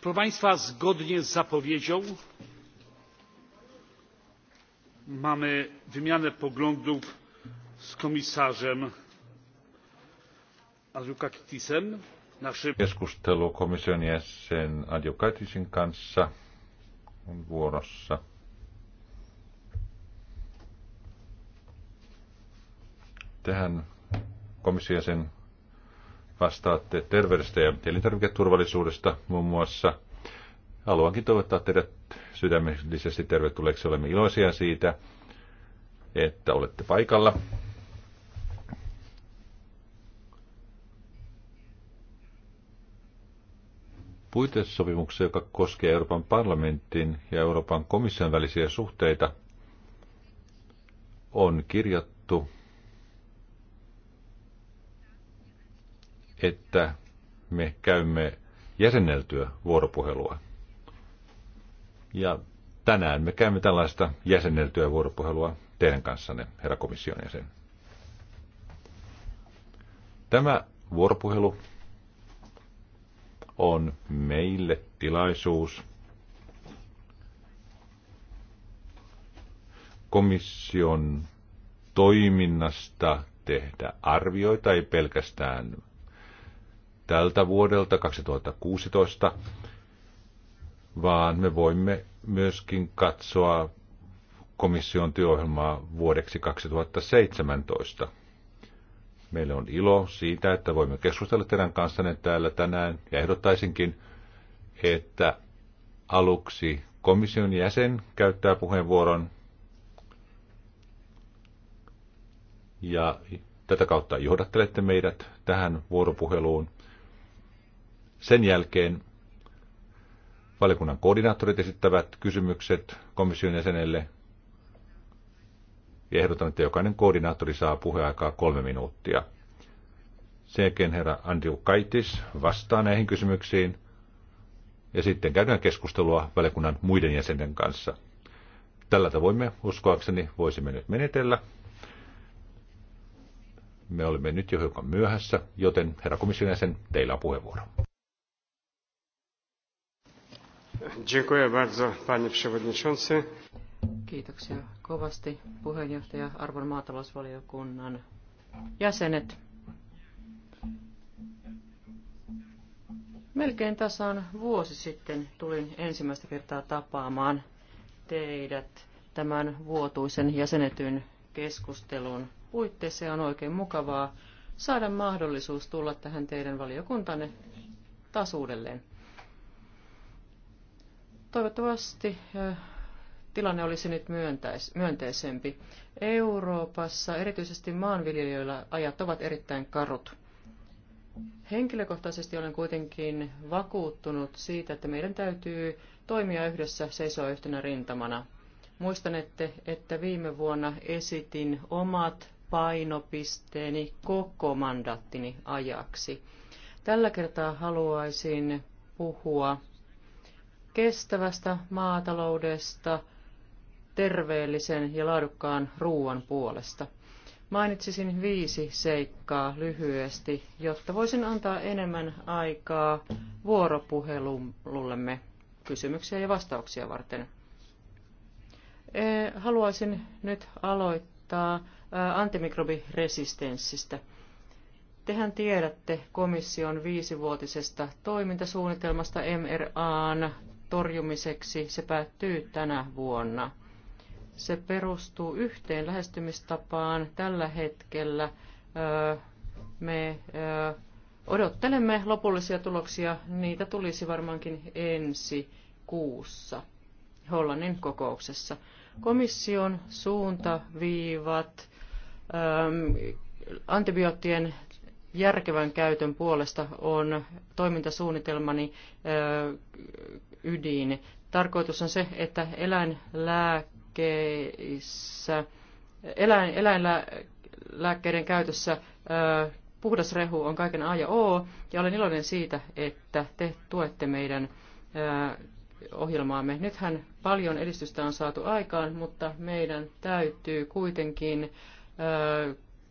proszę państwa zgodnie z zapowiedzią mamy wymianę poglądów z komisarzem andriukaitisem naszym keskustelu komission jäsen Andriukaitisin kanssa on vuorossa. Tähän komission jäsen vastaatte terveydestä ja elintarviketurvallisuudesta muun muassa. Haluankin toivottaa teidät sydämellisesti tervetulleeksi. Olemme iloisia siitä, että olette paikalla. puitesopimuksen, joka koskee Euroopan parlamentin ja Euroopan komission välisiä suhteita, on kirjattu että me käymme jäsenneltyä vuoropuhelua. Ja tänään me käymme tällaista jäsenneltyä vuoropuhelua teidän kanssanne, herra komission jäsen. Tämä vuoropuhelu on meille tilaisuus komission toiminnasta tehdä arvioita, ei pelkästään tältä vuodelta 2016, vaan me voimme myöskin katsoa komission työohjelmaa vuodeksi 2017. Meillä on ilo siitä, että voimme keskustella teidän kanssanne täällä tänään ja ehdottaisinkin, että aluksi komission jäsen käyttää puheenvuoron ja tätä kautta johdattelette meidät tähän vuoropuheluun. Sen jälkeen valiokunnan koordinaattorit esittävät kysymykset komission jäsenelle ja ehdotan, että jokainen koordinaattori saa puheaikaa kolme minuuttia. Sen jälkeen herra Andrew Kaitis vastaa näihin kysymyksiin ja sitten käydään keskustelua valiokunnan muiden jäsenten kanssa. Tällä tavoin me uskoakseni voisimme nyt menetellä. Me olemme nyt jo hiukan myöhässä, joten herra komission jäsen, teillä on puheenvuoro. Dziękuję bardzo, panie przewodniczący. Kiitoksia kovasti puheenjohtaja Arvon maatalousvaliokunnan jäsenet. Melkein tasan vuosi sitten tulin ensimmäistä kertaa tapaamaan teidät tämän vuotuisen jäsenetyn keskustelun puitteissa on oikein mukavaa saada mahdollisuus tulla tähän teidän valiokuntanne tasuudelleen. Toivottavasti tilanne olisi nyt myöntäis, myönteisempi. Euroopassa erityisesti maanviljelijöillä ajat ovat erittäin karut. Henkilökohtaisesti olen kuitenkin vakuuttunut siitä, että meidän täytyy toimia yhdessä, seisoa yhtenä rintamana. Muistan, että viime vuonna esitin omat painopisteeni koko mandaattini ajaksi. Tällä kertaa haluaisin puhua kestävästä maataloudesta, terveellisen ja laadukkaan ruoan puolesta. Mainitsisin viisi seikkaa lyhyesti, jotta voisin antaa enemmän aikaa vuoropuhelullemme kysymyksiä ja vastauksia varten. E, haluaisin nyt aloittaa antimikrobiresistenssistä. Tehän tiedätte komission viisivuotisesta toimintasuunnitelmasta MRAn torjumiseksi. Se päättyy tänä vuonna. Se perustuu yhteen lähestymistapaan. Tällä hetkellä me odottelemme lopullisia tuloksia. Niitä tulisi varmaankin ensi kuussa Hollannin kokouksessa. Komission suuntaviivat antibioottien järkevän käytön puolesta on toimintasuunnitelmani ydin. Tarkoitus on se, että eläinlääkeissä, eläin, eläinlääkkeiden käytössä puhdas rehu on kaiken A ja O, ja olen iloinen siitä, että te tuette meidän ohjelmaamme. Nythän paljon edistystä on saatu aikaan, mutta meidän täytyy kuitenkin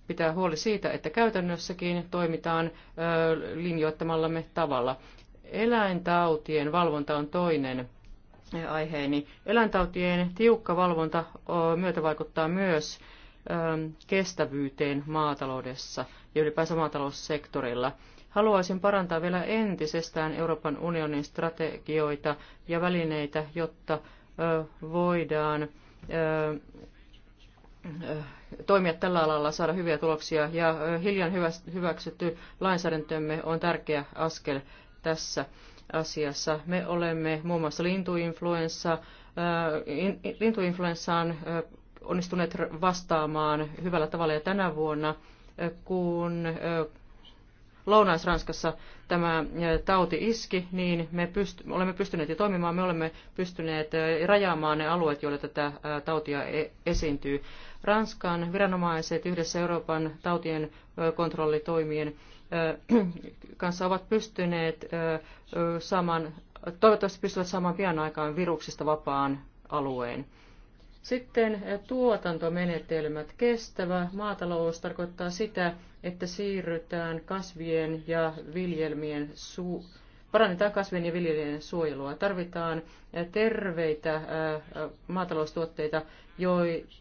pitää huoli siitä, että käytännössäkin toimitaan linjoittamallamme tavalla. Eläintautien valvonta on toinen aiheeni. Eläintautien tiukka valvonta myötävaikuttaa myös kestävyyteen maataloudessa ja ylipäänsä maataloussektorilla. Haluaisin parantaa vielä entisestään Euroopan unionin strategioita ja välineitä, jotta voidaan Äh, toimia tällä alalla, saada hyviä tuloksia. Ja äh, hiljan hyväksytty lainsäädäntömme on tärkeä askel tässä asiassa. Me olemme muun muassa lintuinfluenssa, äh, lintuinfluenssaan onnistuneet vastaamaan hyvällä tavalla ja tänä vuonna, kun Lounais-Ranskassa tämä tauti iski, niin me pyst- olemme pystyneet jo toimimaan, me olemme pystyneet rajaamaan ne alueet, joilla tätä tautia e-, esiintyy. Ranskan viranomaiset yhdessä Euroopan tautien kontrollitoimien kanssa ovat pystyneet saamaan, toivottavasti pystyvät saamaan pian aikaan viruksista vapaan alueen. Sitten tuotantomenetelmät. Kestävä maatalous tarkoittaa sitä, että siirrytään kasvien ja viljelmien su- parannetaan kasvien ja viljelmien suojelua. Tarvitaan terveitä maataloustuotteita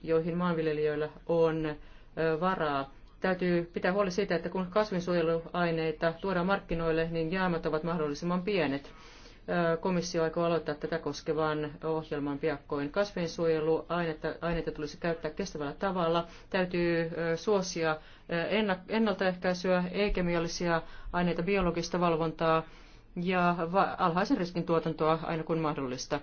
joihin maanviljelijöillä on varaa. Täytyy pitää huoli siitä, että kun kasvinsuojeluaineita tuodaan markkinoille, niin jäämät ovat mahdollisimman pienet. Komissio aikoo aloittaa tätä koskevan ohjelman piakkoin. Kasvinsuojeluaineita tulisi käyttää kestävällä tavalla. Täytyy suosia ennaltaehkäisyä, ei-kemiallisia aineita, biologista valvontaa, ja alhaisen riskin tuotantoa aina kun mahdollista.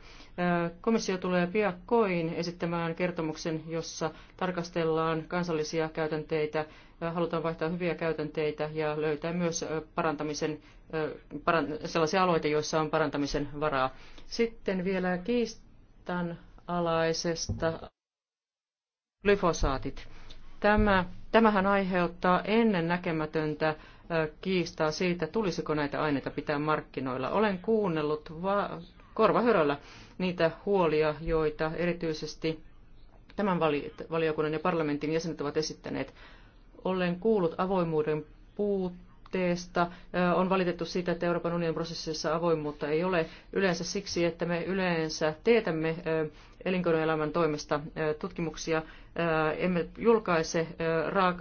Komissio tulee piakkoin esittämään kertomuksen, jossa tarkastellaan kansallisia käytänteitä, halutaan vaihtaa hyviä käytänteitä ja löytää myös parantamisen, sellaisia aloita, joissa on parantamisen varaa. Sitten vielä kiistan alaisesta glyfosaatit. Tämä, tämähän aiheuttaa ennen näkemätöntä kiistaa siitä, tulisiko näitä aineita pitää markkinoilla. Olen kuunnellut va- niitä huolia, joita erityisesti tämän vali- valiokunnan ja parlamentin jäsenet ovat esittäneet. Olen kuullut avoimuuden puutteesta. On valitettu siitä, että Euroopan unionin prosessissa avoimuutta ei ole yleensä siksi, että me yleensä teetämme elinkeinoelämän toimesta tutkimuksia. Emme julkaise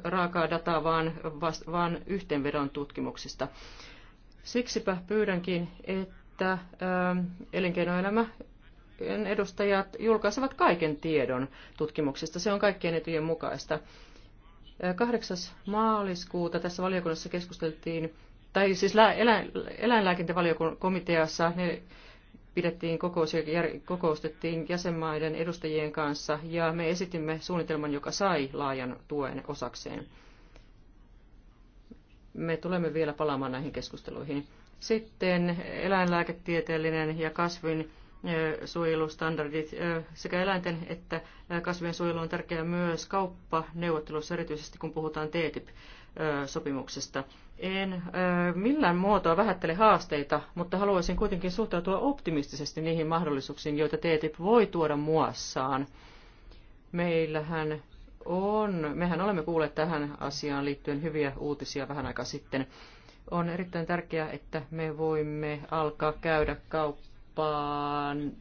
raakaa dataa, vaan, vaan yhteenvedon tutkimuksista. Siksipä pyydänkin, että elinkeinoelämä edustajat julkaisevat kaiken tiedon tutkimuksista. Se on kaikkien etujen mukaista. 8. maaliskuuta tässä valiokunnassa keskusteltiin, tai siis eläinlääkintävaliokomiteassa pidettiin kokous ja kokoustettiin jäsenmaiden edustajien kanssa ja me esitimme suunnitelman, joka sai laajan tuen osakseen. Me tulemme vielä palaamaan näihin keskusteluihin. Sitten eläinlääketieteellinen ja kasvin suojelustandardit sekä eläinten että kasvien suojelu on tärkeää myös kauppaneuvottelussa, erityisesti kun puhutaan TTIP-sopimuksesta. En millään muotoa vähättele haasteita, mutta haluaisin kuitenkin suhtautua optimistisesti niihin mahdollisuuksiin, joita TTIP voi tuoda muassaan. Meillähän on, mehän olemme kuulleet tähän asiaan liittyen hyviä uutisia vähän aikaa sitten. On erittäin tärkeää, että me voimme alkaa käydä kauppaan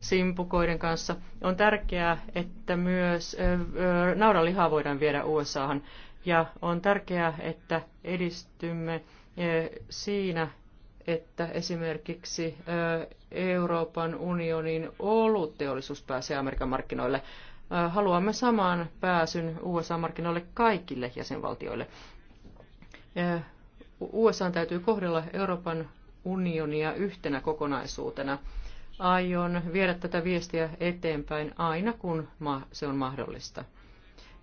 simpukoiden kanssa. On tärkeää, että myös naudanlihaa voidaan viedä USAhan. Ja on tärkeää, että edistymme eh, siinä, että esimerkiksi eh, Euroopan unionin olutteollisuus pääsee Amerikan markkinoille. Eh, haluamme saman pääsyn USA-markkinoille kaikille jäsenvaltioille. USA täytyy kohdella Euroopan unionia yhtenä kokonaisuutena. Aion viedä tätä viestiä eteenpäin aina kun se on mahdollista.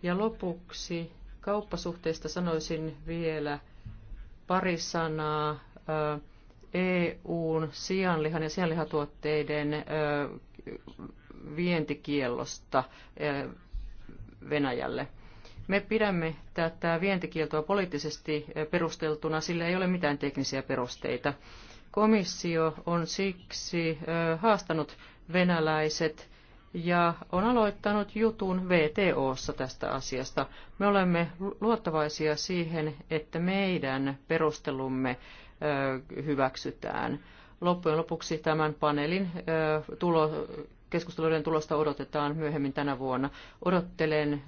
Ja lopuksi kauppasuhteista sanoisin vielä pari sanaa EUn sianlihan ja sianlihatuotteiden vientikiellosta Venäjälle. Me pidämme tätä vientikieltoa poliittisesti perusteltuna, sillä ei ole mitään teknisiä perusteita. Komissio on siksi haastanut venäläiset ja on aloittanut jutun VTOssa tästä asiasta. Me olemme luottavaisia siihen, että meidän perustelumme hyväksytään. Loppujen lopuksi tämän paneelin tulo, keskusteluiden tulosta odotetaan myöhemmin tänä vuonna. Odottelen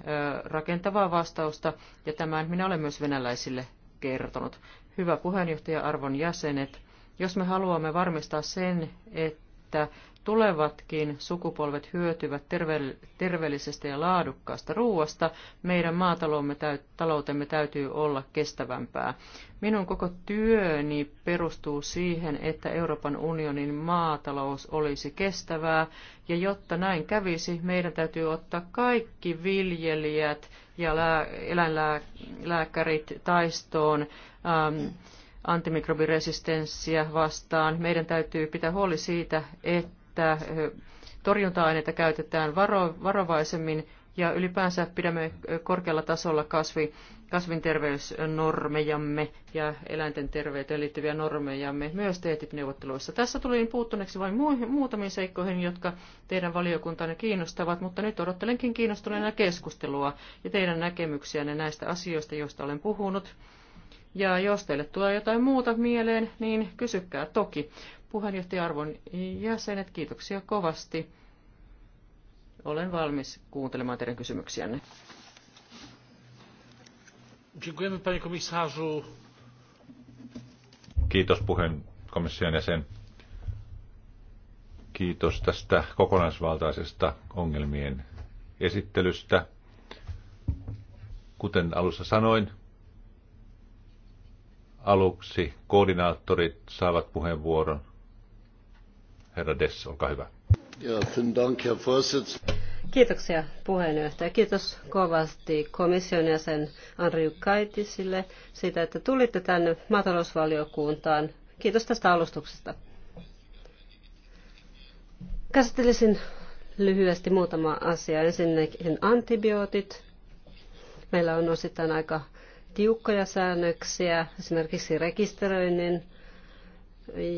rakentavaa vastausta ja tämän minä olen myös venäläisille kertonut. Hyvä puheenjohtaja, arvon jäsenet, jos me haluamme varmistaa sen, että että tulevatkin sukupolvet hyötyvät terve- terveellisestä ja laadukkaasta ruoasta, meidän maataloutemme täytyy olla kestävämpää. Minun koko työni perustuu siihen, että Euroopan unionin maatalous olisi kestävää, ja jotta näin kävisi, meidän täytyy ottaa kaikki viljelijät ja eläinlääkärit taistoon. Ähm, antimikrobiresistenssiä vastaan. Meidän täytyy pitää huoli siitä, että torjunta-aineita käytetään varo, varovaisemmin ja ylipäänsä pidämme korkealla tasolla kasvi, kasvinterveysnormejamme ja eläinten terveyteen liittyviä normejamme myös TTIP-neuvotteluissa. E Tässä tulin puuttuneeksi vain muutamiin seikkoihin, jotka teidän valiokuntanne kiinnostavat, mutta nyt odottelenkin kiinnostuneena keskustelua ja teidän näkemyksiänne näistä asioista, joista olen puhunut. Ja jos teille tulee jotain muuta mieleen, niin kysykää toki. Puheenjohtaja Arvon jäsenet, kiitoksia kovasti. Olen valmis kuuntelemaan teidän kysymyksiänne. Kiitos puheen komission jäsen. Kiitos tästä kokonaisvaltaisesta ongelmien esittelystä. Kuten alussa sanoin, aluksi koordinaattorit saavat puheenvuoron. Herra Dess, olkaa hyvä. Kiitoksia puheenjohtaja. Kiitos kovasti komission jäsen Anri Kaitisille siitä, että tulitte tänne maatalousvaliokuntaan. Kiitos tästä alustuksesta. Käsittelisin lyhyesti muutama asia. Ensinnäkin antibiootit. Meillä on osittain aika tiukkoja säännöksiä, esimerkiksi rekisteröinnin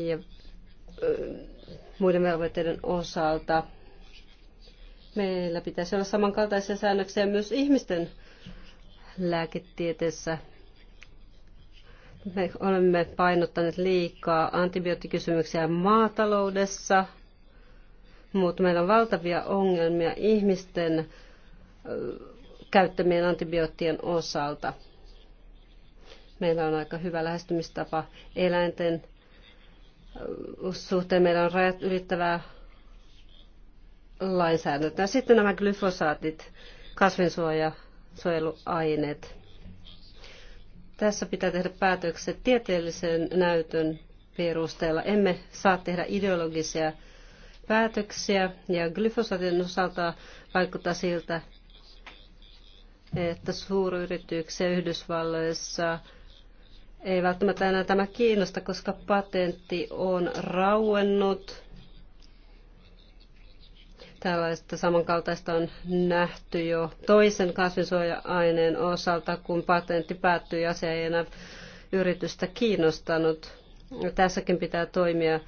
ja muiden velvoitteiden osalta. Meillä pitäisi olla samankaltaisia säännöksiä myös ihmisten lääketieteessä. Me olemme painottaneet liikaa antibioottikysymyksiä maataloudessa, mutta meillä on valtavia ongelmia ihmisten käyttämien antibioottien osalta. Meillä on aika hyvä lähestymistapa eläinten suhteen. Meillä on rajat ylittävää lainsäädäntöä. Sitten nämä glyfosaatit, kasvinsuojeluaineet. Tässä pitää tehdä päätökset tieteellisen näytön perusteella. Emme saa tehdä ideologisia päätöksiä ja glyfosaatin osalta vaikuttaa siltä, että suuryrityksiä Yhdysvalloissa ei välttämättä enää tämä kiinnosta, koska patentti on rauennut. Tällaista samankaltaista on nähty jo toisen kasvinsuoja-aineen osalta, kun patentti päättyi ja se ei enää yritystä kiinnostanut. Tässäkin pitää toimia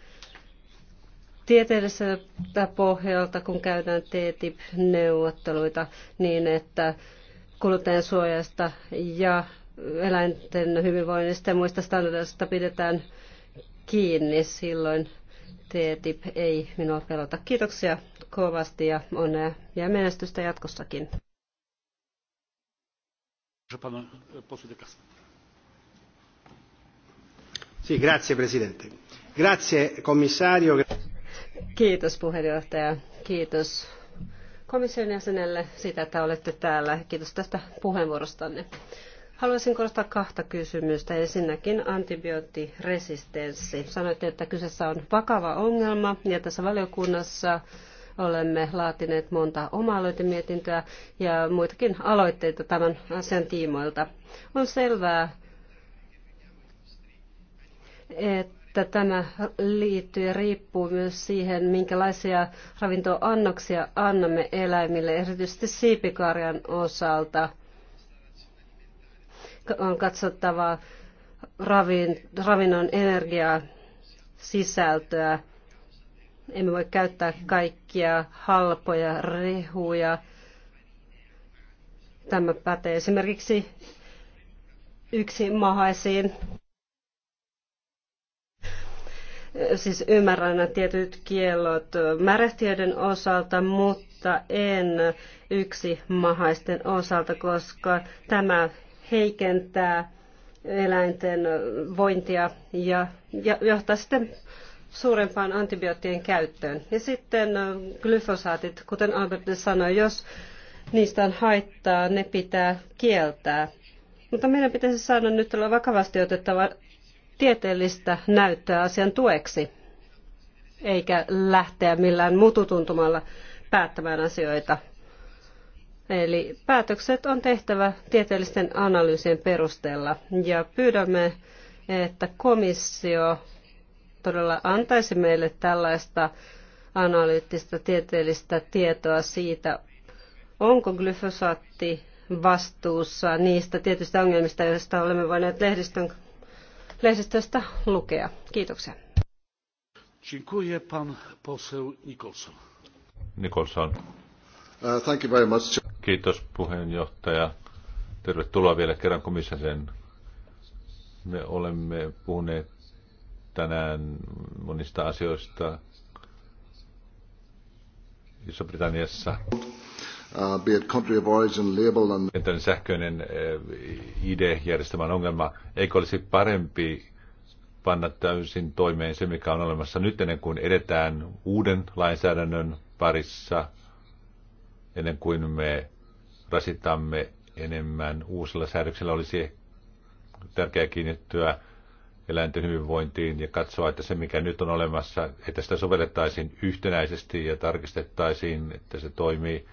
tieteelliseltä pohjalta, kun käydään TTIP-neuvotteluita niin, että kuluttajansuojasta ja eläinten hyvinvoinnista ja muista standardista pidetään kiinni silloin. TTIP ei minua pelota. Kiitoksia kovasti ja onnea ja menestystä jatkossakin. E, grazie Presidente. Grazie Commissario. Kiitos puheenjohtaja. Kiitos komission jäsenelle siitä, että olette täällä. Kiitos tästä puheenvuorostanne. Haluaisin korostaa kahta kysymystä. Ensinnäkin antibioottiresistenssi. Sanoitte, että kyseessä on vakava ongelma ja tässä valiokunnassa olemme laatineet monta omaa aloitemietintöä ja muitakin aloitteita tämän asian tiimoilta. On selvää, että tämä liittyy ja riippuu myös siihen, minkälaisia ravintoannoksia annamme eläimille, erityisesti siipikarjan osalta – on katsottava ravin, ravinnon energiaa, sisältöä. Emme voi käyttää kaikkia halpoja rehuja. Tämä pätee esimerkiksi yksi mahaisiin. Siis ymmärrän tietyt kiellot märehtiöiden osalta, mutta en yksi mahaisten osalta, koska tämä heikentää eläinten vointia ja johtaa sitten suurempaan antibioottien käyttöön. Ja sitten glyfosaatit, kuten Albert sanoi, jos niistä on haittaa, ne pitää kieltää. Mutta meidän pitäisi saada nyt olla vakavasti otettava tieteellistä näyttöä asian tueksi, eikä lähteä millään mututuntumalla päättämään asioita. Eli päätökset on tehtävä tieteellisten analyysien perusteella ja pyydämme, että komissio todella antaisi meille tällaista analyyttistä tieteellistä tietoa siitä, onko glyfosaatti vastuussa niistä tietyistä ongelmista, joista olemme voineet lehdistön, lehdistöstä lukea. Kiitoksia. Dziękuję pan poseł Nicholson. Nicholson. Uh, thank you very much. Kiitos puheenjohtaja. Tervetuloa vielä kerran komissaisen. Me olemme puhuneet tänään monista asioista Iso-Britanniassa. Uh, Entäinen sähköinen uh, ID-järjestelmän ongelma, eikö olisi parempi panna täysin toimeen se, mikä on olemassa nyt ennen kuin edetään uuden lainsäädännön parissa – ennen kuin me rasitamme enemmän uusilla säädöksillä, olisi tärkeää kiinnittyä eläinten hyvinvointiin ja katsoa, että se mikä nyt on olemassa, että sitä sovellettaisiin yhtenäisesti ja tarkistettaisiin, että se toimii.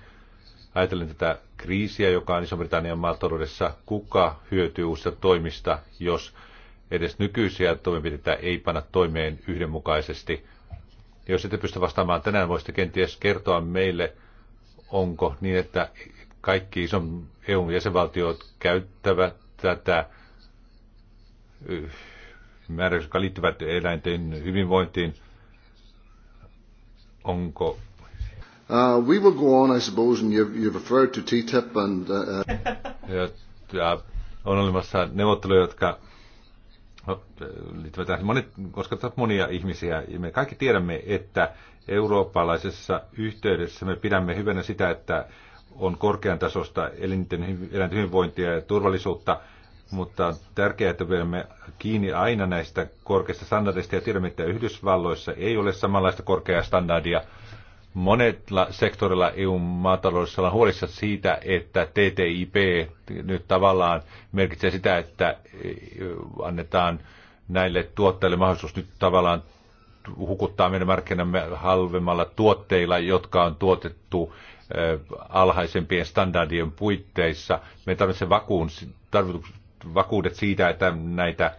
Ajatellen tätä kriisiä, joka on Iso-Britannian maataloudessa, kuka hyötyy uusista toimista, jos edes nykyisiä toimenpiteitä ei panna toimeen yhdenmukaisesti. Jos ette pysty vastaamaan tänään, voisitte kenties kertoa meille, onko niin, että kaikki ison EU jäsenvaltiot käyttävät tätä eh, määräyksiä, jotka liittyvät eläinten hyvinvointiin, onko Uh, we will go on, I suppose, and you've, you've referred to TTIP and... Uh, uh ja, on olemassa neuvotteluja, jotka no, liittyvät tähän, monet monia ihmisiä, ja me kaikki tiedämme, että eurooppalaisessa yhteydessä me pidämme hyvänä sitä, että on korkean tasosta eläinten, hyvinvointia ja turvallisuutta, mutta on tärkeää, että me kiinni aina näistä korkeista standardeista ja tiedämme, että Yhdysvalloissa ei ole samanlaista korkeaa standardia. Monella sektorilla EU-maataloudessa ollaan huolissa siitä, että TTIP nyt tavallaan merkitsee sitä, että eh, annetaan näille tuottajille mahdollisuus nyt tavallaan hukuttaa meidän markkinamme halvemmalla tuotteilla, jotka on tuotettu alhaisempien standardien puitteissa. Me tarvitsemme vakuun, vakuudet siitä, että näitä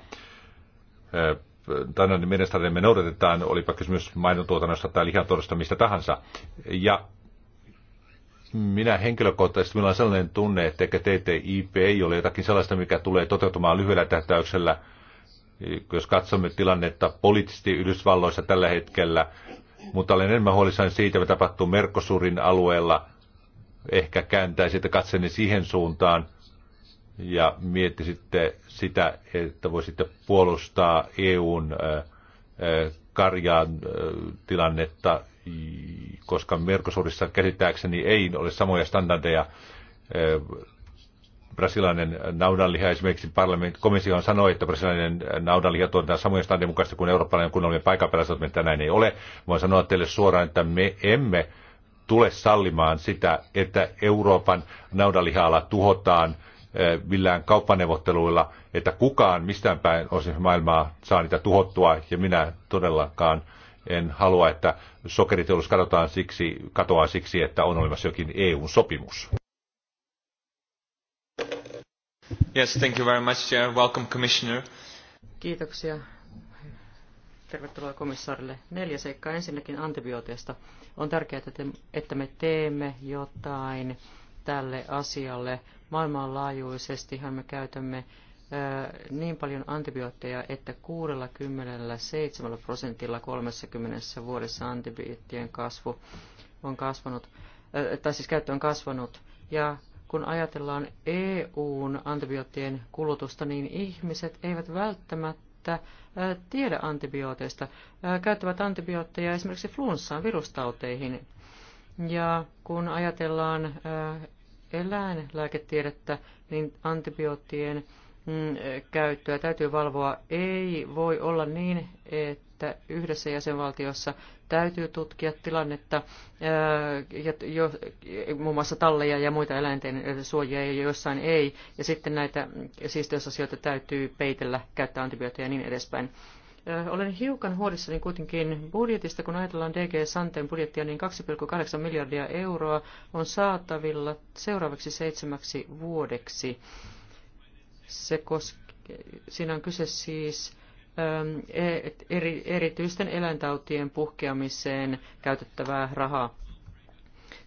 Tannan mielestäni me noudatetaan, olipa kysymys maidontuotannosta tai lihantuotannosta, mistä tahansa. Ja minä henkilökohtaisesti minulla on sellainen tunne, että TTIP ei ole jotakin sellaista, mikä tulee toteutumaan lyhyellä tähtäyksellä – jos katsomme tilannetta poliittisesti Yhdysvalloissa tällä hetkellä, mutta olen enemmän huolissani siitä, mitä tapahtuu Merkosurin alueella. Ehkä sitä katseni siihen suuntaan ja sitten sitä, että voisitte puolustaa EUn karjaan tilannetta, koska Merkosurissa käsittääkseni ei ole samoja standardeja brasilainen naudanliha, esimerkiksi parlament, komissio on sanoi, että brasilainen naudanliha tuotetaan samojen standien mukaisesti kuin eurooppalainen kunnollinen paikanpäällisellä, että näin ei ole. Voin sanoa teille suoraan, että me emme tule sallimaan sitä, että Euroopan naudanliha-ala tuhotaan eh, millään kauppaneuvotteluilla, että kukaan mistään päin osin maailmaa saa niitä tuhottua, ja minä todellakaan en halua, että sokeriteollisuus katotaan siksi, katoaa siksi, että on olemassa jokin EU-sopimus. Yes, thank you very much, Chair. Welcome, Commissioner. Kiitoksia. Tervetuloa komissaarille. Neljä seikkaa. Ensinnäkin antibiooteista. On tärkeää, että me teemme jotain tälle asialle. Maailmanlaajuisestihan me käytämme niin paljon antibiootteja, että 67 prosentilla 30 vuodessa antibioottien kasvu on kasvanut, tai siis käyttö on kasvanut, ja kun ajatellaan EUn antibioottien kulutusta, niin ihmiset eivät välttämättä tiedä antibiooteista. Käyttävät antibiootteja esimerkiksi flunssaan, virustauteihin. Ja kun ajatellaan eläinlääketiedettä, niin antibioottien mm, käyttöä täytyy valvoa. Ei voi olla niin, että yhdessä jäsenvaltiossa täytyy tutkia tilannetta, äh, ja jo, muun muassa talleja ja muita eläinten suojia ja joissain ei, ja sitten näitä siisteysasioita täytyy peitellä, käyttää antibiootteja ja niin edespäin. Äh, olen hiukan huolissani kuitenkin budjetista, kun ajatellaan DG Santen budjettia, niin 2,8 miljardia euroa on saatavilla seuraavaksi seitsemäksi vuodeksi. Se koske, siinä on kyse siis E, eri, erityisten eläintautien puhkeamiseen käytettävää rahaa.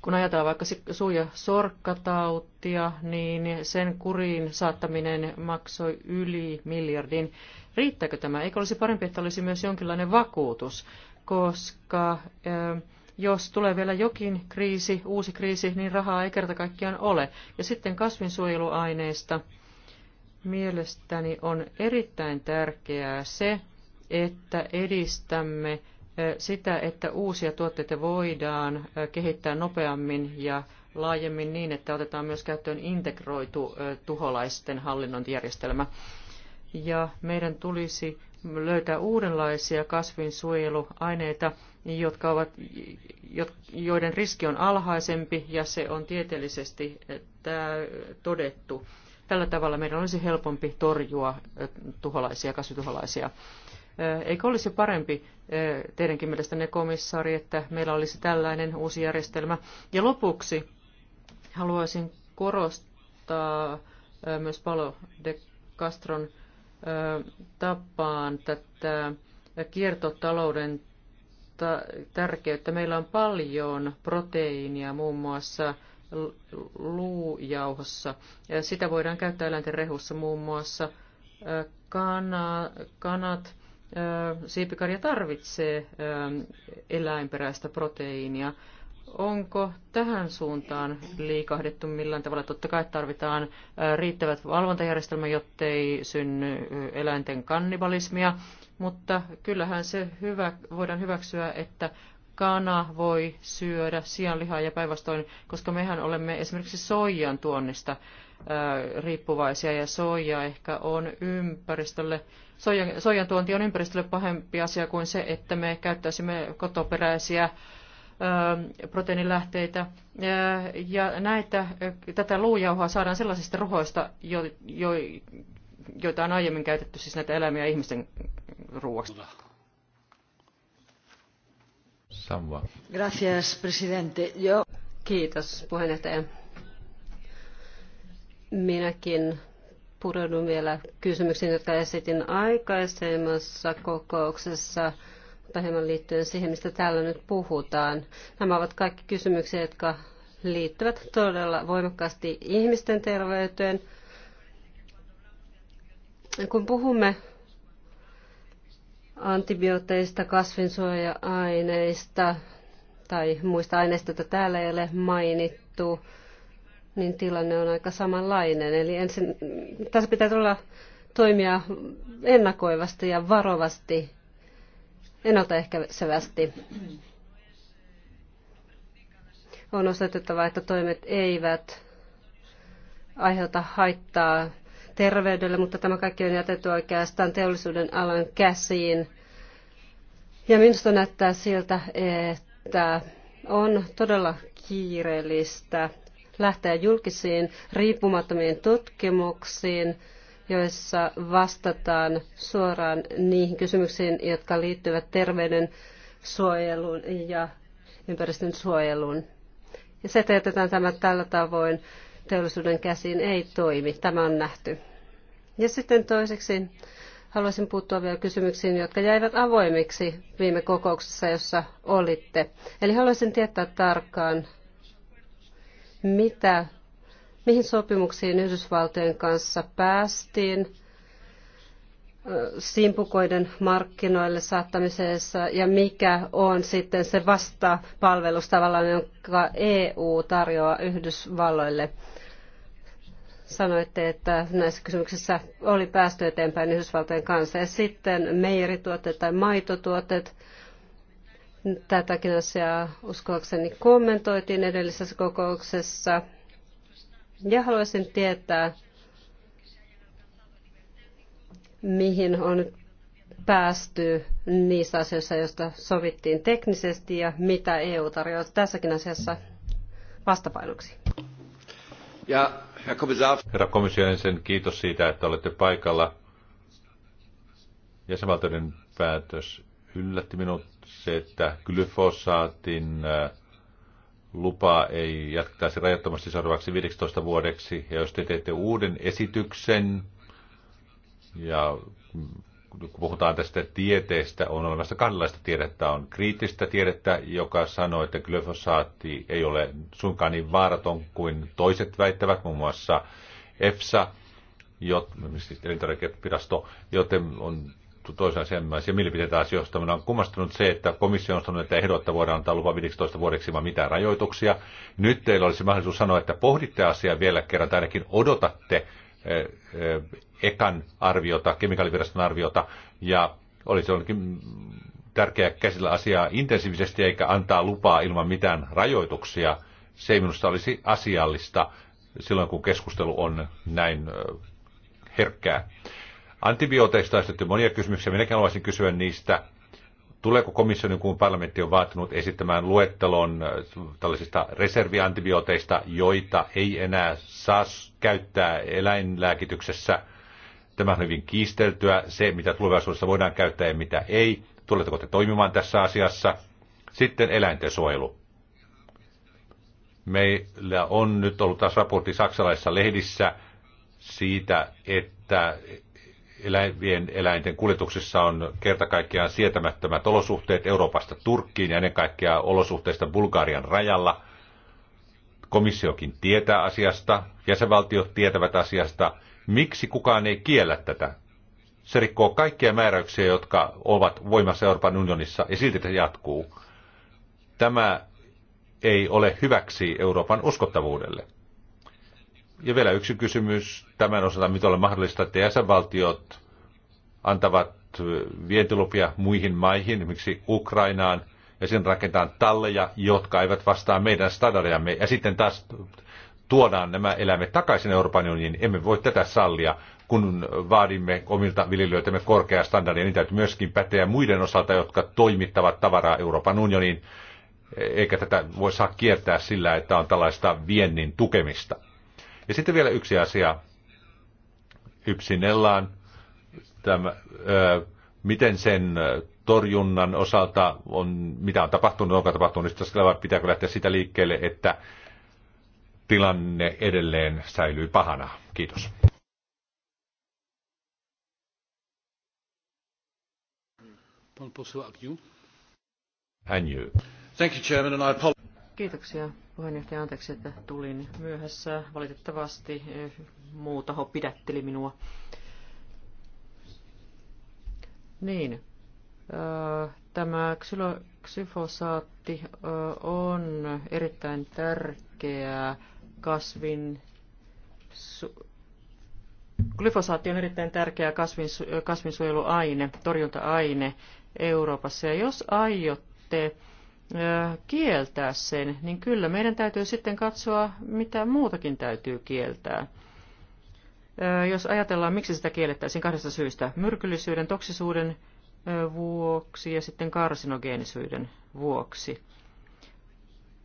Kun ajatellaan vaikka suja sorkkatautia, niin sen kuriin saattaminen maksoi yli miljardin. Riittääkö tämä? Eikö olisi parempi, että olisi myös jonkinlainen vakuutus, koska jos tulee vielä jokin kriisi, uusi kriisi, niin rahaa ei kerta kaikkiaan ole. Ja sitten kasvinsuojeluaineista Mielestäni on erittäin tärkeää se, että edistämme sitä, että uusia tuotteita voidaan kehittää nopeammin ja laajemmin niin, että otetaan myös käyttöön integroitu tuholaisten hallinnointijärjestelmä. Ja meidän tulisi löytää uudenlaisia kasvinsuojeluaineita, jotka ovat, joiden riski on alhaisempi ja se on tieteellisesti todettu. Tällä tavalla meidän olisi helpompi torjua tuholaisia, kasvituholaisia. Eikö olisi parempi teidänkin mielestänne komissaari, että meillä olisi tällainen uusi järjestelmä? Ja lopuksi haluaisin korostaa myös Palo de Castron tapaan tätä kiertotalouden tärkeyttä. Meillä on paljon proteiinia muun muassa luujauhossa. Sitä voidaan käyttää eläinten rehussa muun muassa. Kana, kanat, siipikarja tarvitsee eläinperäistä proteiinia. Onko tähän suuntaan liikahdettu millään tavalla? Totta kai tarvitaan riittävät valvontajärjestelmä, jottei synny eläinten kannibalismia, mutta kyllähän se hyvä, voidaan hyväksyä, että kana voi syödä sianlihaa ja päinvastoin, koska mehän olemme esimerkiksi soijan tuonnista riippuvaisia ja soija ehkä on ympäristölle, soijan, soijan tuonti on ympäristölle pahempi asia kuin se, että me käyttäisimme kotoperäisiä proteiinilähteitä. Ja näitä, tätä luujauhoa saadaan sellaisista ruhoista, jo, jo, joita on aiemmin käytetty, siis näitä eläimiä ihmisten ruoasta arvoisa puhemies Kiitos, puheenjohtaja. Minäkin pureudun vielä kysymyksiin, jotka esitin aikaisemmassa kokouksessa, mutta hieman liittyen siihen, mistä täällä nyt puhutaan. Nämä ovat kaikki kysymyksiä, jotka liittyvät todella voimakkaasti ihmisten terveyteen. Kun puhumme antibiooteista, kasvinsuoja-aineista tai muista aineista, joita täällä ei ole mainittu, niin tilanne on aika samanlainen. Eli ensin, tässä pitää tulla toimia ennakoivasti ja varovasti, ennaltaehkäisevästi. On osoitettava, että toimet eivät aiheuta haittaa terveydelle, mutta tämä kaikki on jätetty oikeastaan teollisuuden alan käsiin. Ja minusta näyttää siltä, että on todella kiireellistä lähteä julkisiin riippumattomiin tutkimuksiin, joissa vastataan suoraan niihin kysymyksiin, jotka liittyvät terveyden suojeluun ja ympäristön suojeluun. Ja se, että jätetään tämä tällä tavoin teollisuuden käsiin ei toimi. Tämä on nähty. Ja sitten toiseksi haluaisin puuttua vielä kysymyksiin, jotka jäivät avoimiksi viime kokouksessa, jossa olitte. Eli haluaisin tietää tarkkaan, mitä, mihin sopimuksiin Yhdysvaltojen kanssa päästiin simpukoiden markkinoille saattamisessa ja mikä on sitten se vastapalvelus tavallaan, jonka EU tarjoaa Yhdysvalloille. Sanoitte, että näissä kysymyksissä oli päästy eteenpäin Yhdysvaltojen kanssa. Ja sitten meijerituotteet tai maitotuotteet. Tätäkin asiaa uskoakseni kommentoitiin edellisessä kokouksessa. Ja haluaisin tietää, mihin on päästy niissä asioissa, joista sovittiin teknisesti ja mitä EU tarjoaa tässäkin asiassa vastapainoksi. Ja herra komissio ensin kiitos siitä, että olette paikalla. Jäsenvaltioiden päätös yllätti minut se, että glyfosaatin äh, lupaa ei jatkaisi rajoittomasti seuraavaksi 15 vuodeksi. Ja jos te teette uuden esityksen, ja kun puhutaan tästä tieteestä, on olemassa kanlaista tiedettä, on kriittistä tiedettä, joka sanoo, että glyfosaatti ei ole suinkaan niin vaaraton kuin toiset väittävät, muun muassa EFSA, jot, siis elintarvikevirasto, joten on toisenlaisia mielipiteitä asioista. Minä on kummastunut se, että komissio on sanonut, että ehdotta voidaan antaa lupa 15 vuodeksi vaan mitään rajoituksia. Nyt teillä olisi mahdollisuus sanoa, että pohditte asiaa vielä kerran, tai ainakin odotatte Eh, eh, ekan arviota, kemikaaliviraston arviota, ja olisi ollutkin tärkeää käsillä asiaa intensiivisesti eikä antaa lupaa ilman mitään rajoituksia. Se ei minusta olisi asiallista silloin, kun keskustelu on näin herkkää. Antibiooteista on monia kysymyksiä. Minäkin haluaisin kysyä niistä. Tuleeko komissio, niin kun parlamentti on vaatinut, esittämään luettelon äh, tällaisista reserviantibiooteista, joita ei enää saa käyttää eläinlääkityksessä? Tämä on hyvin kiisteltyä, se mitä tulevaisuudessa voidaan käyttää ja mitä ei. Tuletteko te toimimaan tässä asiassa? Sitten eläinten suojelu. Meillä on nyt ollut taas raportti saksalaisissa lehdissä siitä, että elävien eläinten kuljetuksissa on kerta kaikkiaan sietämättömät olosuhteet Euroopasta Turkkiin ja ennen kaikkea olosuhteista Bulgarian rajalla. Komissiokin tietää asiasta, jäsenvaltiot tietävät asiasta. Miksi kukaan ei kiellä tätä? Se rikkoo kaikkia määräyksiä, jotka ovat voimassa Euroopan unionissa, ja silti se jatkuu. Tämä ei ole hyväksi Euroopan uskottavuudelle. Ja vielä yksi kysymys tämän osalta, mitä on mahdollista, että jäsenvaltiot antavat vientilupia muihin maihin, miksi Ukrainaan, ja sen rakentaa talleja, jotka eivät vastaa meidän standardejamme, ja sitten taas tuodaan nämä eläimet takaisin Euroopan unioniin. Emme voi tätä sallia, kun vaadimme omilta viljelijöitämme korkeaa standardia. niin täytyy myöskin päteä muiden osalta, jotka toimittavat tavaraa Euroopan unioniin. Eikä tätä voi saa kiertää sillä, että on tällaista viennin tukemista. Ja sitten vielä yksi asia. Yksinellaan, tämä, ö, miten sen torjunnan osalta on, mitä on tapahtunut, onko tapahtunut, niin pitääkö lähteä sitä liikkeelle, että tilanne edelleen säilyy pahana. Kiitos. Thank you, Chairman, and I apologize. Kiitoksia puheenjohtaja. Anteeksi, että tulin myöhässä. Valitettavasti eh, muu taho pidätteli minua. Niin, eh, tämä xyfosaatti eh, on erittäin tärkeä kasvin Glyfosaatti on erittäin tärkeä kasvinsu, kasvinsuojeluaine, torjunta-aine Euroopassa. Ja jos aiotte kieltää sen, niin kyllä meidän täytyy sitten katsoa, mitä muutakin täytyy kieltää. Jos ajatellaan, miksi sitä kiellettäisiin kahdesta syystä, myrkyllisyyden, toksisuuden vuoksi ja sitten karsinogeenisyyden vuoksi.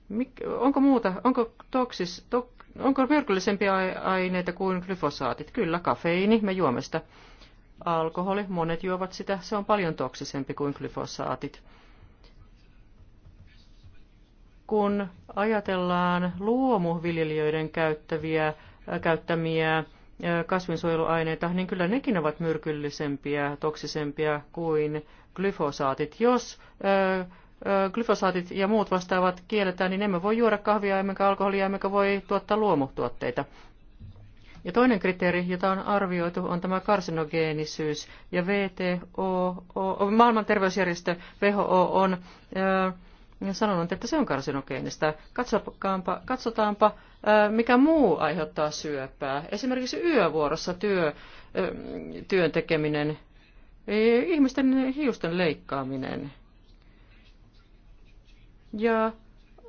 Mik, onko muuta, onko, toksis, tok, onko myrkyllisempiä aineita kuin glyfosaatit? Kyllä, kafeiini, me juomme sitä. Alkoholi, monet juovat sitä, se on paljon toksisempi kuin glyfosaatit kun ajatellaan luomuviljelijöiden käyttäviä, äh, käyttämiä äh, kasvinsuojeluaineita, niin kyllä nekin ovat myrkyllisempiä, toksisempia kuin glyfosaatit. Jos äh, glyfosaatit ja muut vastaavat kielletään, niin emme voi juoda kahvia, emmekä alkoholia, emmekä voi tuottaa luomutuotteita. Ja toinen kriteeri, jota on arvioitu, on tämä karsinogeenisyys. Ja VTO, maailman terveysjärjestö WHO on ö, sanon, että se on karsinogeenista. Katsotaanpa, katsotaanpa mikä muu aiheuttaa syöpää. Esimerkiksi yövuorossa työ, työn tekeminen, e, ihmisten hiusten leikkaaminen. Ja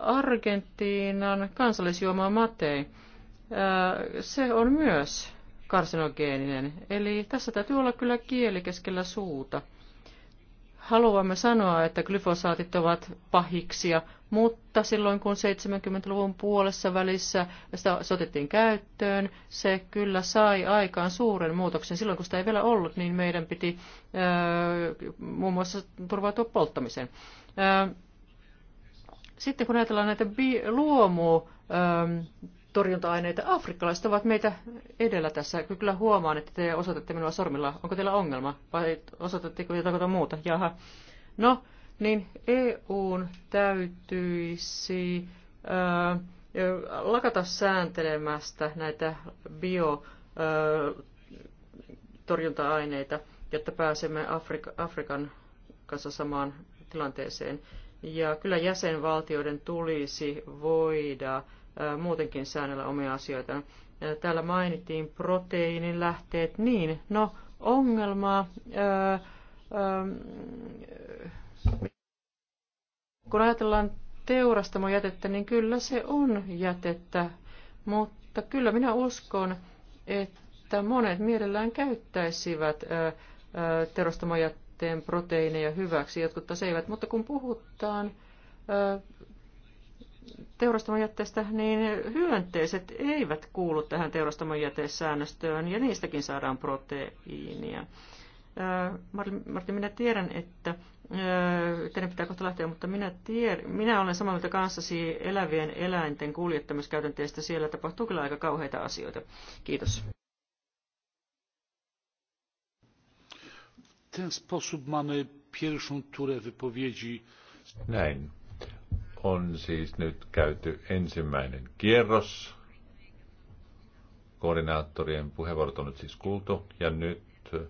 Argentiinan kansallisjuoma Mate, se on myös karsinogeeninen. Eli tässä täytyy olla kyllä kieli keskellä suuta haluamme sanoa, että glyfosaatit ovat pahiksia, mutta silloin kun 70-luvun puolessa välissä sitä sotettiin käyttöön, se kyllä sai aikaan suuren muutoksen. Silloin kun sitä ei vielä ollut, niin meidän piti öö, muun muassa turvautua polttamiseen. Öö, sitten kun ajatellaan näitä bi- luomu ähm, torjunta-aineita. Afrikkalaiset ovat meitä edellä tässä. Kyllä huomaan, että te osoitatte minua sormilla. Onko teillä ongelma vai osoitatteko jotain tuota muuta? Jaha. No, niin EUn täytyisi ää, lakata sääntelemästä näitä biotorjunta-aineita, jotta pääsemme Afrik- Afrikan kanssa samaan tilanteeseen. Ja kyllä jäsenvaltioiden tulisi voida muutenkin säännellä omia asioitaan. Täällä mainittiin proteiinin lähteet. Niin, no ongelma. kun ajatellaan teurastamojätettä, niin kyllä se on jätettä, mutta kyllä minä uskon, että monet mielellään käyttäisivät teurastamojätteen proteiineja hyväksi, jotkut taas eivät, mutta kun puhutaan teurastamojätteestä, niin hyönteiset eivät kuulu tähän teurastamojätesäännöstöön ja niistäkin saadaan proteiinia. Martin, minä tiedän, että teidän pitää kohta lähteä, mutta minä, tiedän, minä olen samaa mieltä kanssasi elävien eläinten kuljettamiskäytänteestä. Siellä tapahtuu kyllä aika kauheita asioita. Kiitos. Ten sposób mamy pierwszą turę wypowiedzi. Näin on siis nyt käyty ensimmäinen kierros. Koordinaattorien puheenvuorot on nyt siis kuultu. Ja nyt eh,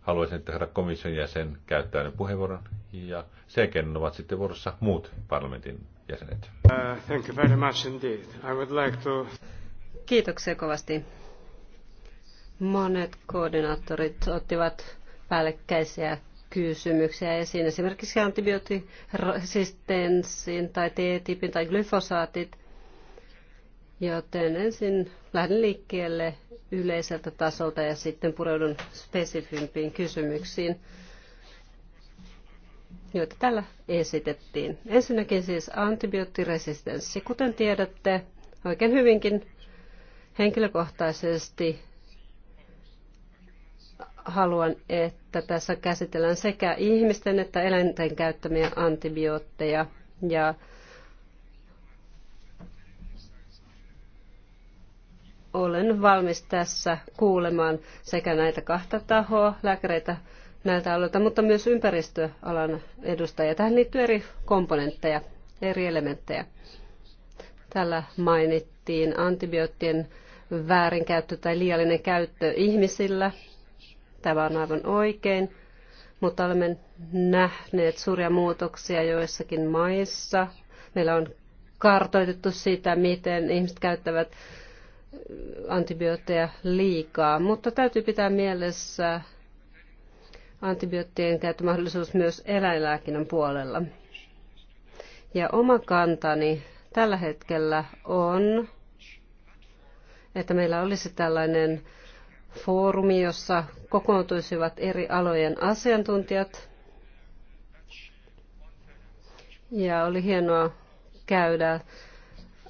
haluaisin, että herra komission jäsen käyttää nyt puheenvuoron. Ja sen ovat sitten vuorossa muut parlamentin jäsenet. Uh, thank you very much indeed. I would like to... Kiitoksia kovasti. Monet koordinaattorit ottivat päällekkäisiä kysymyksiä esiin. Esimerkiksi antibioottiresistenssin tai T-tipin tai glyfosaatit. Joten ensin lähden liikkeelle yleiseltä tasolta ja sitten pureudun spesifimpiin kysymyksiin, joita tällä esitettiin. Ensinnäkin siis antibioottiresistenssi. Kuten tiedätte, oikein hyvinkin henkilökohtaisesti haluan, että tässä käsitellään sekä ihmisten että eläinten käyttämiä antibiootteja ja olen valmis tässä kuulemaan sekä näitä kahta tahoa, lääkäreitä näiltä aloilta, mutta myös ympäristöalan edustajia. Tähän liittyy eri komponentteja, eri elementtejä. Tällä mainittiin antibioottien väärinkäyttö tai liiallinen käyttö ihmisillä Tämä on aivan oikein, mutta olemme nähneet suuria muutoksia joissakin maissa. Meillä on kartoitettu sitä, miten ihmiset käyttävät antibiootteja liikaa, mutta täytyy pitää mielessä antibioottien käyttömahdollisuus myös eläinlääkinnän puolella. Ja oma kantani tällä hetkellä on, että meillä olisi tällainen foorumi, jossa kokoontuisivat eri alojen asiantuntijat. Ja oli hienoa käydä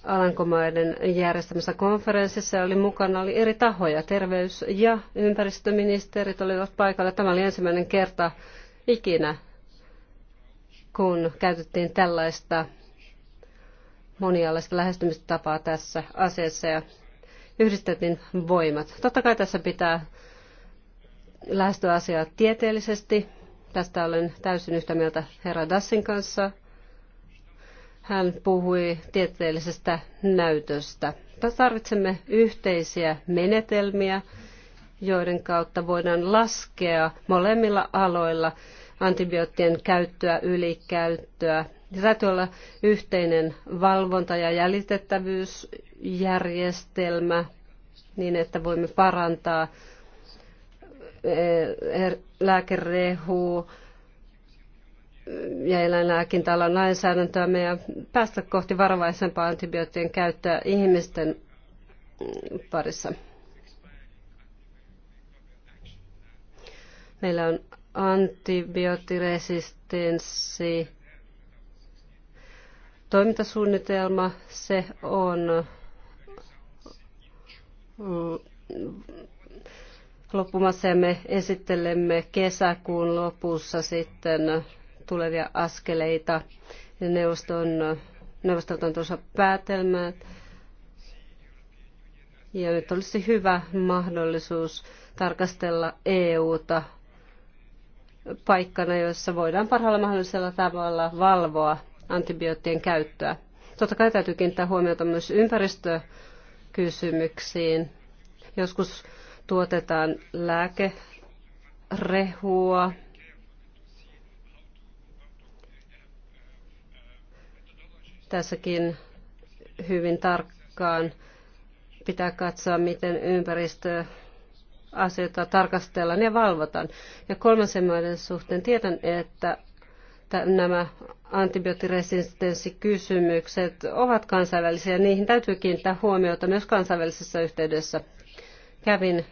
Alankomaiden järjestämässä konferenssissa oli mukana oli eri tahoja. Terveys- ja ympäristöministerit olivat paikalla. Tämä oli ensimmäinen kerta ikinä, kun käytettiin tällaista monialaista lähestymistapaa tässä asiassa. Ja Yhdistetyn voimat. Totta kai tässä pitää lähestyä asiaa tieteellisesti. Tästä olen täysin yhtä mieltä herra Dassin kanssa. Hän puhui tieteellisestä näytöstä. Tarvitsemme yhteisiä menetelmiä, joiden kautta voidaan laskea molemmilla aloilla antibioottien käyttöä, ylikäyttöä ja niin täytyy olla yhteinen valvonta- ja jäljitettävyysjärjestelmä niin, että voimme parantaa eh, er, lääkerehu ja eläinlääkintäalan lainsäädäntöä ja päästä kohti varovaisempaa antibioottien käyttöä ihmisten parissa. Meillä on antibioottiresistenssi toimintasuunnitelma, se on mm, loppumassa ja me esittelemme kesäkuun lopussa sitten tulevia askeleita ja neuvoston, neuvostolta on tuossa päätelmät. Ja nyt olisi hyvä mahdollisuus tarkastella EUta paikkana, jossa voidaan parhaalla mahdollisella tavalla valvoa antibioottien käyttöä. Totta kai täytyy kiinnittää huomiota myös ympäristökysymyksiin. Joskus tuotetaan lääkerehua, tässäkin hyvin tarkkaan pitää katsoa, miten ympäristöasioita tarkastellaan ja valvotaan. Ja kolmasen maiden suhteen tiedän, että että nämä antibioottiresistenssikysymykset ovat kansainvälisiä. Niihin täytyy kiinnittää huomiota myös kansainvälisessä yhteydessä. Kävin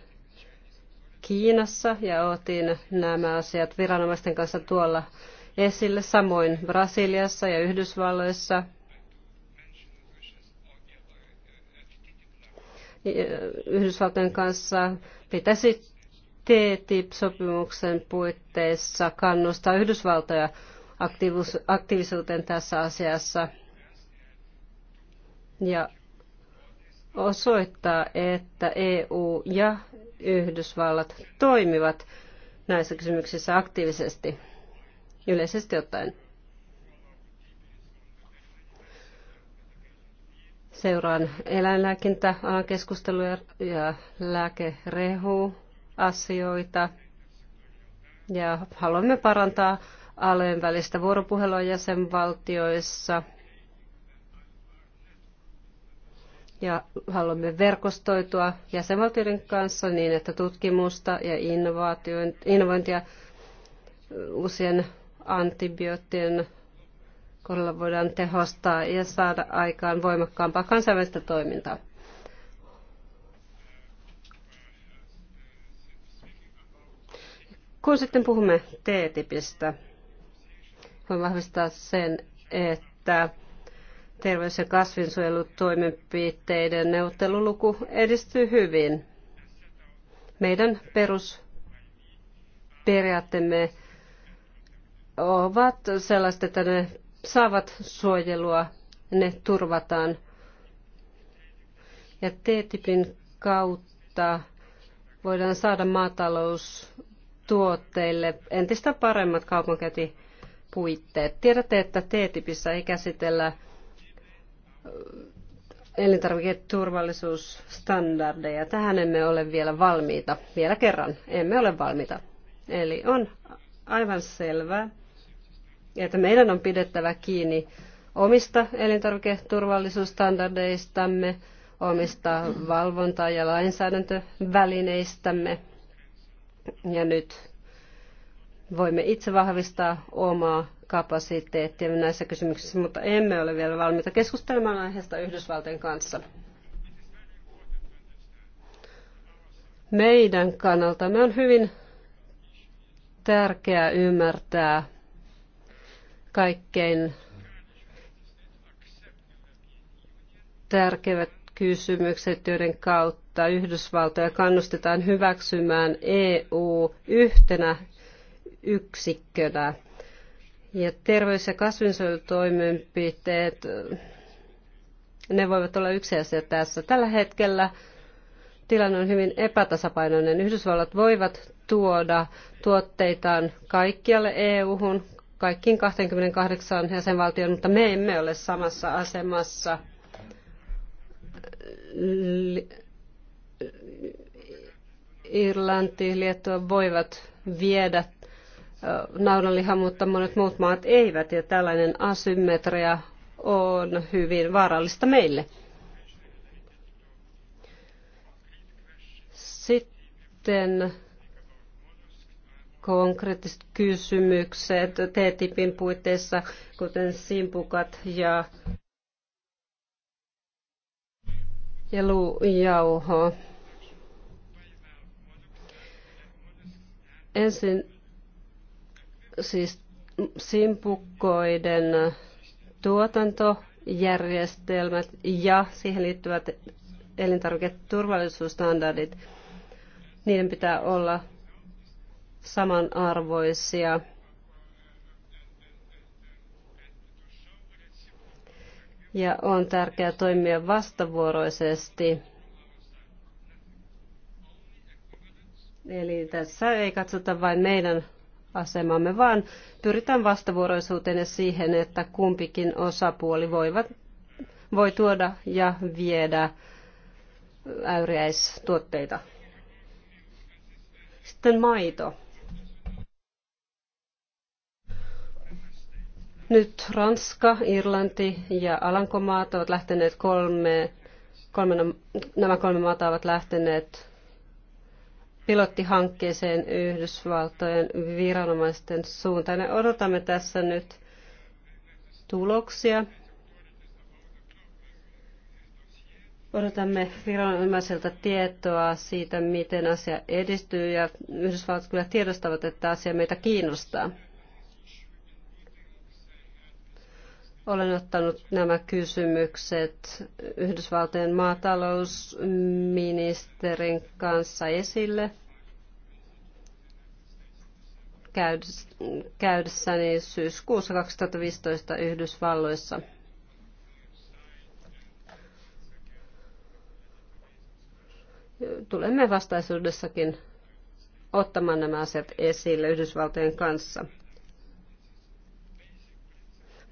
Kiinassa ja otin nämä asiat viranomaisten kanssa tuolla esille, samoin Brasiliassa ja Yhdysvalloissa. Yhdysvaltojen kanssa pitäisi TTIP-sopimuksen puitteissa kannustaa Yhdysvaltoja aktiivisuuteen tässä asiassa ja osoittaa, että EU ja Yhdysvallat toimivat näissä kysymyksissä aktiivisesti yleisesti ottaen. Seuraan eläinlääkintäalan keskusteluja ja lääkerehuasioita. ja haluamme parantaa Alueen välistä vuoropuhelua jäsenvaltioissa. Ja haluamme verkostoitua jäsenvaltioiden kanssa niin, että tutkimusta ja innovointia uusien antibioottien kohdalla voidaan tehostaa ja saada aikaan voimakkaampaa kansainvälistä toimintaa. Kun sitten puhumme TTIPistä, Voin vahvistaa sen, että terveys- ja kasvinsuojelutoimenpiteiden neuvotteluluku edistyy hyvin. Meidän perusperiaatteemme ovat sellaiset, että ne saavat suojelua, ne turvataan. Ja TTIPin kautta voidaan saada maataloustuotteille entistä paremmat kaupankäyntimahdollisuudet puitteet. Tiedätte, että TTIPissä ei käsitellä elintarviketurvallisuusstandardeja. Tähän emme ole vielä valmiita. Vielä kerran, emme ole valmiita. Eli on aivan selvää, että meidän on pidettävä kiinni omista elintarviketurvallisuusstandardeistamme, omista valvonta- ja lainsäädäntövälineistämme. Ja nyt voimme itse vahvistaa omaa kapasiteettia näissä kysymyksissä, mutta emme ole vielä valmiita keskustelemaan aiheesta Yhdysvaltojen kanssa. Meidän kannaltamme on hyvin tärkeää ymmärtää kaikkein tärkeät kysymykset, joiden kautta Yhdysvaltoja kannustetaan hyväksymään EU yhtenä yksikkönä. Ja terveys- ja kasvinsuojelutoimenpiteet, ne voivat olla yksi asia tässä. Tällä hetkellä tilanne on hyvin epätasapainoinen. Yhdysvallat voivat tuoda tuotteitaan kaikkialle EU-hun, kaikkiin 28 jäsenvaltioon, mutta me emme ole samassa asemassa Irlanti, Liettua voivat viedä naudanliha, mutta monet muut maat eivät. Ja tällainen asymmetria on hyvin vaarallista meille. Sitten konkreettiset kysymykset TTIPin puitteissa, kuten simpukat ja, ja luujauho. Ensin siis simpukkoiden tuotantojärjestelmät ja siihen liittyvät elintarviketurvallisuusstandardit, niiden pitää olla samanarvoisia. Ja on tärkeää toimia vastavuoroisesti. Eli tässä ei katsota vain meidän asemamme, vaan pyritään vastavuoroisuuteen ja siihen, että kumpikin osapuoli voivat, voi tuoda ja viedä äyriäistuotteita. Sitten maito. Nyt Ranska, Irlanti ja Alankomaat ovat lähteneet kolme, kolme, nämä kolme maata ovat lähteneet pilottihankkeeseen Yhdysvaltojen viranomaisten suuntaan. odotamme tässä nyt tuloksia. Odotamme viranomaiselta tietoa siitä, miten asia edistyy ja Yhdysvallat kyllä tiedostavat, että asia meitä kiinnostaa. Olen ottanut nämä kysymykset Yhdysvaltojen maatalousministerin kanssa esille käydessäni syyskuussa 2015 Yhdysvalloissa. Tulemme vastaisuudessakin ottamaan nämä asiat esille Yhdysvaltojen kanssa.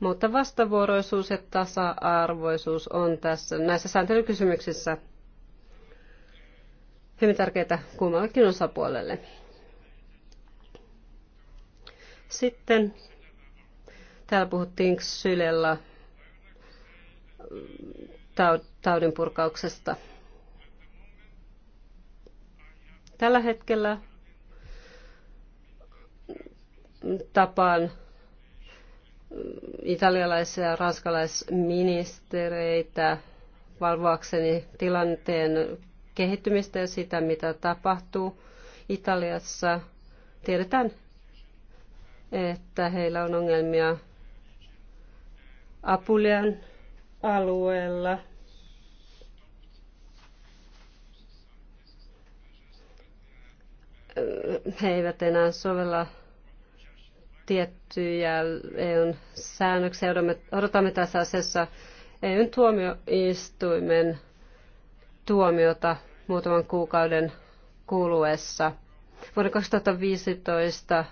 Mutta vastavuoroisuus ja tasa-arvoisuus on tässä näissä sääntelykysymyksissä hyvin tärkeitä kummallekin osapuolelle. Sitten täällä puhuttiin taudin taudinpurkauksesta. Tällä hetkellä tapaan italialaisia ja ranskalaisministereitä valvoakseni tilanteen kehittymistä ja sitä, mitä tapahtuu Italiassa. Tiedetään, että heillä on ongelmia Apulian alueella. He eivät enää sovella tiettyjä EUn säännöksiä. Odotamme tässä asiassa EUn tuomioistuimen tuomiota muutaman kuukauden kuluessa. Vuoden 2015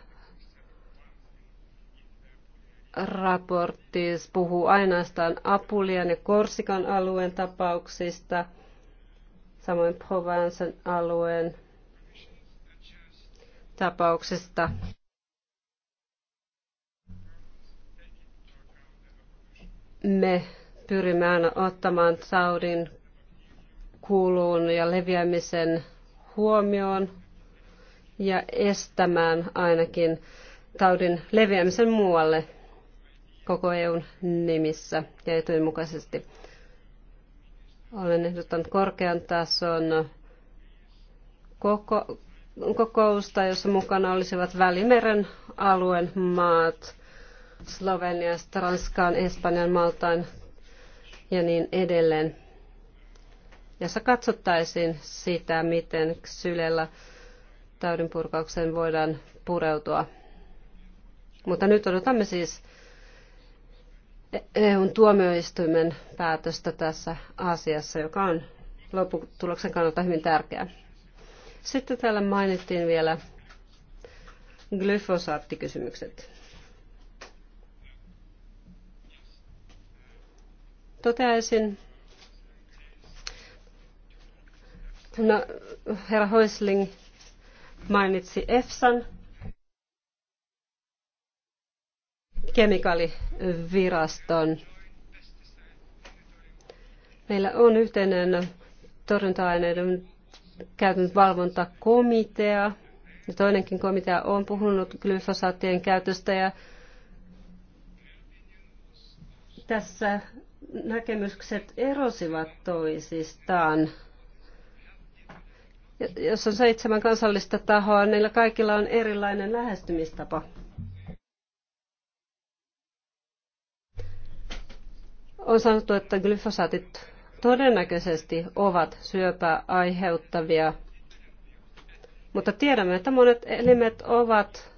raportti puhuu ainoastaan Apulian ja Korsikan alueen tapauksista, samoin Provencen alueen tapauksista me pyrimme aina ottamaan taudin kuuluun ja leviämisen huomioon ja estämään ainakin taudin leviämisen muualle koko EUn nimissä ja etujen mukaisesti. Olen ehdottanut korkean tason koko, kokousta, jossa mukana olisivat Välimeren alueen maat – Sloveniasta, Ranskaan, Espanjan, Maltaan ja niin edelleen, jossa katsottaisiin sitä, miten Xylellä taudinpurkaukseen voidaan pureutua. Mutta nyt odotamme siis EUn e tuomioistuimen päätöstä tässä asiassa, joka on lopputuloksen kannalta hyvin tärkeä. Sitten täällä mainittiin vielä glyfosaattikysymykset. Toteaisin, no, herra Häusling mainitsi EFSAn kemikaaliviraston. Meillä on yhteinen torjunta-aineiden käytön valvontakomitea. Ja toinenkin komitea on puhunut glyfosaattien käytöstä ja tässä näkemykset erosivat toisistaan. Jos on seitsemän kansallista tahoa, niillä kaikilla on erilainen lähestymistapa. On sanottu, että glyfosaatit todennäköisesti ovat syöpää aiheuttavia, mutta tiedämme, että monet elimet ovat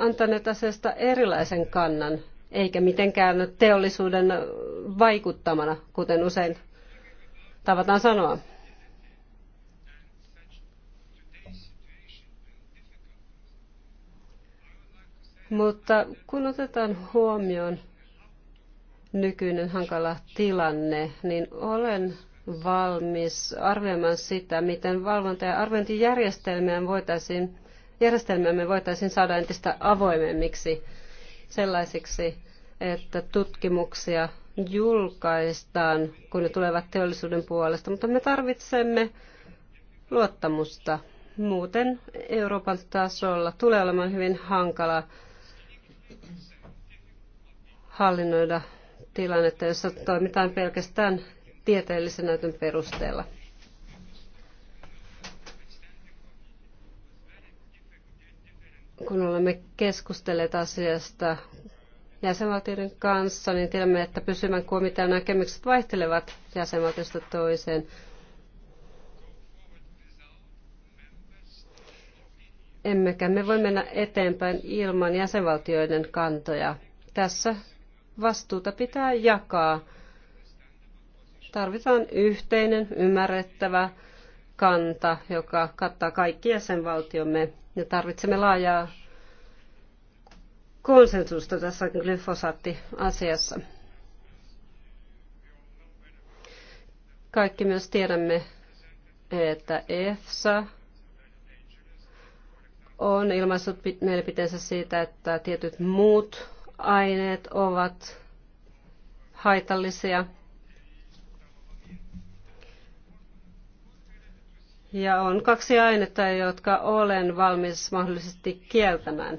antaneet asiasta erilaisen kannan eikä mitenkään teollisuuden vaikuttamana, kuten usein tavataan sanoa. Mutta kun otetaan huomioon nykyinen hankala tilanne, niin olen valmis arvioimaan sitä, miten valvonta- ja arviointijärjestelmiä voitaisiin, järjestelmiämme voitaisiin saada entistä avoimemmiksi sellaisiksi, että tutkimuksia julkaistaan, kun ne tulevat teollisuuden puolesta, mutta me tarvitsemme luottamusta. Muuten Euroopan tasolla tulee olemaan hyvin hankala hallinnoida tilannetta, jossa toimitaan pelkästään tieteellisen näytön perusteella. kun olemme keskustelleet asiasta jäsenvaltioiden kanssa, niin tiedämme, että pysyvän komitean näkemykset vaihtelevat jäsenvaltiosta toiseen. Emmekä me voi mennä eteenpäin ilman jäsenvaltioiden kantoja. Tässä vastuuta pitää jakaa. Tarvitaan yhteinen, ymmärrettävä kanta, joka kattaa kaikki jäsenvaltiomme ja tarvitsemme laajaa konsensusta tässä glyfosaattiasiassa. Kaikki myös tiedämme, että EFSA on ilmaissut mielipiteensä siitä, että tietyt muut aineet ovat haitallisia – Ja on kaksi ainetta, jotka olen valmis mahdollisesti kieltämään.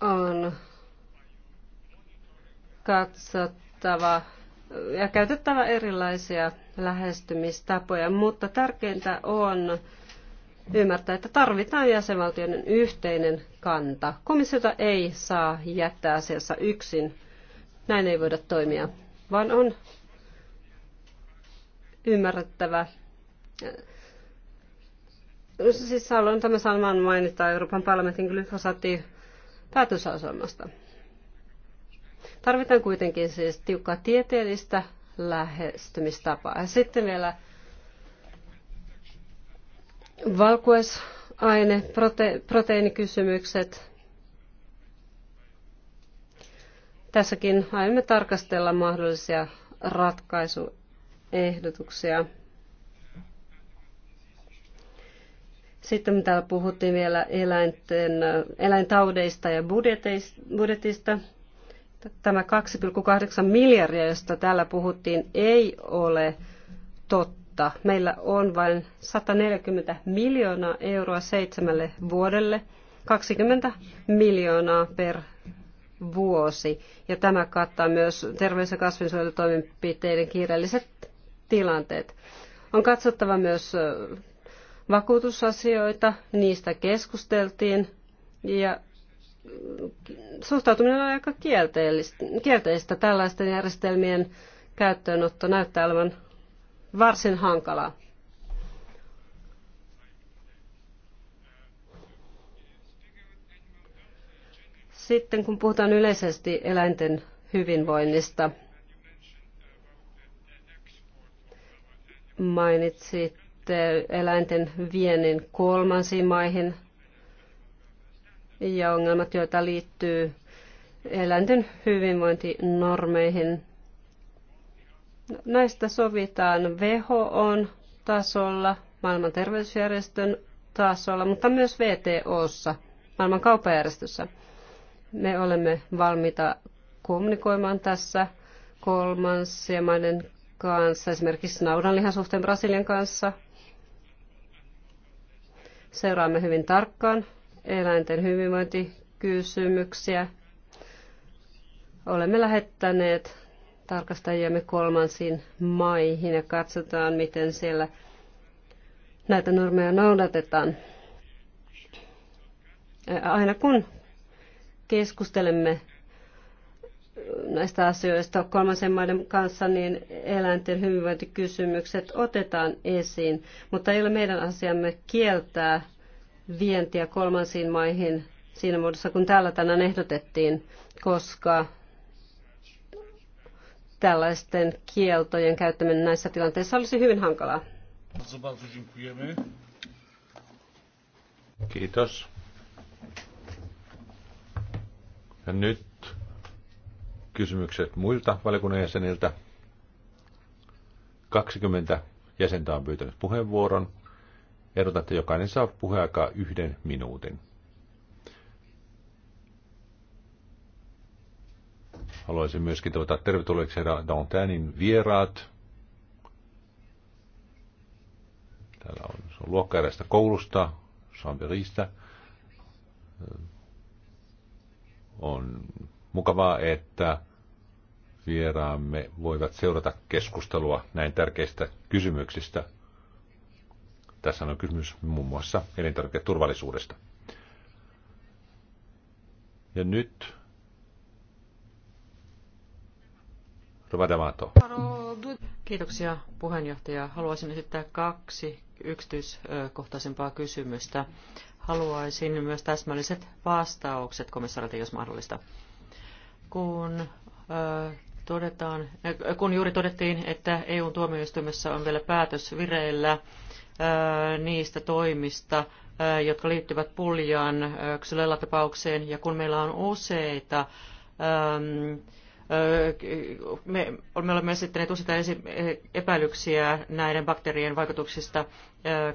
On katsottava ja käytettävä erilaisia lähestymistapoja, mutta tärkeintä on, ymmärtää, että tarvitaan jäsenvaltioiden yhteinen kanta. Komissiota ei saa jättää asiassa yksin. Näin ei voida toimia, vaan on ymmärrettävä. Siis haluan tämän saman mainita Euroopan parlamentin glyfosaatti päätösasemasta. Tarvitaan kuitenkin siis tiukkaa tieteellistä lähestymistapaa. Ja sitten vielä valkuaisaine, prote, proteiinikysymykset. Tässäkin aiomme tarkastella mahdollisia ratkaisuehdotuksia. Sitten täällä puhuttiin vielä eläinten, eläintaudeista ja budjetista. Tämä 2,8 miljardia, josta täällä puhuttiin, ei ole totta mutta meillä on vain 140 miljoonaa euroa seitsemälle vuodelle, 20 miljoonaa per vuosi. Ja tämä kattaa myös terveys- ja kasvinsuojelutoimenpiteiden kiireelliset tilanteet. On katsottava myös vakuutusasioita, niistä keskusteltiin ja mm, suhtautuminen on aika kielteistä. Tällaisten järjestelmien käyttöönotto näyttää olevan varsin hankalaa. Sitten kun puhutaan yleisesti eläinten hyvinvoinnista, mainitsitte eläinten viennin kolmansiin maihin ja ongelmat, joita liittyy eläinten hyvinvointinormeihin – Näistä sovitaan WHOn tasolla, maailman terveysjärjestön tasolla, mutta myös VTOssa, maailman kauppajärjestössä. Me olemme valmiita kommunikoimaan tässä kolmansien maiden kanssa, esimerkiksi naudanlihan suhteen Brasilian kanssa. Seuraamme hyvin tarkkaan eläinten hyvinvointikysymyksiä. Olemme lähettäneet tarkastajiamme kolmansiin maihin ja katsotaan, miten siellä näitä normeja noudatetaan. Aina kun keskustelemme näistä asioista kolmansien maiden kanssa, niin eläinten hyvinvointikysymykset otetaan esiin, mutta ei ole meidän asiamme kieltää vientiä kolmansiin maihin siinä muodossa, kun täällä tänään ehdotettiin, koska tällaisten kieltojen käyttäminen näissä tilanteissa olisi hyvin hankalaa. Kiitos. Ja nyt kysymykset muilta valiokunnan jäseniltä. 20 jäsentä on pyytänyt puheenvuoron. Ehdotan, että jokainen saa puheaikaa yhden minuutin. Haluaisin myöskin toivottaa tervetulleeksi herra Dantainin vieraat. Täällä on, on luokkaerästä koulusta, Chamberista. On mukavaa, että vieraamme voivat seurata keskustelua näin tärkeistä kysymyksistä. Tässä on kysymys muun muassa elintarviketurvallisuudesta. Ja nyt Kiitoksia puheenjohtaja. Haluaisin esittää kaksi yksityiskohtaisempaa kysymystä. Haluaisin myös täsmälliset vastaukset komissaarilta, jos mahdollista. Kun todetaan, kun juuri todettiin, että EUn tuomioistuimessa on vielä päätös vireillä niistä toimista, jotka liittyvät puljan Xylella-tapaukseen, ja kun meillä on useita me, olemme esittäneet useita epäilyksiä näiden bakteerien vaikutuksista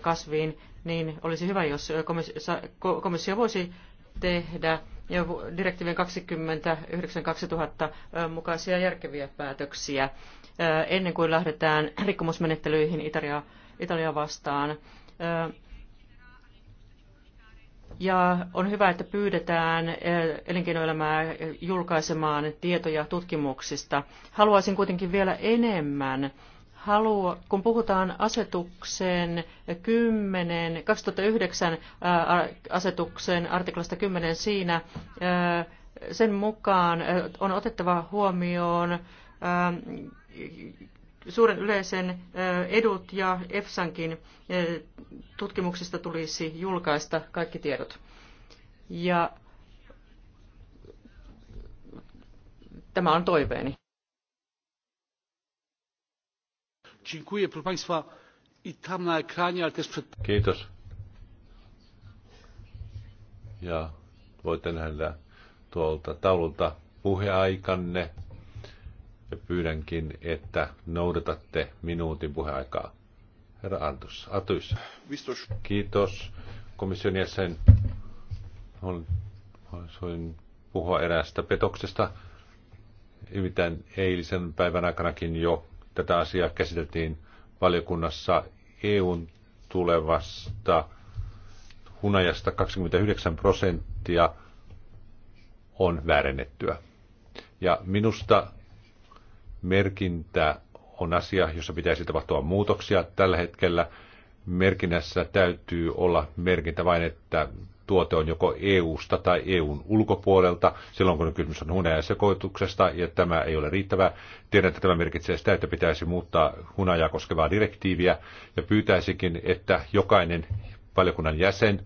kasviin, niin olisi hyvä, jos komissio voisi tehdä direktiivin 29.2000 mukaisia järkeviä päätöksiä ennen kuin lähdetään rikkomusmenettelyihin Italiaa Italia vastaan. Ja on hyvä, että pyydetään eh, elinkeinoelämää julkaisemaan tietoja tutkimuksista. Haluaisin kuitenkin vielä enemmän. Halua, kun puhutaan asetuksen 10, 2009 eh, asetuksen artiklasta 10 siinä, eh, sen mukaan on otettava huomioon suuren yleisen edut ja EFSAnkin tutkimuksista tulisi julkaista kaikki tiedot. Ja tämä on toiveeni. Kiitos. Ja voitte nähdä tuolta taululta puheaikanne ja pyydänkin, että noudatatte minuutin puheaikaa. Herra Artus. Vistos. Kiitos komission jäsen. Haluaisin puhua eräästä petoksesta. Nimittäin eilisen päivän aikanakin jo tätä asiaa käsiteltiin valiokunnassa EUn tulevasta hunajasta 29 prosenttia on väärennettyä. Ja minusta merkintä on asia, jossa pitäisi tapahtua muutoksia. Tällä hetkellä merkinnässä täytyy olla merkintä vain, että tuote on joko EU-sta tai EUn ulkopuolelta, silloin kun kysymys on hunajan sekoituksesta, ja tämä ei ole riittävä. Tiedän, että tämä merkitsee sitä, että pitäisi muuttaa hunajaa koskevaa direktiiviä, ja pyytäisikin, että jokainen valiokunnan jäsen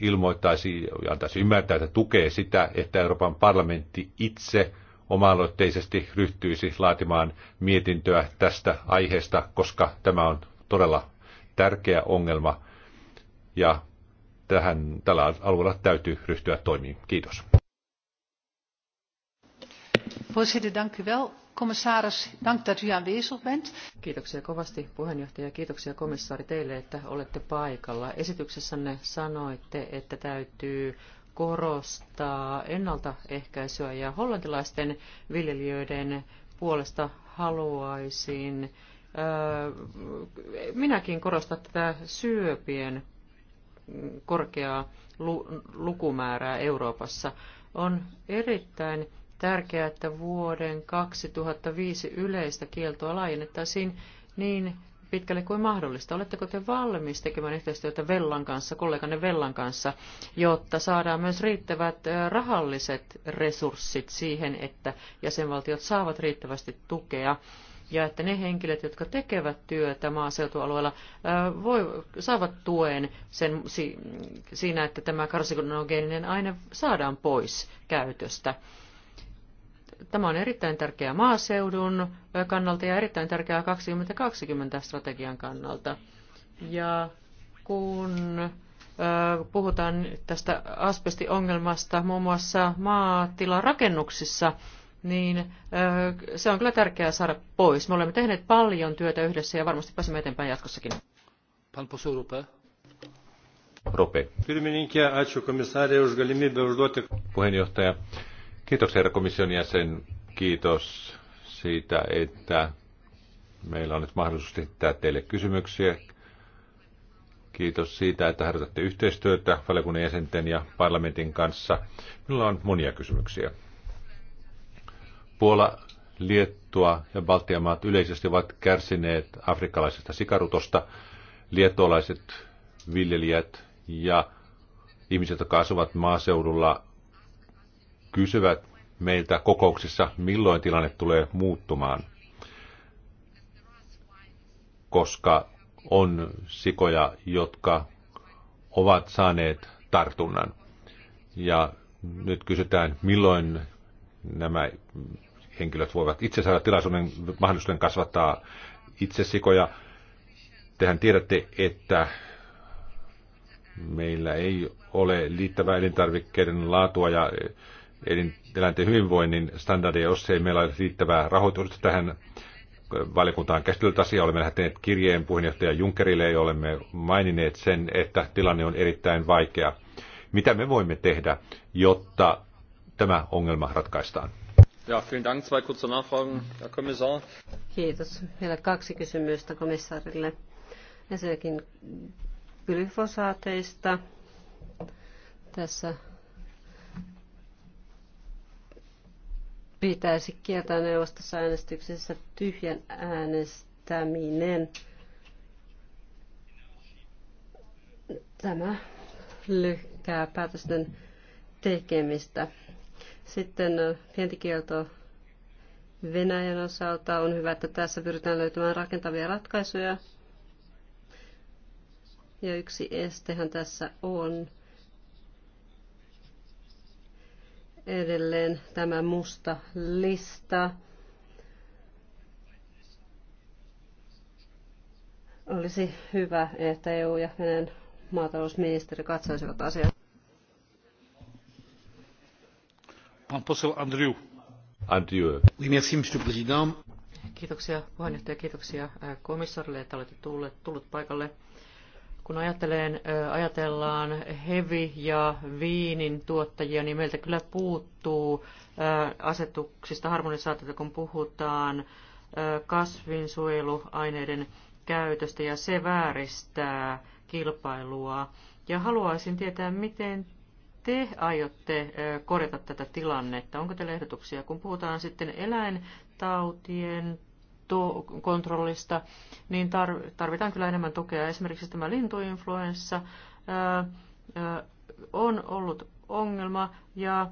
ilmoittaisi ja antaisi ymmärtää, että tukee sitä, että Euroopan parlamentti itse – oma-aloitteisesti ryhtyisi laatimaan mietintöä tästä aiheesta, koska tämä on todella tärkeä ongelma ja tähän, tällä alueella täytyy ryhtyä toimiin. Kiitos. Voorzitter, dank u wel. Commissaris, dank dat u aanwezig bent. Kiitoksia kovasti puheenjohtaja ja kiitoksia komissaari teille, että olette paikalla. Esityksessänne sanoitte, että täytyy korostaa ennaltaehkäisyä ja hollantilaisten viljelijöiden puolesta haluaisin minäkin korostan tätä syöpien korkeaa lukumäärää Euroopassa. On erittäin tärkeää, että vuoden 2005 yleistä kieltoa laajennettaisiin niin pitkälle kuin mahdollista. Oletteko te valmis tekemään yhteistyötä Vellan kanssa, kolleganne Vellan kanssa, jotta saadaan myös riittävät rahalliset resurssit siihen, että jäsenvaltiot saavat riittävästi tukea ja että ne henkilöt, jotka tekevät työtä maaseutualueella, voi, saavat tuen sen, si, siinä, että tämä karsinogeeninen aine saadaan pois käytöstä. Tämä on erittäin tärkeää maaseudun kannalta ja erittäin tärkeää 2020-strategian kannalta. Ja kun puhutaan tästä asbestiongelmasta muun muassa maatilarakennuksissa, niin se on kyllä tärkeää saada pois. Me olemme tehneet paljon työtä yhdessä ja varmasti pääsemme eteenpäin jatkossakin. Puheenjohtaja, Kiitoksia herra komission jäsen. Kiitos siitä, että meillä on nyt mahdollisuus esittää teille kysymyksiä. Kiitos siitä, että harjoitatte yhteistyötä valiokunnan jäsenten ja parlamentin kanssa. Minulla on monia kysymyksiä. Puola, Liettua ja Baltian maat yleisesti ovat kärsineet afrikkalaisesta sikarutosta. Liettualaiset viljelijät ja ihmiset, jotka asuvat maaseudulla, kysyvät meiltä kokouksissa, milloin tilanne tulee muuttumaan, koska on sikoja, jotka ovat saaneet tartunnan. Ja nyt kysytään, milloin nämä henkilöt voivat itse saada tilaisuuden, mahdollisuuden kasvattaa itse sikoja. Tehän tiedätte, että meillä ei ole liittävää elintarvikkeiden laatua ja eläinten hyvinvoinnin standardia, jos ei meillä ole riittävää rahoitusta tähän valiokuntaan käsitellyt asiaa. Olemme lähteneet kirjeen puheenjohtaja Junckerille ja olemme maininneet sen, että tilanne on erittäin vaikea. Mitä me voimme tehdä, jotta tämä ongelma ratkaistaan? Ja, vielen Dank. Zwei kurze Nachfragen, Herr Kommissar. Kiitos. Vielä kaksi kysymystä komissaarille. Ensinnäkin glyfosaateista. Tässä pitäisi kieltää neuvostossa äänestyksessä tyhjän äänestäminen. Tämä lykkää päätösten tekemistä. Sitten vientikielto Venäjän osalta on hyvä, että tässä pyritään löytämään rakentavia ratkaisuja. Ja yksi estehän tässä on edelleen tämä musta lista. Olisi hyvä, että EU ja Venäjän maatalousministeri katsoisivat asiaa. Pan poseł Andriu. Andrieu. Oui, merci, monsieur président. Kiitoksia puheenjohtaja, kiitoksia komissarille, että olette tullut, tullut paikalle kun ajattelen, ajatellaan hevi- ja viinin tuottajia, niin meiltä kyllä puuttuu asetuksista harmonisaatiota, kun puhutaan kasvinsuojeluaineiden käytöstä, ja se vääristää kilpailua. Ja haluaisin tietää, miten te aiotte korjata tätä tilannetta? Onko teillä ehdotuksia, kun puhutaan sitten eläintautien kontrollista, niin tarvitaan kyllä enemmän tukea. Esimerkiksi tämä lintuinfluenssa on ollut ongelma ja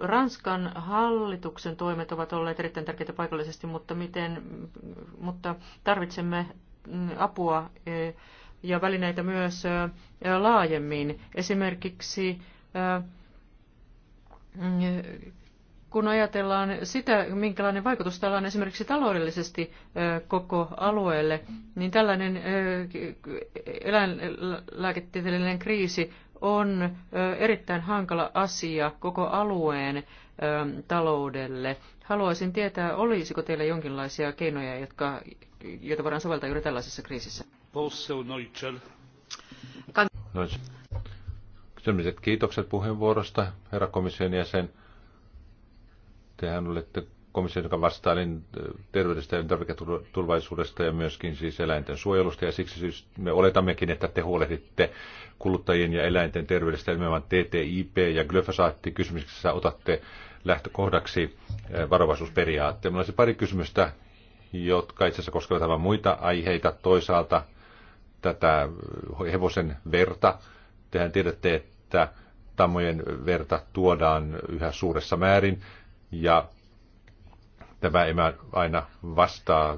Ranskan hallituksen toimet ovat olleet erittäin tärkeitä paikallisesti, mutta, miten, mutta tarvitsemme mm, apua ja välineitä myös laajemmin. Esimerkiksi mm, kun ajatellaan sitä, minkälainen vaikutus tällä on esimerkiksi taloudellisesti koko alueelle, niin tällainen eläinlääketieteellinen kriisi on erittäin hankala asia koko alueen taloudelle. Haluaisin tietää, olisiko teillä jonkinlaisia keinoja, jotka, joita voidaan soveltaa juuri tällaisessa kriisissä? Kiitokset puheenvuorosta, herra komission jäsen tehän olette komission, joka vastaa äh, terveydestä ja turvallisuudesta ja myöskin siis eläinten suojelusta. Ja siksi siis me oletammekin, että te huolehditte kuluttajien ja eläinten terveydestä ja nimenomaan TTIP ja glyfosaatti kysymyksessä otatte lähtökohdaksi äh, varovaisuusperiaatteen. Minulla olisi pari kysymystä, jotka itse asiassa koskevat aivan muita aiheita. Toisaalta tätä äh, hevosen verta. Tehän tiedätte, että tammojen verta tuodaan yhä suuressa määrin ja tämä ei aina vastaa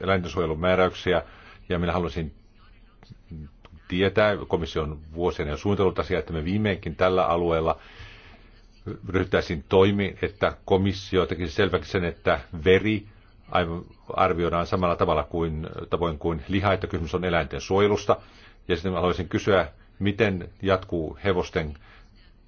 eläintensuojelun määräyksiä, ja minä haluaisin tietää, komission vuosien ja suunnitellut asia, että me viimeinkin tällä alueella ryhtäisiin toimiin, että komissio tekisi selväksi sen, että veri arvioidaan samalla tavalla kuin, tavoin kuin liha, että kysymys on eläinten suojelusta. Ja sitten haluaisin kysyä, miten jatkuu hevosten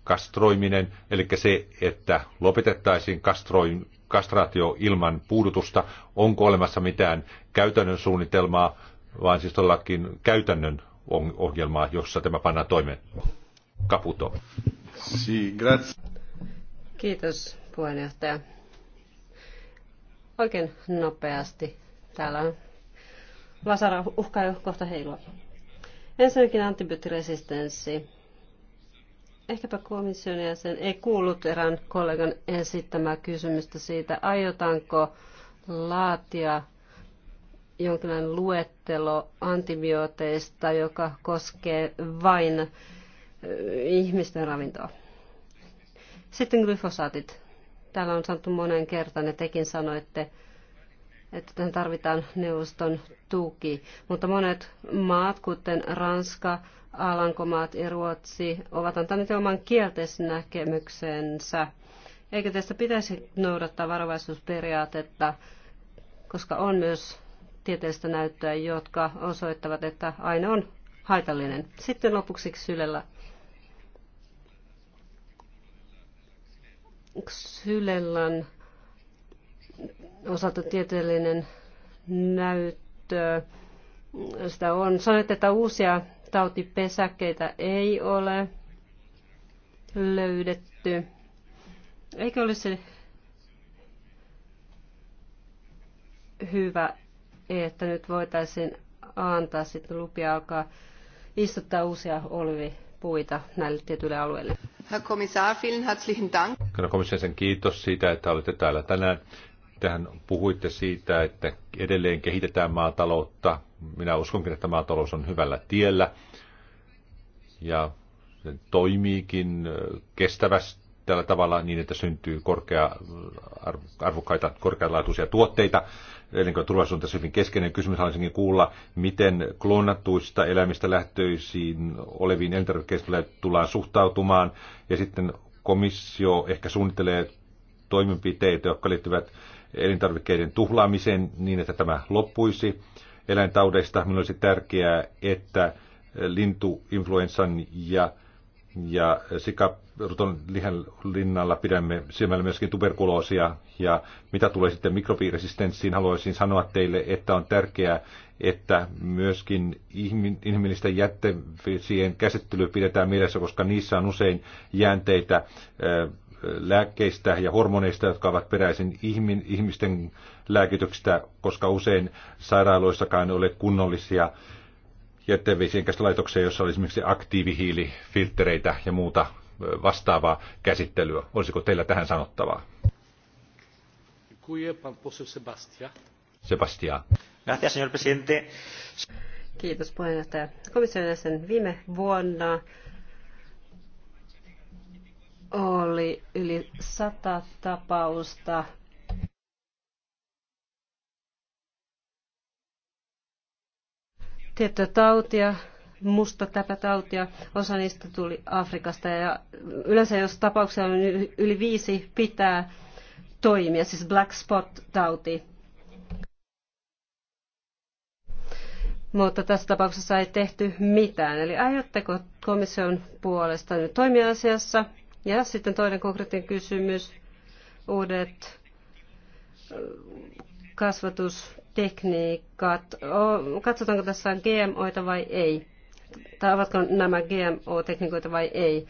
kastroiminen, eli se, että lopetettaisiin kastroin, kastraatio ilman puudutusta. Onko olemassa mitään käytännön suunnitelmaa, vaan siis todellakin käytännön ohjelmaa, jossa tämä pannaan toimeen? Kaputo. Si, grazie. Kiitos puheenjohtaja. Oikein nopeasti. Täällä on lasara uhkaa jo kohta heilua. Ensinnäkin antibioottiresistenssi. Ehkäpä komission jäsen ei kuullut erään kollegan esittämää kysymystä siitä, aiotaanko laatia jonkinlainen luettelo antibiooteista, joka koskee vain ihmisten ravintoa. Sitten glyfosaatit. Täällä on sanottu monen kertaan ja tekin sanoitte, että tähän tarvitaan neuvoston tuki, mutta monet maat, kuten Ranska, Alankomaat ja Ruotsi, ovat antaneet oman kielteisnäkemyksensä. Eikö tästä pitäisi noudattaa varovaisuusperiaatetta, koska on myös tieteellistä näyttöä, jotka osoittavat, että aina on haitallinen. Sitten lopuksi Sylellä. Sylellän osalta tieteellinen näyttö sitä on. Sanoit, että uusia tautipesäkkeitä ei ole löydetty. Eikö olisi hyvä, että nyt voitaisiin antaa sitten lupia alkaa istuttaa uusia olvipuita näille tietyille alueille? Herr Kommissar, vielen herzlichen Dank. Herra komission kiitos siitä, että olette täällä tänään. Tähän puhuitte siitä, että edelleen kehitetään maataloutta. Minä uskonkin, että maatalous on hyvällä tiellä ja se toimiikin kestävästi tällä tavalla niin, että syntyy korkea, arvokkaita, korkealaatuisia tuotteita. Elinkeinoturvallisuus on tässä hyvin keskeinen kysymys. Haluaisinkin kuulla, miten kloonattuista eläimistä lähtöisiin oleviin elintarvikkeisiin tullaan suhtautumaan. Ja sitten komissio ehkä suunnittelee toimenpiteitä, jotka liittyvät elintarvikkeiden tuhlaamiseen niin, että tämä loppuisi eläintaudeista. Minulla olisi tärkeää, että lintuinfluenssan ja, ja sikaruton lihan linnalla pidämme syömällä myöskin tuberkuloosia. Ja mitä tulee sitten mikrobiresistenssiin, haluaisin sanoa teille, että on tärkeää, että myöskin inhimillisten jättevesien käsittely pidetään mielessä, koska niissä on usein jäänteitä lääkkeistä ja hormoneista, jotka ovat peräisin ihmisten lääkityksestä, koska usein sairaaloissakaan ei ole kunnollisia jätevesien käsittelylaitoksia, joissa olisi esimerkiksi aktiivihiilifilttereitä ja muuta vastaavaa käsittelyä. Olisiko teillä tähän sanottavaa? Sebastian. Kiitos puheenjohtaja. Komission viime vuonna oli yli sata tapausta. Tiettyä tautia, musta täpätautia, osa niistä tuli Afrikasta ja yleensä jos tapauksia on yli viisi, pitää toimia, siis black spot-tauti. Mutta tässä tapauksessa ei tehty mitään. Eli aiotteko komission puolesta nyt toimia asiassa? Ja sitten toinen konkreettinen kysymys, uudet äh, kasvatustekniikat. Katsotaanko tässä GMOita vai ei? Tai ovatko nämä GMO-tekniikoita vai ei?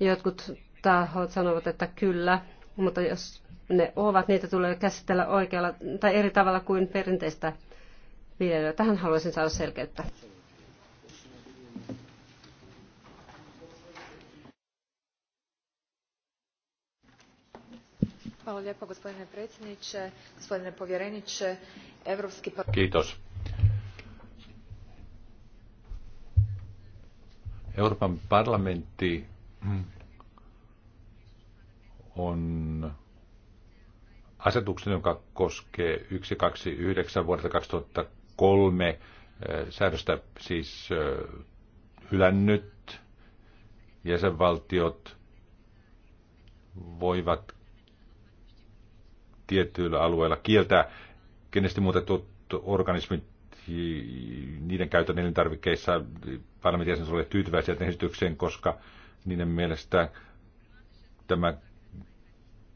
Jotkut tahot sanovat, että kyllä, mutta jos ne ovat, niitä tulee käsitellä oikealla tai eri tavalla kuin perinteistä viljelyä. Tähän haluaisin saada selkeyttä. gospodine predsjednie gospodine povjerenie europski euroopan parlamentti on asetuksen, joka koskee yksi kaksi yhdeksän vuodelta kaksituhatta kolme eh, säädöstä siis eh, hylännyt jäsenvaltiot voivat tietyillä alueilla kieltää kenesti muutetut organismit, niiden käytön elintarvikkeissa parlamentin jäsenet olivat tyytyväisiä esitykseen, koska niiden mielestä tämä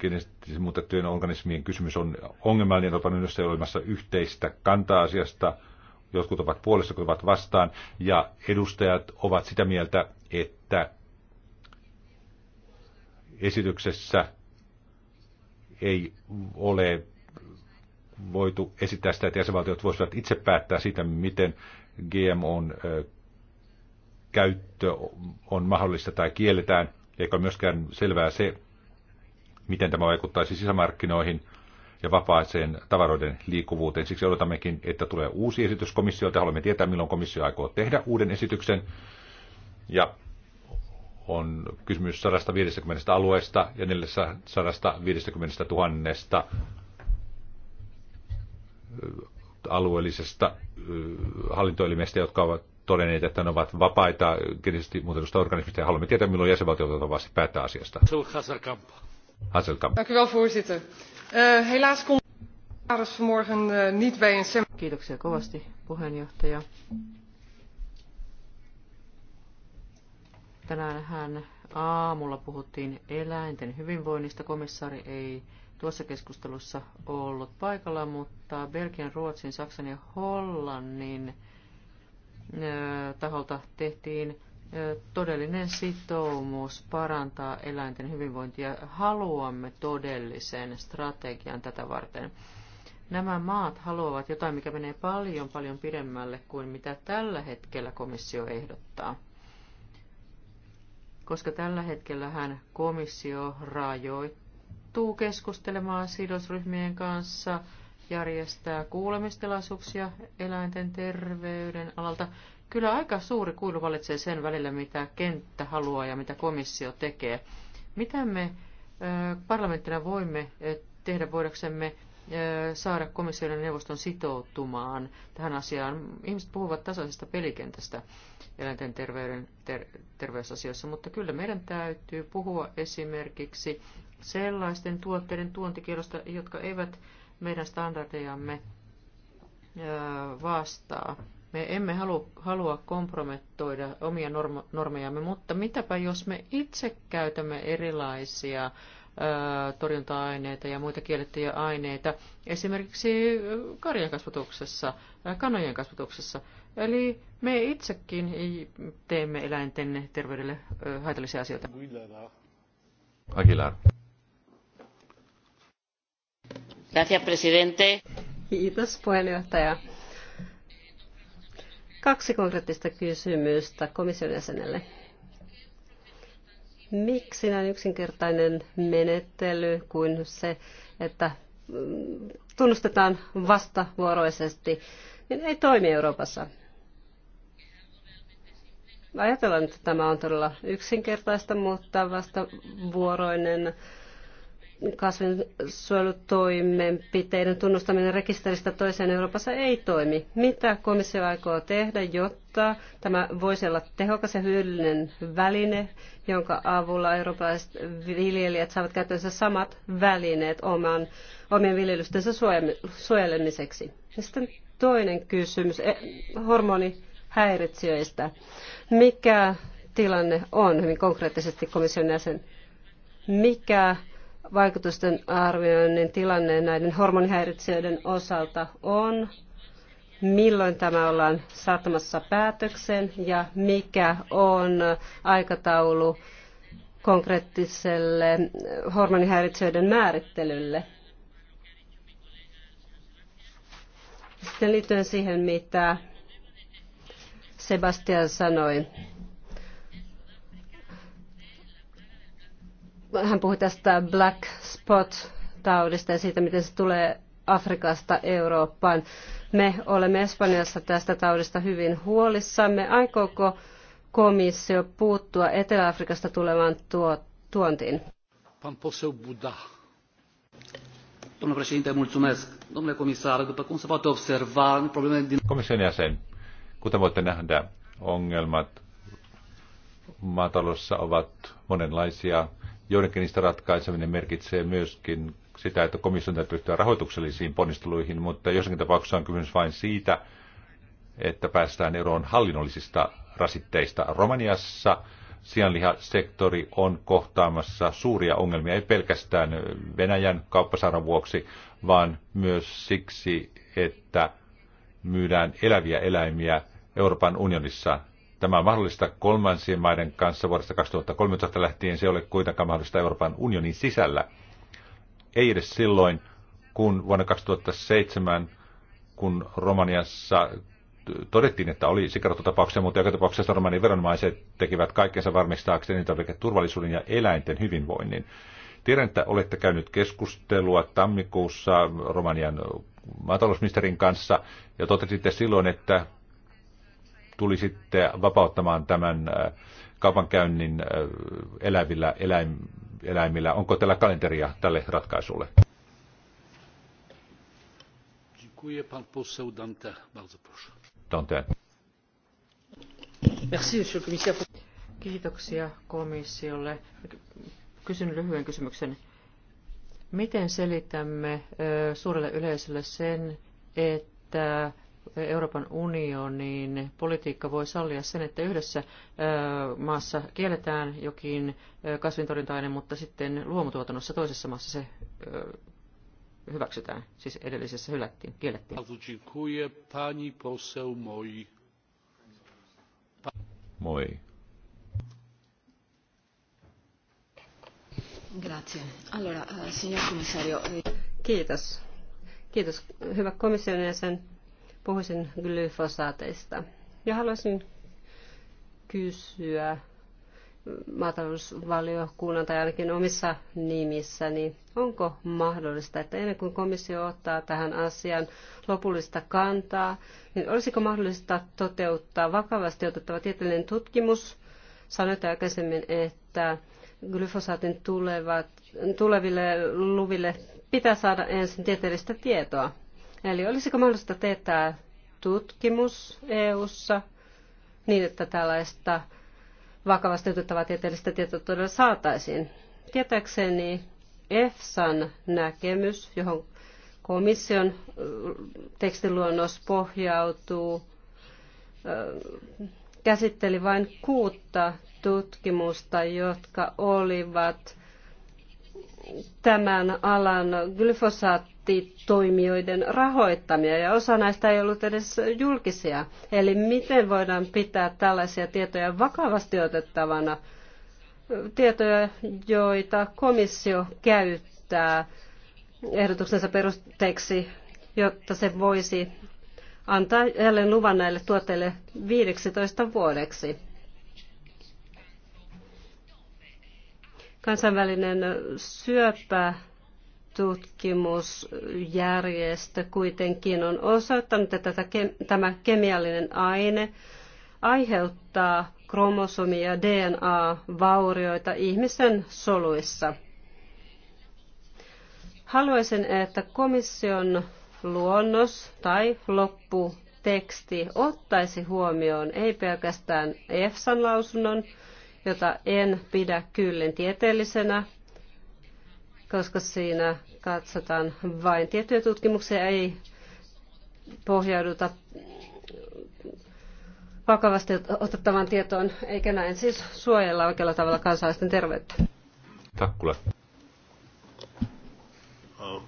geneettisesti muutettujen organismien kysymys on ongelmallinen, Euroopan unionissa ei ole olemassa yhteistä kantaa asiasta, jotkut ovat puolesta, jotkut ovat vastaan, ja edustajat ovat sitä mieltä, että esityksessä ei ole voitu esittää sitä, että jäsenvaltiot voisivat itse päättää siitä, miten GMOn käyttö on mahdollista tai kielletään, eikä myöskään selvää se, miten tämä vaikuttaisi sisämarkkinoihin ja vapaaseen tavaroiden liikkuvuuteen. Siksi odotammekin, että tulee uusi esitys komissiolta. Haluamme tietää, milloin komissio aikoo tehdä uuden esityksen. Ja on kysymys 150 alueesta ja 450 000 alueellisesta hallintoelimestä, jotka ovat todenneet, että ne ovat vapaita geneettisesti muutetusta organismista ja haluamme tietää, milloin jäsenvaltiot ovat vasta päättää asiasta. Dank u wel, voorzitter. Uh, helaas kon vanmorgen uh, niet bij een Kiitoksia kovasti, puheenjohtaja. Tänään hän aamulla puhuttiin eläinten hyvinvoinnista. Komissaari ei tuossa keskustelussa ollut paikalla, mutta Belgian, Ruotsin, Saksan ja Hollannin taholta tehtiin todellinen sitoumus parantaa eläinten hyvinvointia. Haluamme todellisen strategian tätä varten. Nämä maat haluavat jotain, mikä menee paljon paljon pidemmälle kuin mitä tällä hetkellä komissio ehdottaa koska tällä hetkellä hän komissio rajoittuu keskustelemaan sidosryhmien kanssa, järjestää kuulemistilaisuuksia eläinten terveyden alalta. Kyllä aika suuri kuilu valitsee sen välillä, mitä kenttä haluaa ja mitä komissio tekee. Mitä me parlamenttina voimme tehdä voidaksemme Äh, saada komission ja neuvoston sitoutumaan tähän asiaan. Ihmiset puhuvat tasaisesta pelikentästä eläinten terveyden, ter, terveysasioissa, mutta kyllä meidän täytyy puhua esimerkiksi sellaisten tuotteiden tuontikielosta, jotka eivät meidän standardejamme äh, vastaa. Me emme halua kompromettoida omia normejamme, mutta mitäpä jos me itse käytämme erilaisia torjunta-aineita ja muita kiellettyjä aineita esimerkiksi karjan kasvatuksessa, kanojen kasvatuksessa. Eli me itsekin teemme eläinten terveydelle haitallisia asioita. Aguilar. Gracias, presidente. Kiitos, puheenjohtaja. Kaksi konkreettista kysymystä komission jäsenelle. Miksi näin yksinkertainen menettely kuin se, että mm, tunnustetaan vastavuoroisesti, niin ei toimi Euroopassa? Ajatellaan, että tämä on todella yksinkertaista, mutta vastavuoroinen vuoroinen kasvinsuojelutoimenpiteiden tunnustaminen rekisteristä toiseen Euroopassa ei toimi. Mitä komissio aikoo tehdä, jotta tämä voisi olla tehokas ja hyödyllinen väline, jonka avulla eurooppalaiset viljelijät saavat käyttöönsä samat välineet oman, omien viljelystensä suojelemiseksi? Ja sitten toinen kysymys e, hormonihäiritsijöistä. Mikä tilanne on hyvin konkreettisesti komission jäsen? Mikä vaikutusten arvioinnin tilanne näiden hormonihäiritsijöiden osalta on, milloin tämä ollaan saattamassa päätöksen ja mikä on aikataulu konkreettiselle hormonihäiritsijöiden määrittelylle. Sitten liittyen siihen, mitä Sebastian sanoi, hän puhui tästä black spot taudista ja siitä, miten se tulee Afrikasta Eurooppaan. Me olemme Espanjassa tästä taudista hyvin huolissamme. Aikooko komissio puuttua Etelä-Afrikasta tulevaan tuo, tuontiin? Pan Buddha. Domnule președinte, mulțumesc. Domnule comisar, după cum se poate observa, problemele din... Komission jäsen, kuten voitte nähdä, ongelmat maatalossa ovat monenlaisia Joidenkin niistä ratkaiseminen merkitsee myöskin sitä, että komission täytyy ryhtyä rahoituksellisiin ponnisteluihin, mutta jossakin tapauksessa on kysymys vain siitä, että päästään eroon hallinnollisista rasitteista. Romaniassa sianlihasektori on kohtaamassa suuria ongelmia, ei pelkästään Venäjän kauppasaaran vuoksi, vaan myös siksi, että myydään eläviä eläimiä Euroopan unionissa. Tämä on mahdollista kolmansien maiden kanssa vuodesta 2013 lähtien. Se ei ole kuitenkaan mahdollista Euroopan unionin sisällä. Ei edes silloin, kun vuonna 2007, kun Romaniassa todettiin, että oli sikarottotapauksia, mutta joka tapauksessa romanin veronomaiset tekivät kaikkensa varmistaakseen elintarviketurvallisuuden ja eläinten hyvinvoinnin. Tiedän, että olette käynyt keskustelua tammikuussa Romanian maatalousministerin kanssa ja totesitte silloin, että tuli sitten vapauttamaan tämän äh, kaupankäynnin äh, elävillä eläim, eläimillä. Onko tällä kalenteria tälle ratkaisulle? Dziękuję. Pan poseł Dante, bardzo proszę. Dante. Merci, monsieur le commissaire. Kiitoksia komissiolle. Kysyn lyhyen kysymyksen. Miten selitämme suurelle yleisölle sen, että Euroopan unionin politiikka voi sallia sen, että yhdessä maassa kielletään jokin kasvintorjunta-aine, mutta sitten luomutuotannossa toisessa maassa se hyväksytään, siis edellisessä hylättiin, kiellettiin. Pani poseł moi. Moi. Grazie. Allora, eh, signor commissario. Eh, Kiitos. Kiitos, hyvä komission jäsen Puhuisin glyfosaateista. Ja haluaisin kysyä maatalousvaliokunnan tai ainakin omissa nimissäni, niin onko mahdollista, että ennen kuin komissio ottaa tähän asian lopullista kantaa, niin olisiko mahdollista toteuttaa vakavasti otettava tieteellinen tutkimus? Sanoit aikaisemmin, että glyfosaatin tulevat, tuleville luville pitää saada ensin tieteellistä tietoa. Eli olisiko mahdollista teettää tutkimus EU-ssa niin, että tällaista vakavasti otettavaa tieteellistä tietoa todella saataisiin? Tietääkseni EFSAn näkemys, johon komission tekstiluonnos pohjautuu, käsitteli vain kuutta tutkimusta, jotka olivat tämän alan glyfosaat ammattitoimijoiden rahoittamia ja osa näistä ei ollut edes julkisia. Eli miten voidaan pitää tällaisia tietoja vakavasti otettavana? Tietoja, joita komissio käyttää ehdotuksensa perusteeksi, jotta se voisi antaa jälleen luvan näille tuotteille 15 vuodeksi. Kansainvälinen syöpä tutkimusjärjestö kuitenkin on osoittanut, että tämä kemiallinen aine aiheuttaa kromosomia ja DNA-vaurioita ihmisen soluissa. Haluaisin, että komission luonnos tai lopputeksti ottaisi huomioon ei pelkästään EFSAn lausunnon, jota en pidä kyllin tieteellisenä koska siinä katsotaan vain tiettyjä tutkimuksia, ei pohjauduta vakavasti otettavaan tietoon, eikä näin siis suojella oikealla tavalla kansalaisten terveyttä. Takkula. Uh,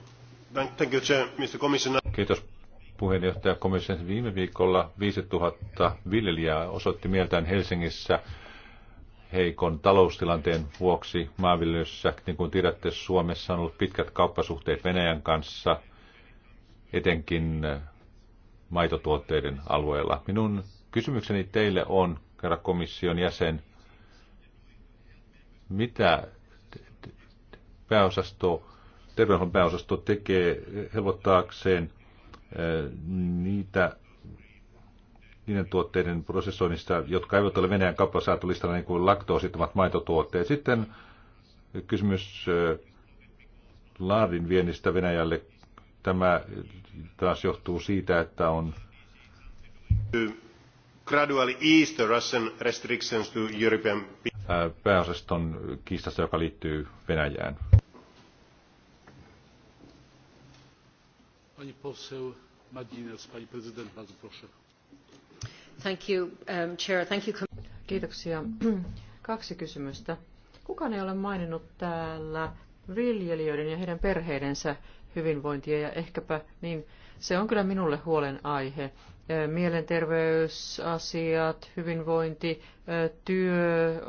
Kiitos puheenjohtaja komission viime viikolla 5000 viljelijää osoitti mieltään Helsingissä heikon taloustilanteen vuoksi maanviljelyssä, niin kuin tiedätte, Suomessa on ollut pitkät kauppasuhteet Venäjän kanssa, etenkin eh, maitotuotteiden alueella. Minun kysymykseni teille on, herra komission jäsen, mitä pääosasto, terveydenhuollon pääosasto tekee helpottaakseen eh, niitä niiden tuotteiden prosessoinnista, jotka eivät ole Venäjän kauppasaatolistalla, niin kuin laktoosittomat maitotuotteet. Sitten kysymys äh, laadin viennistä Venäjälle. Tämä äh, taas johtuu siitä, että on gradually ease the Russian restrictions to European äh, pääosaston kiistasta, joka liittyy Venäjään. Pani poseł Madines, pani prezydent, bardzo proszę. Um, Kiitoksia. Kaksi kysymystä. Kukaan ei ole maininnut täällä viljelijöiden ja heidän perheidensä hyvinvointia ja ehkäpä niin se on kyllä minulle huolenaihe. Mielenterveysasiat, hyvinvointi, työ,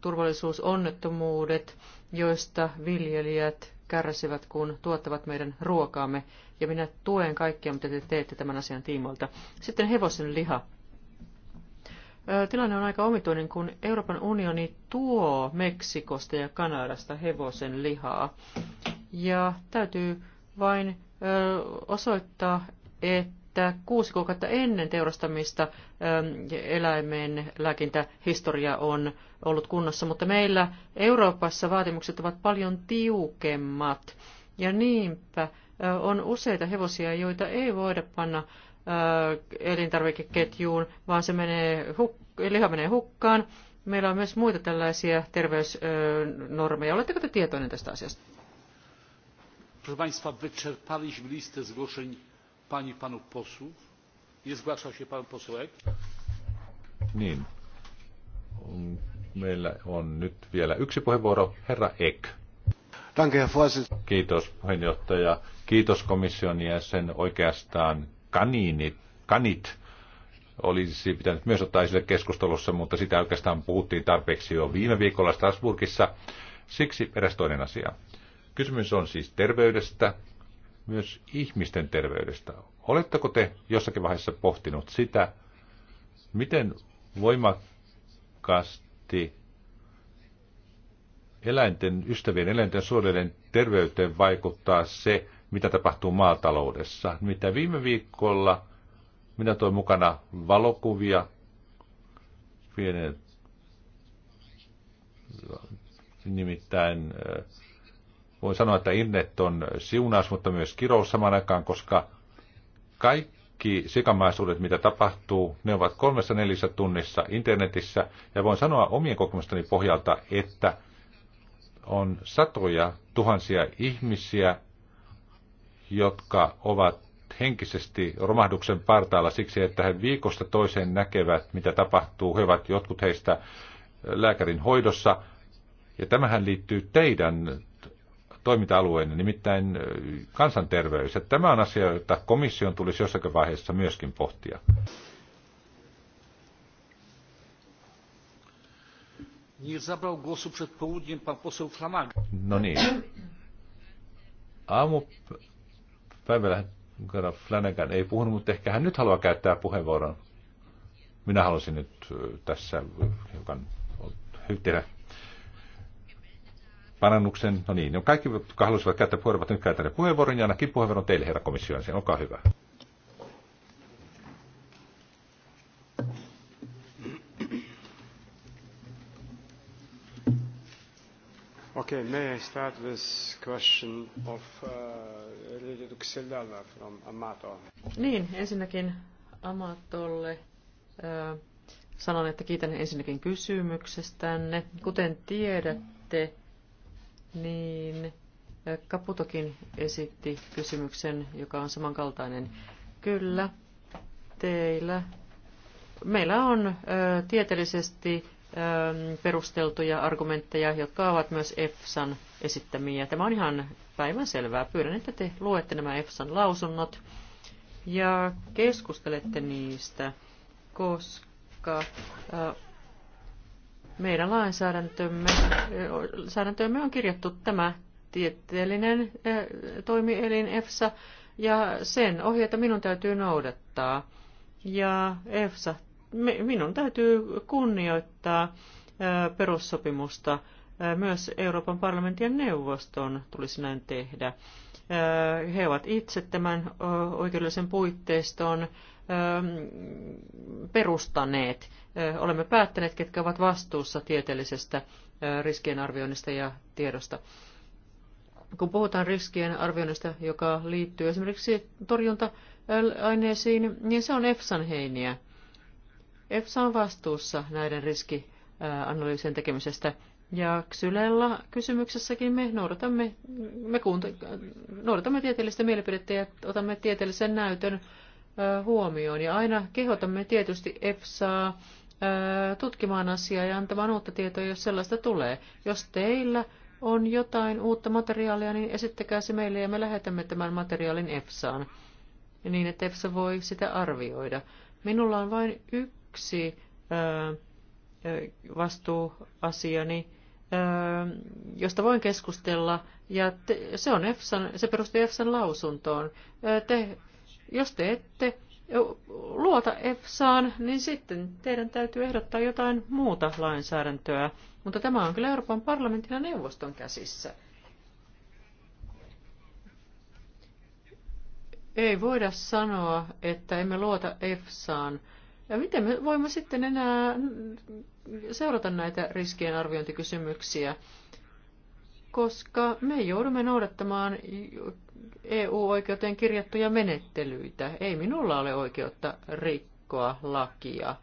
turvallisuus, onnettomuudet, joista viljelijät kärsivät, kun tuottavat meidän ruokaamme. Ja minä tuen kaikkia, mitä te teette tämän asian tiimoilta. Sitten hevosen liha. Tilanne on aika omituinen, kun Euroopan unioni tuo Meksikosta ja Kanadasta hevosen lihaa. Ja täytyy vain osoittaa, että kuusi kuukautta ennen teurastamista eläimen lääkintähistoria on ollut kunnossa, mutta meillä Euroopassa vaatimukset ovat paljon tiukemmat. Ja niinpä on useita hevosia, joita ei voida panna elintarvikeketjuun, vaan se menee huk- liha menee hukkaan. Meillä on myös muita tällaisia terveysnormeja. Oletteko te tietoinen tästä asiasta? Proszę Państwa, wyczerpaliśmy listę zgłoszeń pani i panów posłów. Nie zgłasza się pan posłek. Niin. Meillä on nyt vielä yksi puheenvuoro. Herra Ek. Kiitos puheenjohtaja. Kiitos komission jäsen. Oikeastaan kaniini, kanit olisi pitänyt myös ottaa esille keskustelussa, mutta sitä oikeastaan puhuttiin tarpeeksi jo viime viikolla Strasburgissa. Siksi eräs toinen asia. Kysymys on siis terveydestä, myös ihmisten terveydestä. Oletteko te jossakin vaiheessa pohtinut sitä, miten voimakkaasti eläinten, ystävien eläinten suojelujen terveyteen vaikuttaa se, mitä tapahtuu maataloudessa. Mitä viime viikolla minä toin mukana valokuvia pienen nimittäin äh, voin sanoa, että internet on siunaus, mutta myös kirous samaan aikaan, koska kaikki sikamaisuudet, mitä tapahtuu, ne ovat kolmessa neljässä tunnissa internetissä. Ja voin sanoa omien kokemustani pohjalta, että on satoja tuhansia ihmisiä, jotka ovat henkisesti romahduksen partaalla siksi, että he viikosta toiseen näkevät, mitä tapahtuu. He ovat jotkut heistä äh, lääkärin hoidossa. Ja tämähän liittyy teidän toiminta-alueenne, nimittäin äh, kansanterveys. Ja tämä on asia, jota komission tulisi jossakin vaiheessa myöskin pohtia. No niin. Aamu Päivällä Flanagan ei puhunut, mutta ehkä hän nyt haluaa käyttää puheenvuoron. Minä halusin nyt tässä hiukan tehdä parannuksen. No niin, On no kaikki, jotka halusivat käyttää puheenvuoron, nyt käytän puheenvuoron ja ainakin puheenvuoron teille, herra komissio, ensin. Olkaa hyvä. Okay, may I start with question of uh, niin, ensinnäkin Amatolle sanon, että kiitän ensinnäkin kysymyksestänne. Kuten tiedätte, niin Kaputokin esitti kysymyksen, joka on samankaltainen. Kyllä, teillä. Meillä on ö, tieteellisesti ö, perusteltuja argumentteja, jotka ovat myös EFSAn esittämiä. Tämä on ihan päivän selvää. Pyydän, että te luette nämä EFSAn lausunnot ja keskustelette niistä, koska meidän lainsäädäntömme, lainsäädäntömme on kirjattu tämä tieteellinen toimielin EFSA, ja sen ohjeita minun täytyy noudattaa. Ja EFSA, minun täytyy kunnioittaa perussopimusta myös Euroopan parlamentin ja neuvoston tulisi näin tehdä. He ovat itse tämän oikeudellisen puitteiston perustaneet. Olemme päättäneet, ketkä ovat vastuussa tieteellisestä riskien arvioinnista ja tiedosta. Kun puhutaan riskien arvioinnista, joka liittyy esimerkiksi torjunta-aineisiin, niin se on EFSAn heiniä. EFSA on vastuussa näiden riskianalyysien tekemisestä ja Xylella kysymyksessäkin me noudatamme, me kuunta, noudatamme tieteellistä mielipidettä ja otamme tieteellisen näytön huomioon. Ja aina kehotamme tietysti EFSAa tutkimaan asiaa ja antamaan uutta tietoa, jos sellaista tulee. Jos teillä on jotain uutta materiaalia, niin esittäkää se meille ja me lähetämme tämän materiaalin EFSAan niin, että EFSA voi sitä arvioida. Minulla on vain yksi vastuuasiani josta voin keskustella, ja te, se, on EFSAn, se perustuu EFSAn lausuntoon. Te, jos te ette luota EFSAan, niin sitten teidän täytyy ehdottaa jotain muuta lainsäädäntöä. Mutta tämä on kyllä Euroopan parlamentin ja neuvoston käsissä. Ei voida sanoa, että emme luota EFSAan ja miten me voimme sitten enää seurata näitä riskien arviointikysymyksiä? Koska me joudumme noudattamaan EU-oikeuteen kirjattuja menettelyitä. Ei minulla ole oikeutta rikkoa lakia.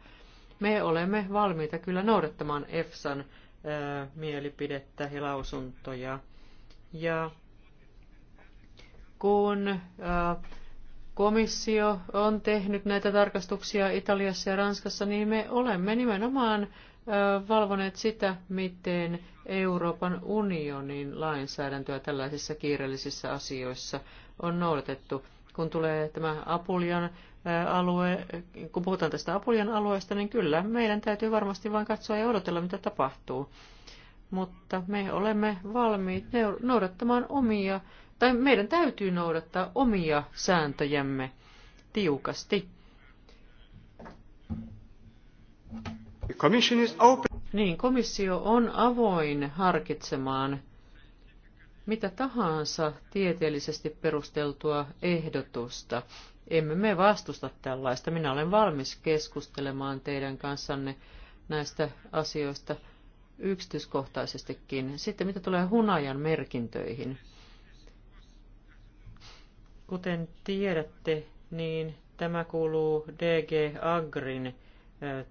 Me olemme valmiita kyllä noudattamaan EFSAn ää, mielipidettä ja lausuntoja. Ja kun ää, komissio on tehnyt näitä tarkastuksia Italiassa ja Ranskassa, niin me olemme nimenomaan valvoneet sitä, miten Euroopan unionin lainsäädäntöä tällaisissa kiireellisissä asioissa on noudatettu. Kun tulee tämä Apulian alue, kun puhutaan tästä Apulian alueesta, niin kyllä meidän täytyy varmasti vain katsoa ja odotella, mitä tapahtuu. Mutta me olemme valmiit noudattamaan omia tai meidän täytyy noudattaa omia sääntöjämme tiukasti. Niin, komissio on avoin harkitsemaan mitä tahansa tieteellisesti perusteltua ehdotusta. Emme me vastusta tällaista. Minä olen valmis keskustelemaan teidän kanssanne näistä asioista yksityiskohtaisestikin. Sitten mitä tulee hunajan merkintöihin. Kuten tiedätte, niin tämä kuuluu DG Agrin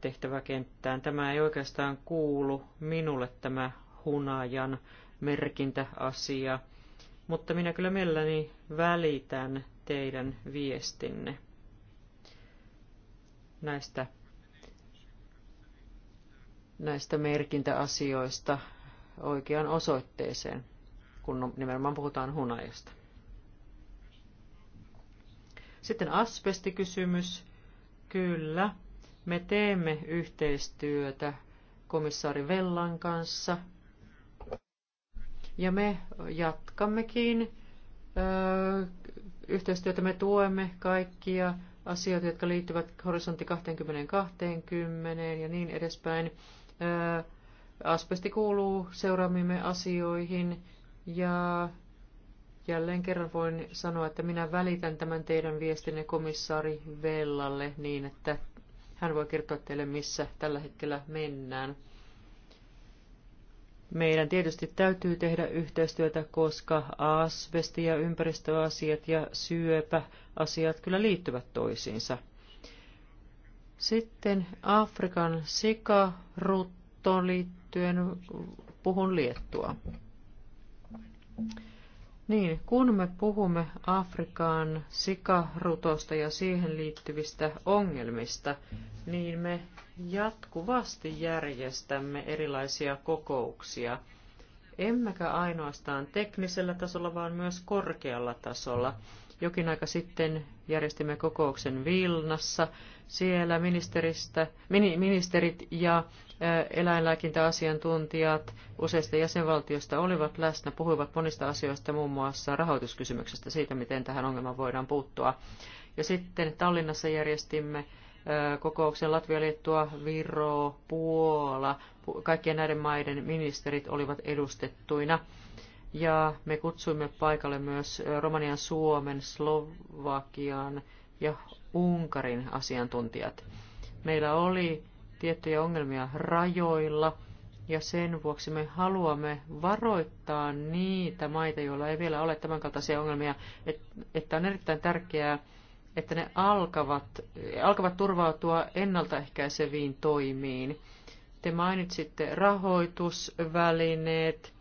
tehtäväkenttään. Tämä ei oikeastaan kuulu minulle tämä hunajan merkintäasia, mutta minä kyllä mielelläni välitän teidän viestinne näistä, näistä merkintäasioista oikeaan osoitteeseen, kun nimenomaan puhutaan hunajasta. Sitten asbestikysymys. Kyllä, me teemme yhteistyötä komissaari Vellan kanssa. Ja me jatkammekin ö, yhteistyötä. Me tuemme kaikkia asioita, jotka liittyvät horisontti 2020 ja niin edespäin. Ö, asbesti kuuluu seuraamimme asioihin ja Jälleen kerran voin sanoa, että minä välitän tämän teidän viestinne komissaari Vellalle niin, että hän voi kertoa teille, missä tällä hetkellä mennään. Meidän tietysti täytyy tehdä yhteistyötä, koska asbesti ja ympäristöasiat ja syöpäasiat kyllä liittyvät toisiinsa. Sitten Afrikan sikaruttoon liittyen puhun liettua. Niin, kun me puhumme Afrikan sikarutosta ja siihen liittyvistä ongelmista, niin me jatkuvasti järjestämme erilaisia kokouksia, emmekä ainoastaan teknisellä tasolla, vaan myös korkealla tasolla. Jokin aika sitten järjestimme kokouksen Vilnassa. Siellä ministeristä, ministerit ja eläinlääkintäasiantuntijat useista jäsenvaltioista olivat läsnä, puhuivat monista asioista, muun muassa rahoituskysymyksestä, siitä miten tähän ongelmaan voidaan puuttua. Ja sitten Tallinnassa järjestimme kokouksen Latvia, Liettua, Viro, Puola, kaikkien näiden maiden ministerit olivat edustettuina ja me kutsuimme paikalle myös Romanian, Suomen, Slovakian ja Unkarin asiantuntijat. Meillä oli tiettyjä ongelmia rajoilla ja sen vuoksi me haluamme varoittaa niitä maita, joilla ei vielä ole tämänkaltaisia ongelmia, että on erittäin tärkeää, että ne alkavat, alkavat turvautua ennaltaehkäiseviin toimiin. Te mainitsitte rahoitusvälineet,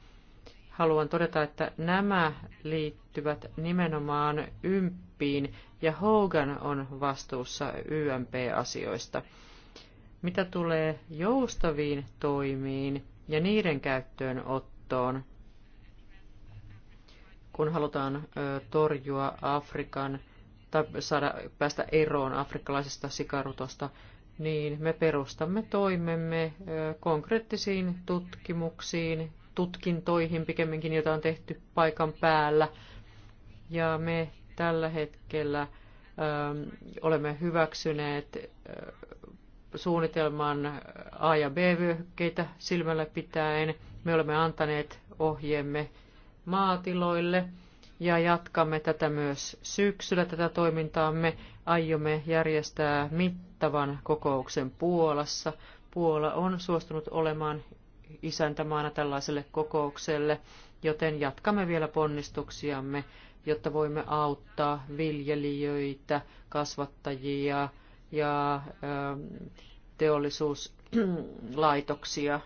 haluan todeta, että nämä liittyvät nimenomaan ympiin ja Hogan on vastuussa YMP-asioista. Mitä tulee joustaviin toimiin ja niiden käyttöön ottoon, kun halutaan torjua Afrikan tai saada, päästä eroon afrikkalaisesta sikarutosta, niin me perustamme toimemme konkreettisiin tutkimuksiin tutkintoihin pikemminkin, joita on tehty paikan päällä. Ja me tällä hetkellä ähm, olemme hyväksyneet äh, suunnitelman A- ja B-vyöhykkeitä silmällä pitäen. Me olemme antaneet ohjeemme maatiloille ja jatkamme tätä myös syksyllä tätä toimintaamme. Aiomme järjestää mittavan kokouksen Puolassa. Puola on suostunut olemaan isäntämaana tällaiselle kokoukselle, joten jatkamme vielä ponnistuksiamme, jotta voimme auttaa viljelijöitä, kasvattajia ja ähm, teollisuuslaitoksia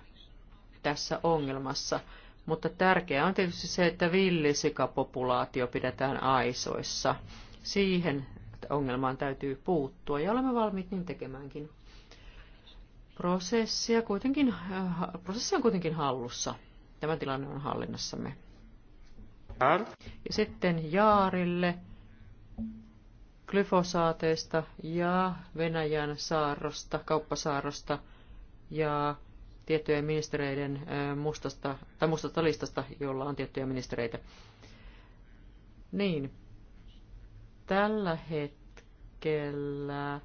tässä ongelmassa. Mutta tärkeää on tietysti se, että villisikapopulaatio pidetään aisoissa. Siihen ongelmaan täytyy puuttua ja olemme valmiit niin tekemäänkin. Prosessia kuitenkin, äh, prosessi on kuitenkin hallussa. Tämä tilanne on hallinnassamme. Ja sitten Jaarille glyfosaateista ja Venäjän saarrosta, kauppasaarrosta ja tiettyjen ministereiden äh, mustasta, tai mustasta listasta, jolla on tiettyjä ministereitä. Niin, tällä hetkellä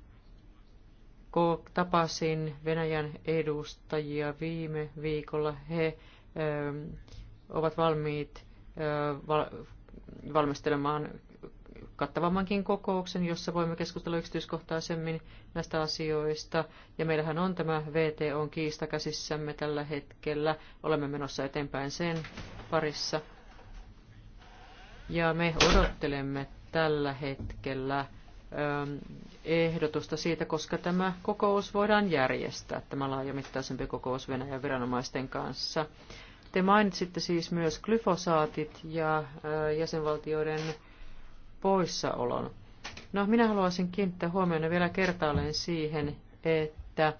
kun tapasin Venäjän edustajia viime viikolla, he ö, ähm, ovat valmiit ö, äh, val, valmistelemaan kattavammankin kokouksen, jossa voimme keskustella yksityiskohtaisemmin näistä asioista. Ja meillähän on tämä VTO kiista käsissämme tällä hetkellä. Olemme menossa eteenpäin sen parissa. Ja me odottelemme tällä hetkellä Ähm, ehdotusta siitä, koska tämä kokous voidaan järjestää, tämä laajamittaisempi kokous Venäjän viranomaisten kanssa. Te mainitsitte siis myös glyfosaatit ja äh, jäsenvaltioiden poissaolon. No, minä haluaisin kiinnittää huomioon vielä kertaalleen siihen, että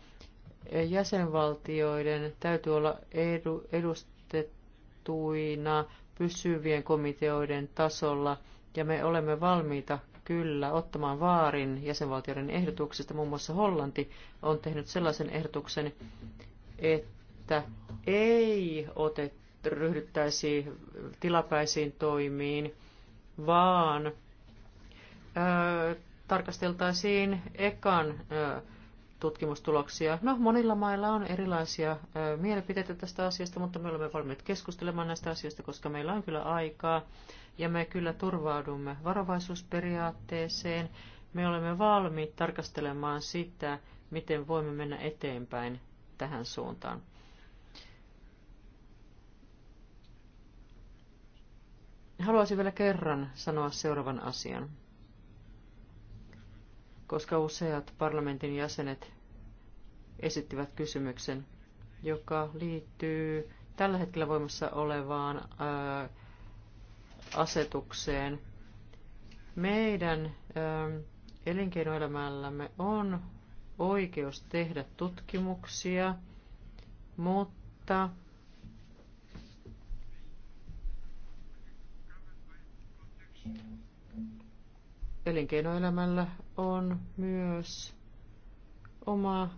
jäsenvaltioiden täytyy olla edu, edustettuina pysyvien komiteoiden tasolla, ja me olemme valmiita kyllä ottamaan vaarin jäsenvaltioiden ehdotuksista. Muun muassa Hollanti on tehnyt sellaisen ehdotuksen, että ei otet, ryhdyttäisi tilapäisiin toimiin, vaan ö, tarkasteltaisiin ekan ö, tutkimustuloksia. No, monilla mailla on erilaisia ö, mielipiteitä tästä asiasta, mutta me olemme valmiit keskustelemaan näistä asioista, koska meillä on kyllä aikaa ja me kyllä turvaudumme varovaisuusperiaatteeseen. Me olemme valmiit tarkastelemaan sitä, miten voimme mennä eteenpäin tähän suuntaan. Haluaisin vielä kerran sanoa seuraavan asian koska useat parlamentin jäsenet esittivät kysymyksen, joka liittyy tällä hetkellä voimassa olevaan ää, asetukseen. Meidän ää, elinkeinoelämällämme on oikeus tehdä tutkimuksia, mutta elinkeinoelämällä on myös oma,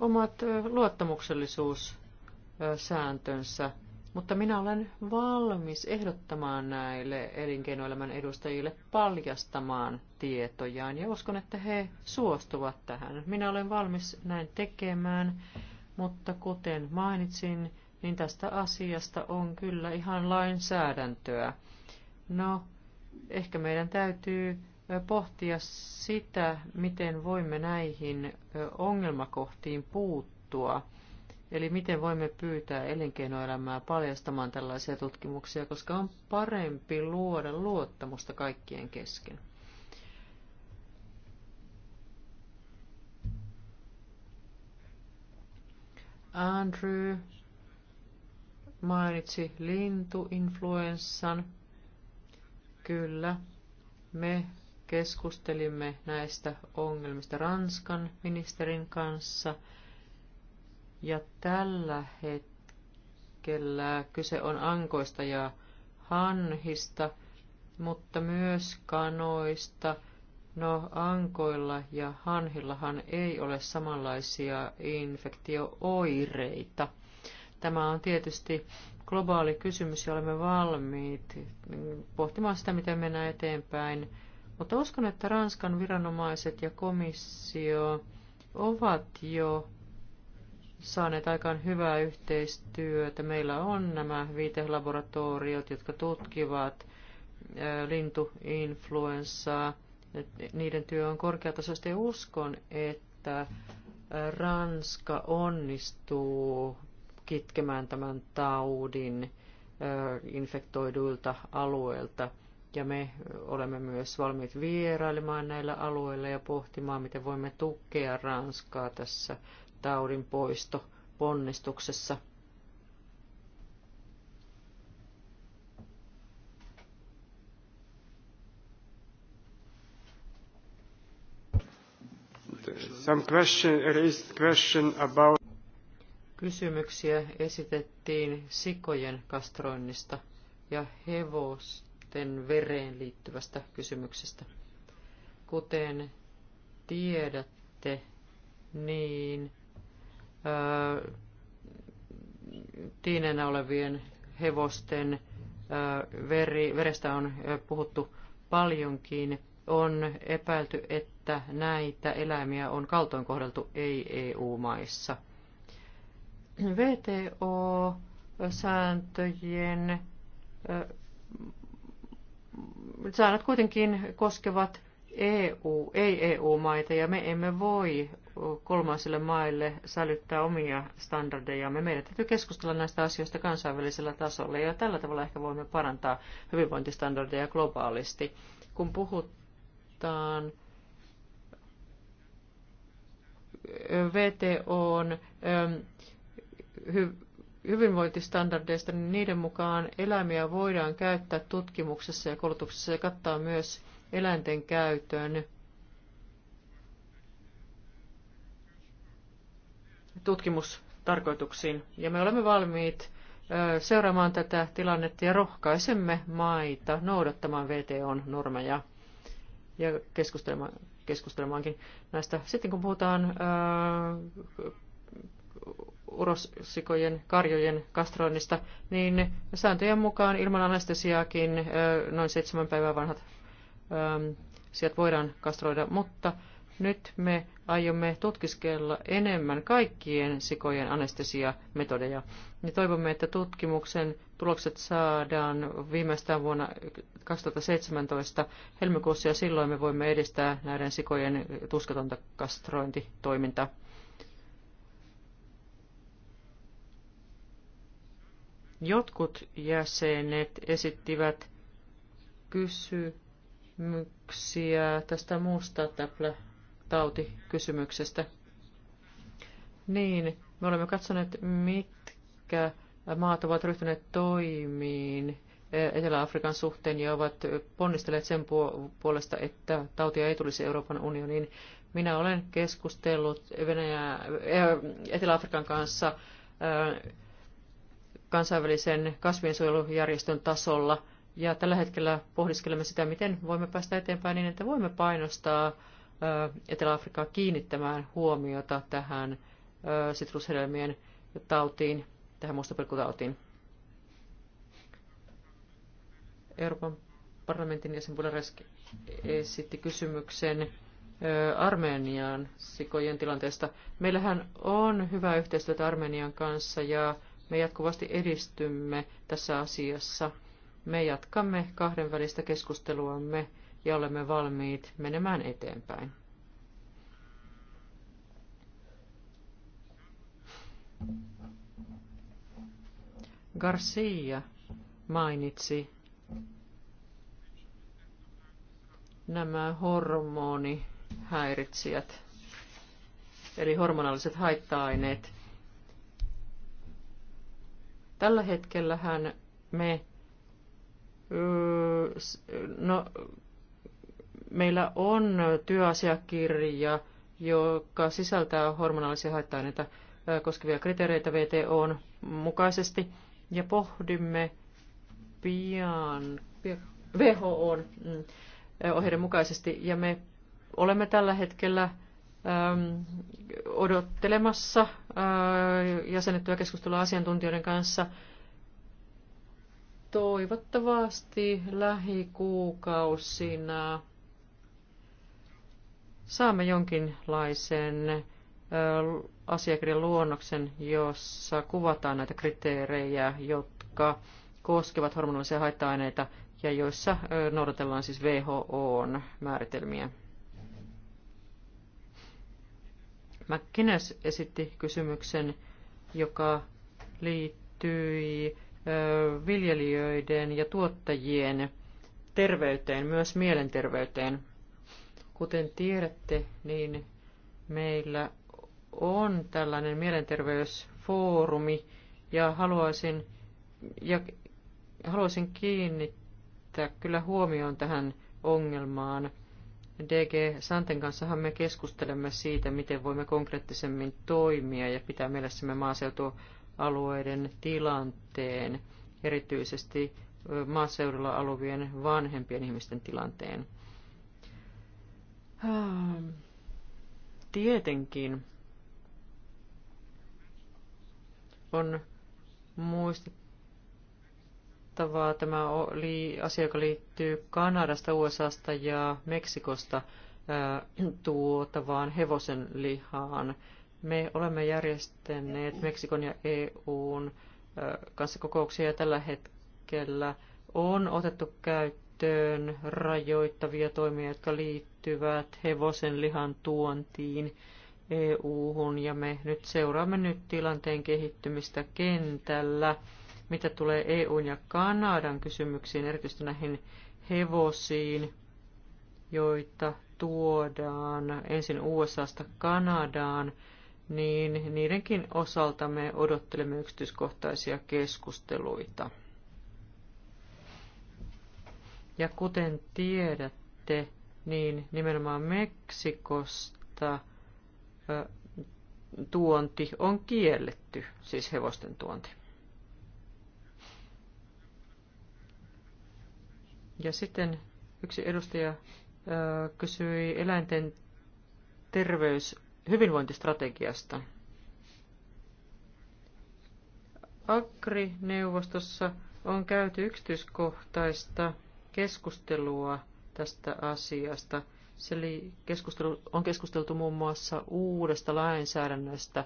omat luottamuksellisuussääntönsä, mutta minä olen valmis ehdottamaan näille elinkeinoelämän edustajille paljastamaan tietojaan ja uskon, että he suostuvat tähän. Minä olen valmis näin tekemään, mutta kuten mainitsin, niin tästä asiasta on kyllä ihan lainsäädäntöä. No, ehkä meidän täytyy pohtia sitä, miten voimme näihin ongelmakohtiin puuttua. Eli miten voimme pyytää elinkeinoelämää paljastamaan tällaisia tutkimuksia, koska on parempi luoda luottamusta kaikkien kesken. Andrew mainitsi lintuinfluenssan. Kyllä, me keskustelimme näistä ongelmista Ranskan ministerin kanssa. Ja tällä hetkellä kyse on ankoista ja hanhista, mutta myös kanoista. No, ankoilla ja hanhillahan ei ole samanlaisia infektiooireita. Tämä on tietysti globaali kysymys ja olemme valmiit pohtimaan sitä, miten mennään eteenpäin. Mutta uskon, että Ranskan viranomaiset ja komissio ovat jo saaneet aikaan hyvää yhteistyötä. Meillä on nämä viitelaboratoriot, jotka tutkivat lintuinfluenssaa. Niiden työ on korkeatasoista ja uskon, että Ranska onnistuu kitkemään tämän taudin infektoiduilta alueilta. Ja me olemme myös valmiit vierailemaan näillä alueilla ja pohtimaan, miten voimme tukea Ranskaa tässä taudin poisto ponnistuksessa. Some question, there is question about Kysymyksiä esitettiin sikojen kastroinnista ja hevosten vereen liittyvästä kysymyksestä. Kuten tiedätte, niin ää, äh, tiineenä olevien hevosten ää, äh, veri, verestä on äh, puhuttu paljonkin. On epäilty, että näitä eläimiä on kaltoinkohdeltu ei-EU-maissa – VTO-sääntöjen säännöt kuitenkin koskevat EU, ei-EU-maita ja me emme voi kolmansille maille sälyttää omia standardeja. Me Meidän täytyy keskustella näistä asioista kansainvälisellä tasolla ja tällä tavalla ehkä voimme parantaa hyvinvointistandardeja globaalisti. Kun puhutaan VTOn hy- hyvinvointistandardeista, niin niiden mukaan eläimiä voidaan käyttää tutkimuksessa ja koulutuksessa ja kattaa myös eläinten käytön. tutkimustarkoituksiin. Ja me olemme valmiit seuraamaan tätä tilannetta ja rohkaisemme maita noudattamaan VTOn normeja ja keskustelema, keskustelemaankin näistä. Sitten kun puhutaan urosikojen, karjojen kastroinnista, niin sääntöjen mukaan ilman anestesiaakin noin seitsemän päivää vanhat sieltä voidaan kastroida, mutta nyt me aiomme tutkiskella enemmän kaikkien sikojen anestesiametodeja. Ja toivomme, että tutkimuksen tulokset saadaan viimeistään vuonna 2017 helmikuussa ja silloin me voimme edistää näiden sikojen tuskatonta kastrointitoimintaa. Jotkut jäsenet esittivät kysymyksiä tästä muusta täplätautikysymyksestä. Niin, me olemme katsoneet, mitkä maat ovat ryhtyneet toimiin Etelä-Afrikan suhteen ja ovat ponnistelleet sen puolesta, että tautia ei tulisi Euroopan unioniin. Minä olen keskustellut Venäjä, Etelä-Afrikan kanssa kansainvälisen kasvinsuojelujärjestön tasolla. Ja tällä hetkellä pohdiskelemme sitä, miten voimme päästä eteenpäin niin, että voimme painostaa Etelä-Afrikkaa kiinnittämään huomiota tähän sitrushedelmien tautiin, tähän mustapilkkutautiin. Euroopan parlamentin jäsen Budaresk esitti kysymyksen Armenian sikojen tilanteesta. Meillähän on hyvää yhteistyötä Armenian kanssa ja me jatkuvasti edistymme tässä asiassa. Me jatkamme kahdenvälistä keskusteluamme ja olemme valmiit menemään eteenpäin. Garcia mainitsi nämä hormonihäiritsijät, eli hormonaaliset haitta-aineet. Tällä hetkellähän me, no, meillä on työasiakirja, joka sisältää hormonaalisia haitta-aineita koskevia kriteereitä VTOn mukaisesti, ja pohdimme pian, pian WHOn mm, ohjeiden mukaisesti, ja me olemme tällä hetkellä Ähm, odottelemassa äh, jäsenettyä keskustelua asiantuntijoiden kanssa. Toivottavasti lähikuukausina saamme jonkinlaisen äh, asiakirjan luonnoksen, jossa kuvataan näitä kriteerejä, jotka koskevat hormonallisia haitta-aineita ja joissa äh, noudatellaan siis WHOn määritelmiä. McKinnes esitti kysymyksen, joka liittyi viljelijöiden ja tuottajien terveyteen, myös mielenterveyteen. Kuten tiedätte, niin meillä on tällainen mielenterveysfoorumi ja haluaisin, ja haluaisin kiinnittää kyllä huomioon tähän ongelmaan – DG Santen kanssahan me keskustelemme siitä, miten voimme konkreettisemmin toimia ja pitää mielessämme maaseutualueiden tilanteen, erityisesti maaseudulla aluvien vanhempien ihmisten tilanteen. Ah, tietenkin on muistettava, kiinnostavaa tämä oli asia, joka liittyy Kanadasta, USAsta ja Meksikosta äh, tuotavaan hevosen lihaan. Me olemme järjestäneet Meksikon ja EUn äh, kanssa kokouksia ja tällä hetkellä on otettu käyttöön rajoittavia toimia, jotka liittyvät hevosen lihan tuontiin EU-hun ja me nyt seuraamme nyt tilanteen kehittymistä kentällä mitä tulee EUn ja Kanadan kysymyksiin, erityisesti näihin hevosiin, joita tuodaan ensin USAsta Kanadaan, niin niidenkin osalta me odottelemme yksityiskohtaisia keskusteluita. Ja kuten tiedätte, niin nimenomaan Meksikosta tuonti on kielletty, siis hevosten tuonti. Ja sitten yksi edustaja kysyi eläinten terveys hyvinvointistrategiasta. Agri-neuvostossa on käyty yksityiskohtaista keskustelua tästä asiasta. Se keskustelu, on keskusteltu muun muassa uudesta lainsäädännöstä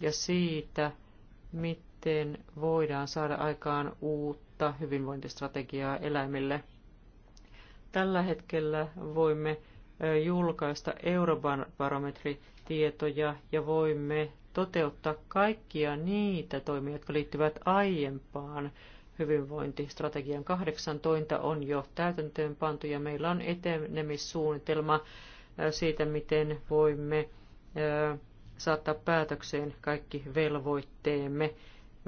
ja siitä, miten voidaan saada aikaan uutta hyvinvointistrategiaa eläimille – Tällä hetkellä voimme julkaista eurobarometritietoja ja voimme toteuttaa kaikkia niitä toimia, jotka liittyvät aiempaan hyvinvointistrategian kahdeksan tointa on jo täytäntöönpantu ja meillä on etenemissuunnitelma siitä, miten voimme saattaa päätökseen kaikki velvoitteemme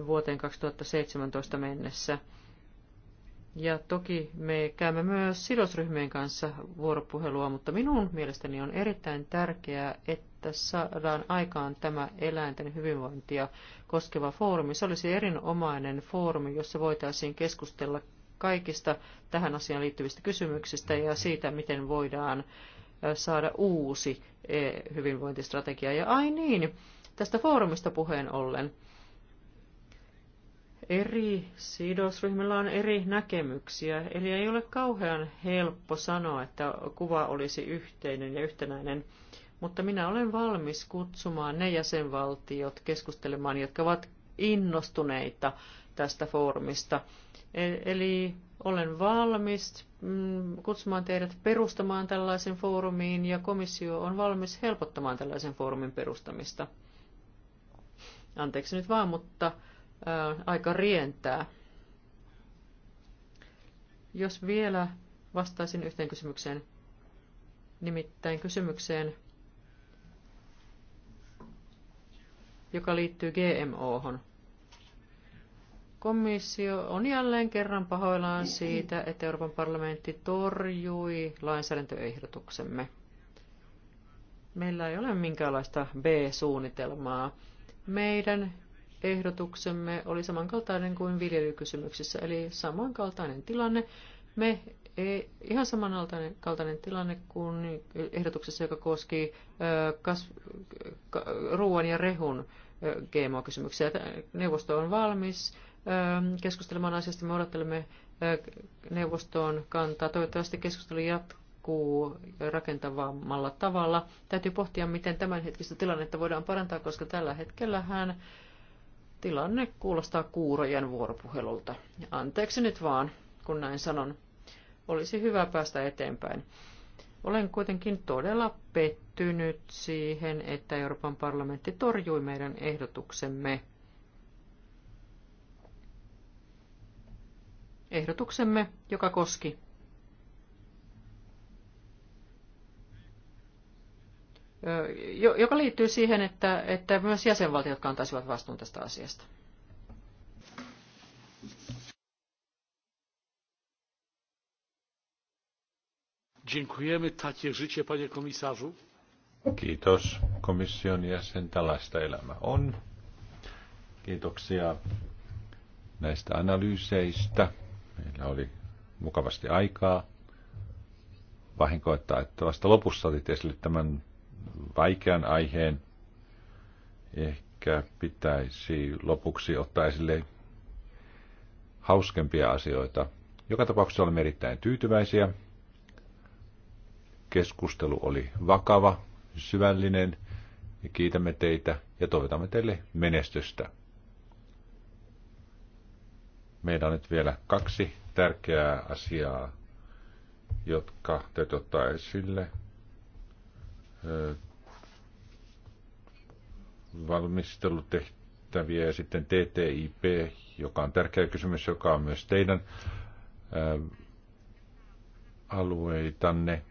vuoteen 2017 mennessä. Ja toki me käymme myös sidosryhmien kanssa vuoropuhelua, mutta minun mielestäni on erittäin tärkeää, että saadaan aikaan tämä eläinten hyvinvointia koskeva foorumi. Se olisi erinomainen foorumi, jossa voitaisiin keskustella kaikista tähän asiaan liittyvistä kysymyksistä ja siitä, miten voidaan äh, saada uusi eh, hyvinvointistrategia. Ja ai niin, tästä foorumista puheen ollen eri sidosryhmillä on eri näkemyksiä, eli ei ole kauhean helppo sanoa, että kuva olisi yhteinen ja yhtenäinen, mutta minä olen valmis kutsumaan ne jäsenvaltiot keskustelemaan, jotka ovat innostuneita tästä foorumista. E- eli olen valmis mm, kutsumaan teidät perustamaan tällaisen foorumiin ja komissio on valmis helpottamaan tällaisen foorumin perustamista. Anteeksi nyt vaan, mutta aika rientää. Jos vielä vastaisin yhteen kysymykseen, nimittäin kysymykseen, joka liittyy GMO-hon. Komissio on jälleen kerran pahoillaan siitä, että Euroopan parlamentti torjui lainsäädäntöehdotuksemme. Meillä ei ole minkäänlaista B-suunnitelmaa. Meidän ehdotuksemme oli samankaltainen kuin viljelykysymyksissä, eli samankaltainen tilanne. Me ei, ihan samankaltainen kaltainen tilanne kuin ehdotuksessa, joka koski ruoan ja rehun GMO-kysymyksiä. Neuvosto on valmis keskustelemaan asiasta. Me odottelemme neuvostoon kantaa. Toivottavasti keskustelu jatkuu rakentavammalla tavalla. Täytyy pohtia, miten tämänhetkistä tilannetta voidaan parantaa, koska tällä hetkellähän Tilanne kuulostaa kuurojen vuoropuhelulta. Anteeksi nyt vaan, kun näin sanon. Olisi hyvä päästä eteenpäin. Olen kuitenkin todella pettynyt siihen, että Euroopan parlamentti torjui meidän ehdotuksemme. Ehdotuksemme, joka koski joka liittyy siihen, että, että myös jäsenvaltiot kantaisivat vastuun tästä asiasta. Dziękujemy takie życie, panie komisarzu. Kiitos komission jäsen. Tällaista elämä on. Kiitoksia näistä analyyseistä. Meillä oli mukavasti aikaa. Vahinkoittaa, että vasta lopussa otit esille tämän vaikean aiheen. Ehkä pitäisi lopuksi ottaa esille hauskempia asioita. Joka tapauksessa olemme erittäin tyytyväisiä. Keskustelu oli vakava, syvällinen ja kiitämme teitä ja toivotamme teille menestystä. Meillä on nyt vielä kaksi tärkeää asiaa, jotka täytyy ottaa esille valmistelutehtäviä ja sitten TTIP, joka on tärkeä kysymys, joka on myös teidän alueitanne.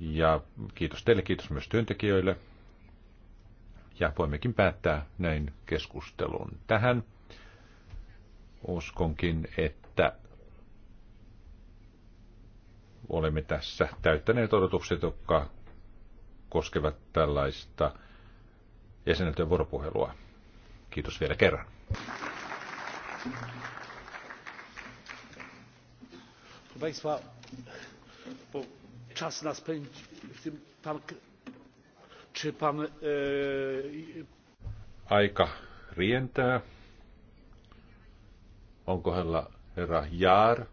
Ja kiitos teille, kiitos myös työntekijöille. Ja voimmekin päättää näin keskustelun tähän. Uskonkin, että olemme tässä täyttäneet odotukset, jotka koskevat tällaista jäseneltyä vuoropuhelua. Kiitos vielä kerran. czas nas pędzi. pan, czy pan... E... Aika rientää. Onko hänellä herra Jaar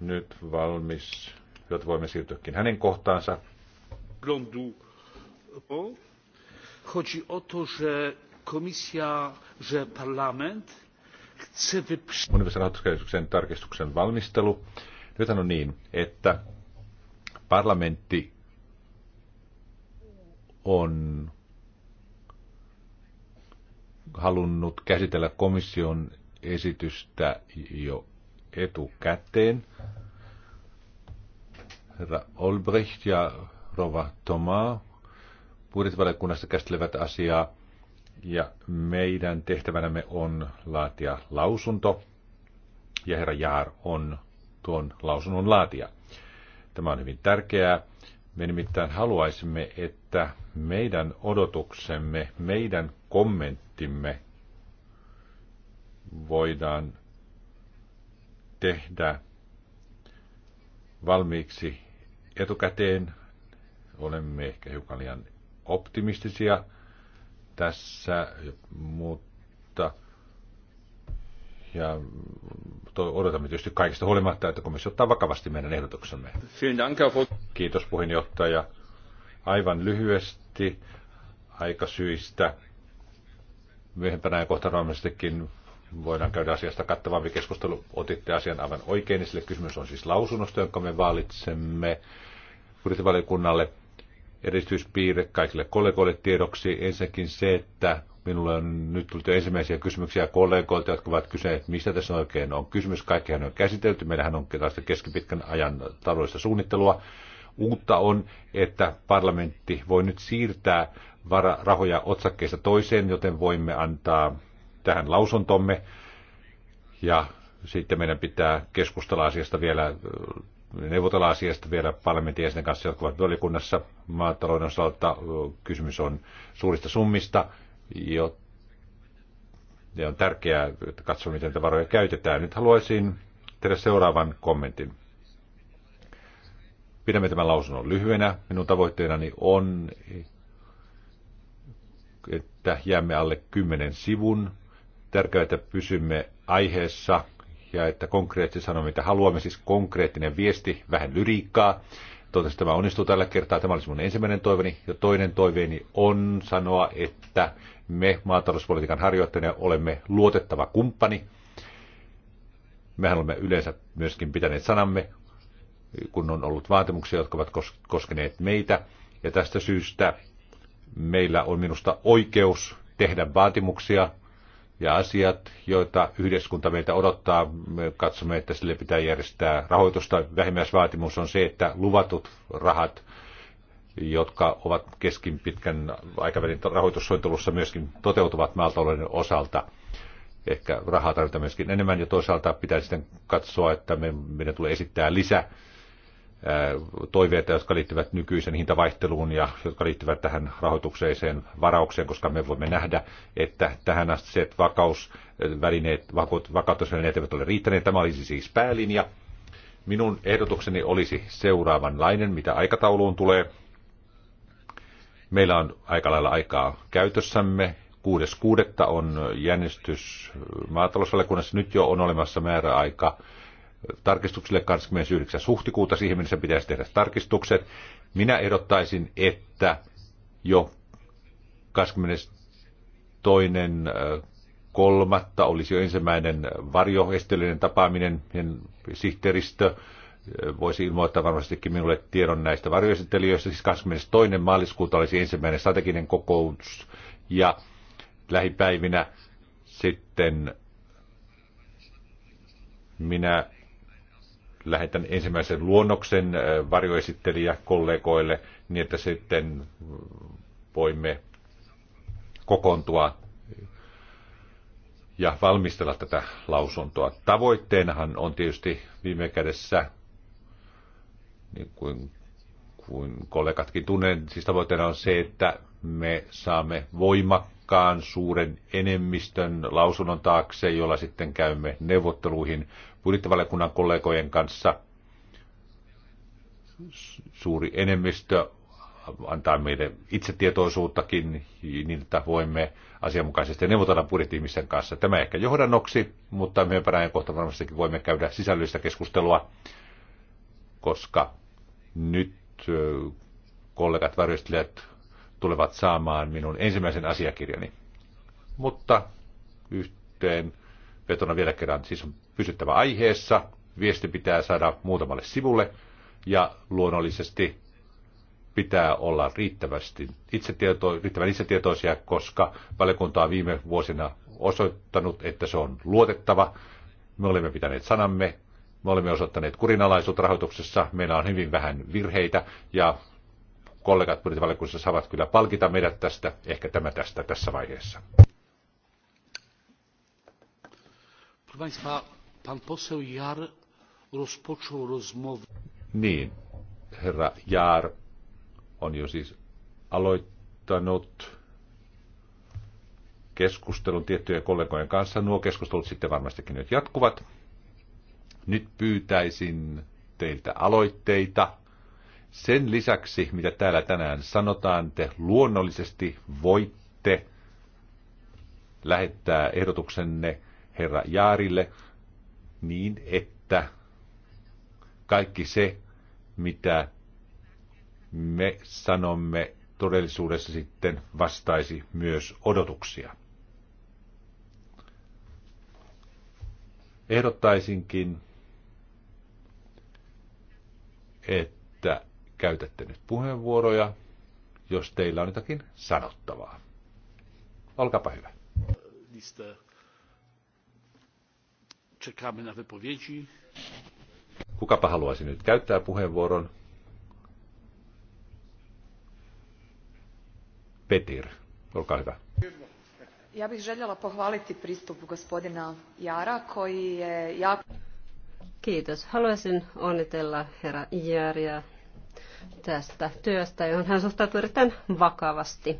nyt valmis, jotta voimme siirtyäkin hänen kohtaansa? Blondu. Oh chodzi o to że komisja że parlament chce wyprzedzać. monivuotisen tarkistuksen valmistelu. Nythän on niin, että parlamentti on halunnut käsitellä komission esitystä jo etukäteen. Herra Olbricht ja Rova Tomaa budjettivaliokunnassa käsittelevät asiaa ja meidän tehtävänämme on laatia lausunto ja herra Jaar on tuon lausunnon laatija. Tämä on hyvin tärkeää. Me nimittäin haluaisimme, että meidän odotuksemme, meidän kommenttimme voidaan tehdä valmiiksi etukäteen. Olemme ehkä hiukan liian optimistisia tässä, mutta ja odotamme tietysti kaikista huolimatta, että komissio ottaa vakavasti meidän ehdotuksemme. Kiitos puheenjohtaja. Aivan lyhyesti aikasyistä. Myöhempänä ja kohta voidaan käydä asiasta kattavampi keskustelu. Otitte asian aivan oikein, sille kysymys on siis lausunnosta, jonka me valitsemme budjettivaliokunnalle erityispiirre kaikille kollegoille tiedoksi. Ensinnäkin se, että minulle on nyt tullut jo ensimmäisiä kysymyksiä kollegoilta, jotka ovat kysyneet, mistä tässä oikein on kysymys. Kaikkihan on käsitelty. Meillähän on tällaista keskipitkän ajan taloudellista suunnittelua. Uutta on, että parlamentti voi nyt siirtää rahoja otsakkeista toiseen, joten voimme antaa tähän lausuntomme. Ja sitten meidän pitää keskustella asiasta vielä neuvotella asiasta vielä parlamentin jäsenen kanssa, jotka ovat valiokunnassa maatalouden osalta. Kysymys on suurista summista, jo, ja on tärkeää katsoa, miten niitä varoja käytetään. Nyt haluaisin tehdä seuraavan kommentin. Pidämme tämän lausunnon lyhyenä. Minun tavoitteenani on, että jäämme alle kymmenen sivun. Tärkeää, että pysymme aiheessa ja että konkreettisesti sanomme, mitä haluamme, siis konkreettinen viesti, vähän lyriikkaa. Toivottavasti tämä onnistuu tällä kertaa. Tämä olisi mun ensimmäinen toiveni, Ja toinen toiveeni on sanoa, että me maatalouspolitiikan harjoittajina olemme luotettava kumppani. Mehän olemme yleensä myöskin pitäneet sanamme, kun on ollut vaatimuksia, jotka ovat koskeneet meitä. Ja tästä syystä meillä on minusta oikeus tehdä vaatimuksia ja asiat, joita yhdyskunta meiltä odottaa. Me katsomme, että sille pitää järjestää rahoitusta. Vähimmäisvaatimus on se, että luvatut rahat, jotka ovat pitkän aikavälin rahoitussointelussa myöskin toteutuvat maaltalouden osalta. Ehkä rahaa tarvitaan myöskin enemmän ja toisaalta pitää sitten katsoa, että meidän tulee esittää lisää toiveita, jotka liittyvät nykyisen hintavaihteluun ja jotka liittyvät tähän rahoitukseiseen varaukseen, koska me voimme nähdä, että tähän asti se, että vakausvälineet, vakautusvälineet eivät ole riittäneet. Tämä olisi siis päälinja. Minun ehdotukseni olisi seuraavanlainen, mitä aikatauluun tulee. Meillä on aika lailla aikaa käytössämme. 6.6. on jännistys maatalousvaliokunnassa. Nyt jo on olemassa määräaika tarkistuksille 29. huhtikuuta. Siihen mennessä pitäisi tehdä tarkistukset. Minä ehdottaisin, että jo 22. Äh, kolmatta olisi jo ensimmäinen varjoesteellinen tapaaminen. Sihteeristö äh, voisi ilmoittaa varmastikin minulle tiedon näistä varjoesittelijöistä. Siis 22. maaliskuuta olisi ensimmäinen strateginen kokous ja lähipäivinä sitten minä lähetän ensimmäisen luonnoksen äh, varjoesittelijä kollegoille, niin että sitten voimme kokoontua ja valmistella tätä lausuntoa. Tavoitteenahan on tietysti viime kädessä, niin kuin, kuin kollegatkin tunnen, siis tavoitteena on se, että me saamme voimakkaan suuren enemmistön lausunnon taakse, jolla sitten käymme neuvotteluihin budjettivaliokunnan kollegojen kanssa. Suuri enemmistö antaa meille itsetietoisuuttakin, niin että voimme asianmukaisesti neuvotella budjettiimisen kanssa. Tämä ehkä johdannoksi, mutta myöhempänä kohta varmastikin voimme käydä sisällöllistä keskustelua, koska nyt kollegat varjostelijat tulevat saamaan minun ensimmäisen asiakirjani. Mutta yhteen vetona vielä kerran, siis on pysyttävä aiheessa, viesti pitää saada muutamalle sivulle ja luonnollisesti pitää olla riittävästi itsetieto, riittävän itsetietoisia, koska valiokunta on viime vuosina osoittanut, että se on luotettava. Me olemme pitäneet sanamme, me olemme osoittaneet kurinalaisuutta rahoituksessa, meillä on hyvin vähän virheitä ja kollegat budjettivaliokunnassa saavat kyllä palkita meidät tästä, ehkä tämä tästä tässä vaiheessa. Proszę Państwa, pan poseł Jar rozpoczął rozmowę. Niin, herra Jaar on jo siis aloittanut keskustelun tiettyjen kollegojen kanssa. Nuo keskustelut sitten varmastikin nyt jatkuvat. Nyt pyytäisin teiltä aloitteita. Sen lisäksi, mitä täällä tänään sanotaan, te luonnollisesti voitte lähettää ehdotuksenne herra Jaarille niin, että kaikki se, mitä me sanomme todellisuudessa sitten vastaisi myös odotuksia. Ehdottaisinkin, että käytätte nyt puheenvuoroja, jos teillä on jotakin sanottavaa. Olkaapa hyvä. Czekamy na wypowiedzi. Kukapa haluaisi nyt käyttää puheenvuoron? Petir, olkaa hyvä. Ja bih željela pohvaliti pristup gospodina Jara koji je jako... Kiitos. Haluaisin onnitella herra Jääriä tästä työstä, johon hän suhtautuu erittäin vakavasti.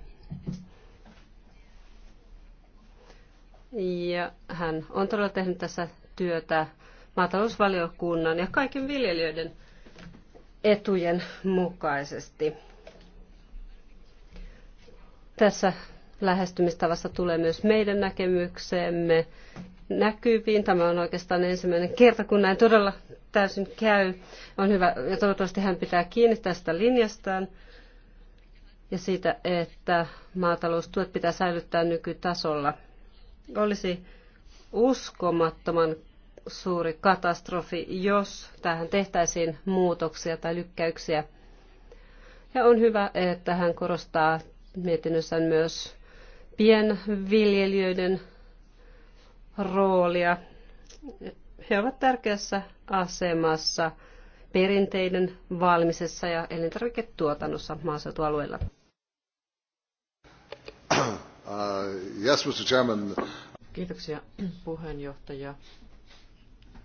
Ja hän on todella tehnyt tässä työtä maatalousvaliokunnan ja kaiken viljelijöiden etujen mukaisesti. Tässä lähestymistavassa tulee myös meidän näkemyksemme näkyviin. Tämä on oikeastaan ensimmäinen kerta, kun näin todella täysin käy. On hyvä, ja toivottavasti hän pitää kiinni tästä linjastaan ja siitä, että maataloustuet pitää säilyttää nykytasolla. Olisi uskomattoman suuri katastrofi, jos tähän tehtäisiin muutoksia tai lykkäyksiä. Ja on hyvä, että hän korostaa mietinnössään myös pienviljelijöiden roolia. He ovat tärkeässä asemassa perinteiden valmisessa ja elintarviketuotannossa maaseutualueilla. Uh, yes, Mr. Chairman. Kiitoksia puheenjohtaja.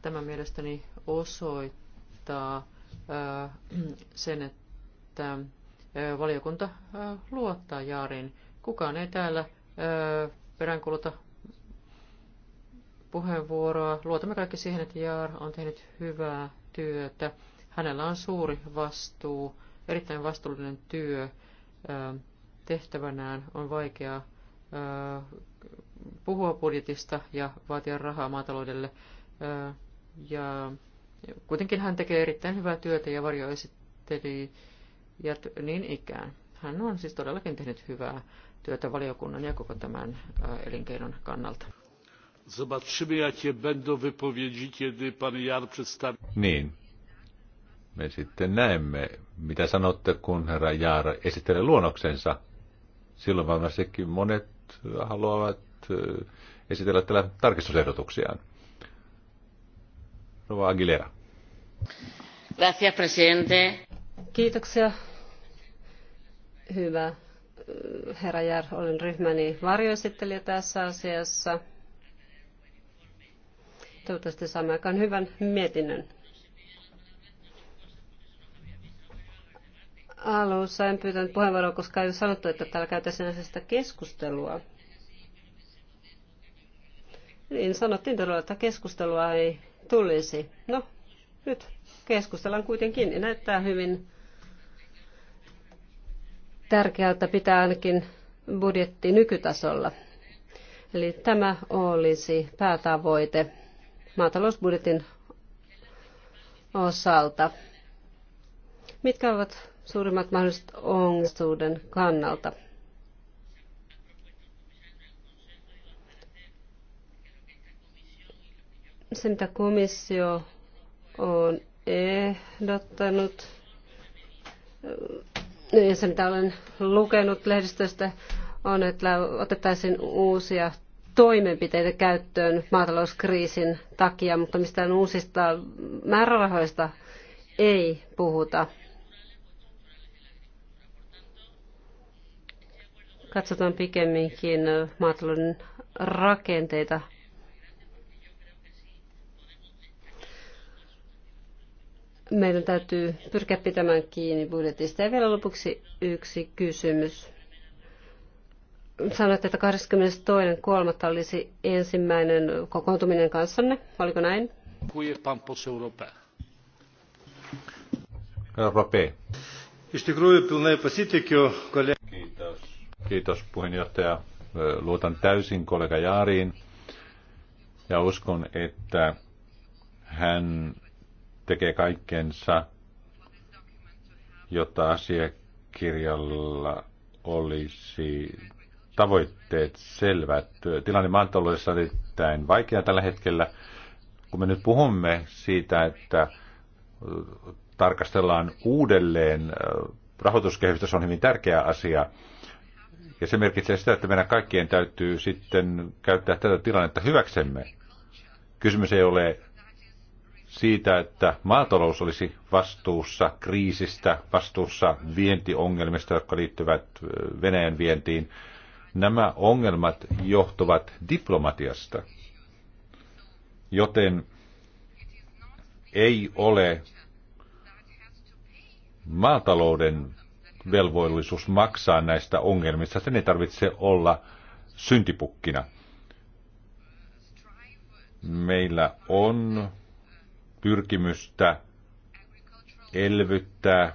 Tämä mielestäni osoittaa äh, sen, että äh, valiokunta äh, luottaa Jaarin. Kukaan ei täällä peräänkuluta puheenvuoroa. Luotamme kaikki siihen, että Jaar on tehnyt hyvää työtä. Hänellä on suuri vastuu, erittäin vastuullinen työ tehtävänään. On vaikea puhua budjetista ja vaatia rahaa maataloudelle. Ja kuitenkin hän tekee erittäin hyvää työtä ja varjoesitteli ja niin ikään. Hän on siis todellakin tehnyt hyvää työtä valiokunnan ja koko tämän elinkeinon kannalta. Zobaczymy, jakie będą wypowiedzi, kiedy pan Jar przedstawi. Niin. Me sitten näemme, mitä sanotte, kun herra Jaara esittelee luonnoksensa. Silloin varmastikin monet haluavat esitellä tällä tarkistusehdotuksiaan arvoisa puhemies Kiitoksia. Hyvä herra Jär, olen ryhmäni varjoesittelijä tässä asiassa. Toivottavasti saamme aikaan hyvän mietinnön. Alussa en pyytänyt puheenvuoroa, koska ei sanottu, että täällä käytäisiin asiasta keskustelua. Niin sanottiin todella, että keskustelua ei tulisi. No, nyt keskustellaan kuitenkin. Näyttää hyvin tärkeältä pitää ainakin budjetti nykytasolla. Eli tämä olisi päätavoite maatalousbudjetin osalta. Mitkä ovat suurimmat mahdolliset ongelmat kannalta? Se, mitä komissio on ehdottanut, ja se, mitä olen lukenut lehdistöstä, on, että otettaisiin uusia toimenpiteitä käyttöön maatalouskriisin takia, mutta mistään uusista määrärahoista ei puhuta. Katsotaan pikemminkin maatalouden rakenteita meidän täytyy pyrkiä pitämään kiinni budjetista. Ja vielä lopuksi yksi kysymys. Sanoitte, että 22.3. olisi ensimmäinen kokoontuminen kanssanne. Oliko näin? Kiitos. Kiitos puheenjohtaja. Luotan täysin kollega Jaariin ja uskon, että hän tekee kaikkensa, jotta asiakirjalla olisi tavoitteet selvät. Tilanne maantaloudessa on erittäin vaikea tällä hetkellä. Kun me nyt puhumme siitä, että tarkastellaan uudelleen rahoituskehitys on hyvin tärkeä asia. Ja se merkitsee sitä, että meidän kaikkien täytyy sitten käyttää tätä tilannetta hyväksemme. Kysymys ei ole siitä, että maatalous olisi vastuussa kriisistä, vastuussa vientiongelmista, jotka liittyvät Venäjän vientiin. Nämä ongelmat johtuvat diplomatiasta, joten ei ole maatalouden velvollisuus maksaa näistä ongelmista. Sen ei tarvitse olla syntipukkina. Meillä on pyrkimystä elvyttää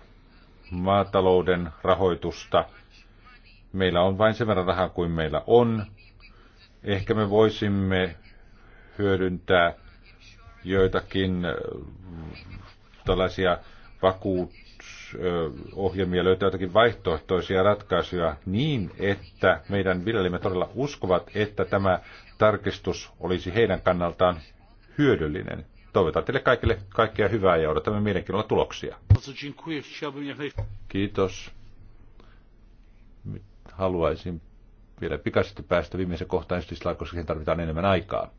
maatalouden rahoitusta. Meillä on vain sen verran rahaa kuin meillä on. Ehkä me voisimme hyödyntää joitakin tällaisia vakuusohjelmia, löytää jotakin vaihtoehtoisia ratkaisuja niin, että meidän viljelijämme todella uskovat, että tämä tarkistus olisi heidän kannaltaan hyödyllinen. Toivotan teille kaikille kaikkea hyvää ja odotamme mielenkiinnolla tuloksia. Kiitos. Haluaisin vielä pikaisesti päästä viimeisen kohtaan koska siihen tarvitaan enemmän aikaa.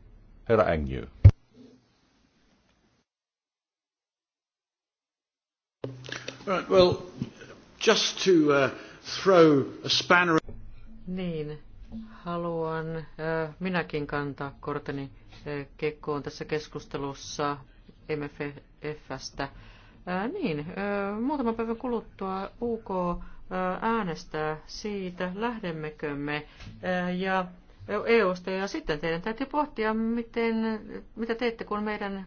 Herra Engny. Right, well, just to uh, throw a spanner... Niin, Haluan minäkin kantaa korteni kekkoon tässä keskustelussa MFFstä. Niin, muutaman päivän kuluttua UK äänestää siitä, lähdemmekö me ja EUsta ja sitten teidän täytyy pohtia, miten, mitä teette, kun meidän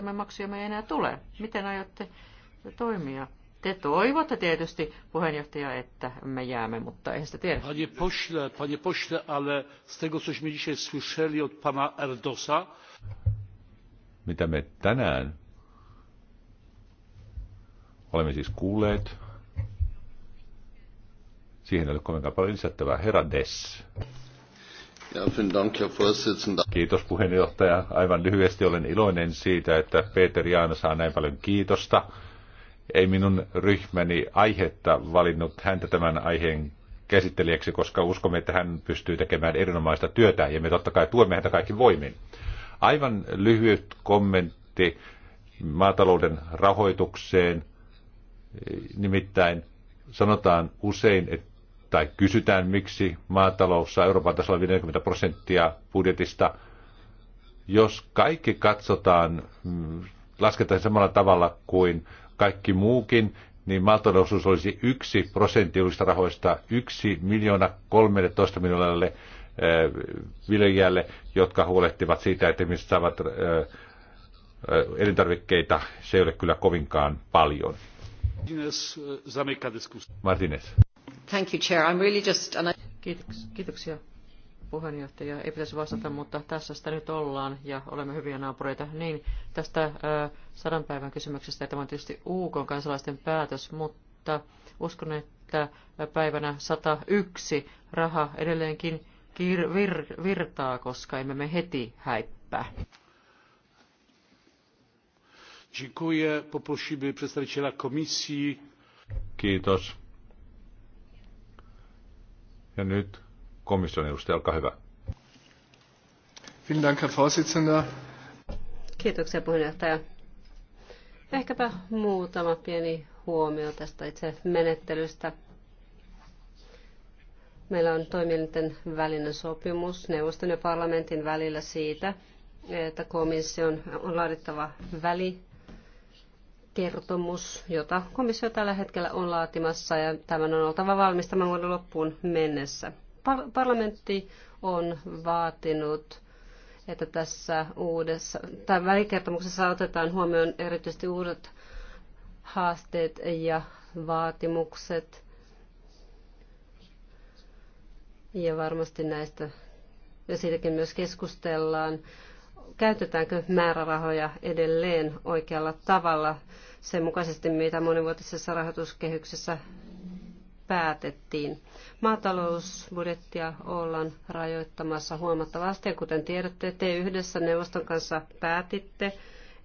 me maksuja ei enää tule. Miten aiotte toimia? Te toivotte tietysti, puheenjohtaja, että me jäämme, mutta eihän sitä tiedä. Panie pośle, panie pośle, ale z tego, cośmy dzisiaj słyszeli od pana Erdosa... Mitä me tänään olemme siis kuulleet, siihen ei ole kovinkaan paljon lisättävää. Herra Dess. Kiitos puheenjohtaja. Aivan lyhyesti olen iloinen siitä, että Peter Jaana saa näin paljon kiitosta ei minun ryhmäni aihetta valinnut häntä tämän aiheen käsittelijäksi, koska uskomme, että hän pystyy tekemään erinomaista työtä ja me totta kai tuemme häntä kaikki voimin. Aivan lyhyt kommentti maatalouden rahoitukseen. Nimittäin sanotaan usein, että tai kysytään, miksi maatalous saa Euroopan tasolla 50 prosenttia budjetista. Jos kaikki katsotaan, mm, lasketaan samalla tavalla kuin kaikki muukin, niin maatalousosuus olisi yksi prosentti rahoista, yksi miljoona 13 miljoonalle eh, viljelijälle, jotka huolehtivat siitä, että ihmiset saavat eh, eh, elintarvikkeita. Se ei ole kyllä kovinkaan paljon. Martinez. Thank you, Chair. I'm really just... Kiitoksia puheenjohtaja. Ei pitäisi vastata, mutta tässä sitä nyt ollaan ja olemme hyviä naapureita. Niin, tästä ää, sadan päivän kysymyksestä, tämä on tietysti UK kansalaisten päätös, mutta uskon, että päivänä 101 raha edelleenkin kir- vir- virtaa, koska emme me heti häippää. Dziękuję. Poprosimy przedstawiciela komisji. Kiitos. Ja nyt komission edustaja, olkaa hyvä. Kiitoksia puheenjohtaja. Ehkäpä muutama pieni huomio tästä itse menettelystä. Meillä on toimielinten välinen sopimus neuvoston ja parlamentin välillä siitä, että komission on laadittava välikertomus, jota komissio tällä hetkellä on laatimassa ja tämän on oltava valmistama vuoden loppuun mennessä parlamentti on vaatinut, että tässä uudessa, tai välikertomuksessa otetaan huomioon erityisesti uudet haasteet ja vaatimukset. Ja varmasti näistä, ja siitäkin myös keskustellaan, käytetäänkö määrärahoja edelleen oikealla tavalla sen mukaisesti, mitä monivuotisessa rahoituskehyksessä päätettiin. Maatalousbudjettia ollaan rajoittamassa huomattavasti. Ja kuten tiedätte, te yhdessä neuvoston kanssa päätitte,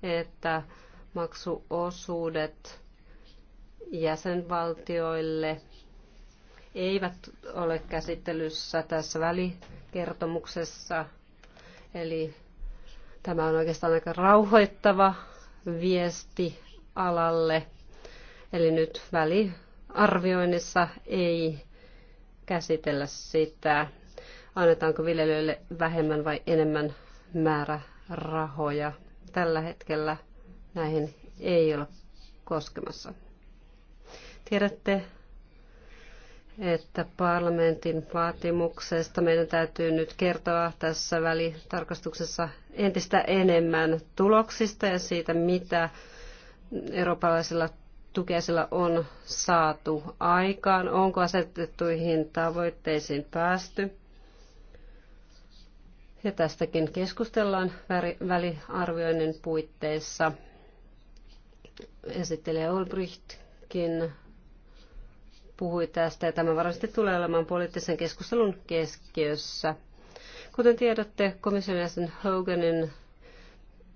että maksuosuudet jäsenvaltioille eivät ole käsittelyssä tässä välikertomuksessa. Eli tämä on oikeastaan aika rauhoittava viesti alalle. Eli nyt väli arvioinnissa ei käsitellä sitä, annetaanko viljelijöille vähemmän vai enemmän määrä rahoja. Tällä hetkellä näihin ei ole koskemassa. Tiedätte, että parlamentin vaatimuksesta meidän täytyy nyt kertoa tässä välitarkastuksessa entistä enemmän tuloksista ja siitä, mitä eurooppalaisilla tukiaisilla on saatu aikaan, onko asetettuihin tavoitteisiin päästy. Ja tästäkin keskustellaan väliarvioinnin puitteissa. Esittelijä Olbrichtkin puhui tästä ja tämä varmasti tulee olemaan poliittisen keskustelun keskiössä. Kuten tiedätte, komission jäsen Hoganin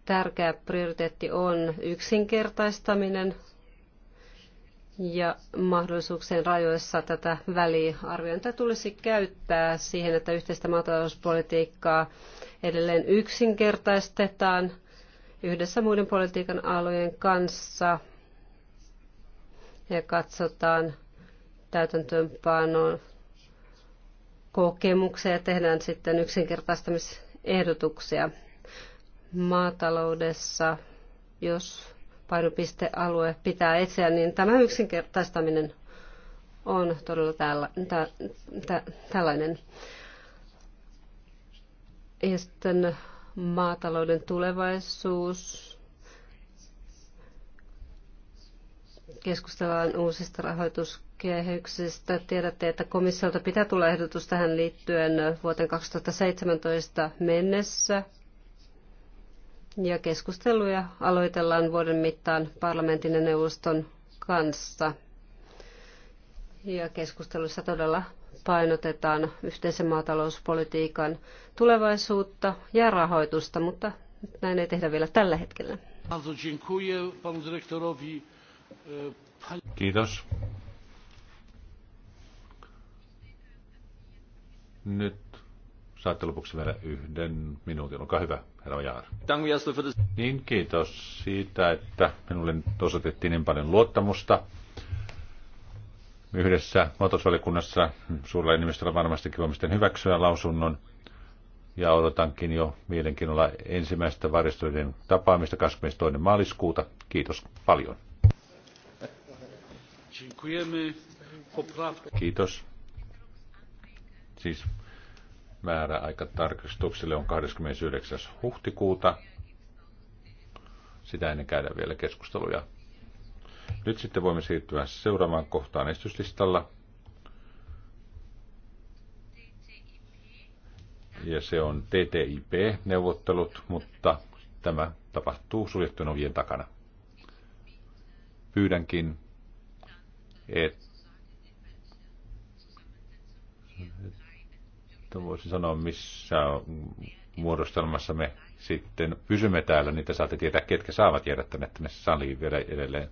tärkeä prioriteetti on yksinkertaistaminen, ja mahdollisuuksien rajoissa tätä väliarviointia tulisi käyttää siihen, että yhteistä maatalouspolitiikkaa edelleen yksinkertaistetaan yhdessä muiden politiikan alojen kanssa ja katsotaan täytäntöönpanon kokemuksia ja tehdään sitten yksinkertaistamisehdotuksia maataloudessa, jos painopistealue pitää etsiä, niin tämä yksinkertaistaminen on todella tällä, tä, tä, tällainen. Ja sitten maatalouden tulevaisuus. Keskustellaan uusista rahoituskehyksistä. Tiedätte, että komissiolta pitää tulla ehdotus tähän liittyen vuoteen 2017 mennessä. Ja keskusteluja aloitellaan vuoden mittaan parlamentin ja neuvoston kanssa. Ja keskustelussa todella painotetaan yhteisen maatalouspolitiikan tulevaisuutta ja rahoitusta, mutta näin ei tehdä vielä tällä hetkellä. E, Kiitos. Nyt saatte lopuksi vielä yhden minuutin. Olkaa hyvä, herra Jaar. Niin, kiitos siitä, että minulle osoitettiin niin paljon luottamusta. Yhdessä muotoisvalikunnassa suurella enemmistöllä varmastikin voimme hyväksyä lausunnon. Ja odotankin jo mielenkiinnolla ensimmäistä varjostoiden tapaamista 22. maaliskuuta. Kiitos paljon. Kiitos. Siis määräaika tarkistuksille on 29. huhtikuuta. Sitä ennen käydään vielä keskusteluja. Nyt sitten voimme siirtyä seuraavaan kohtaan estyslistalla. Ja se on TTIP-neuvottelut, mutta tämä tapahtuu suljettujen ovien takana. Pyydänkin, että voisin sanoa, missä muodostelmassa me sitten pysymme täällä, niin te saatte tietää, ketkä saavat jäädä tänne, tänne saliin vielä edelleen.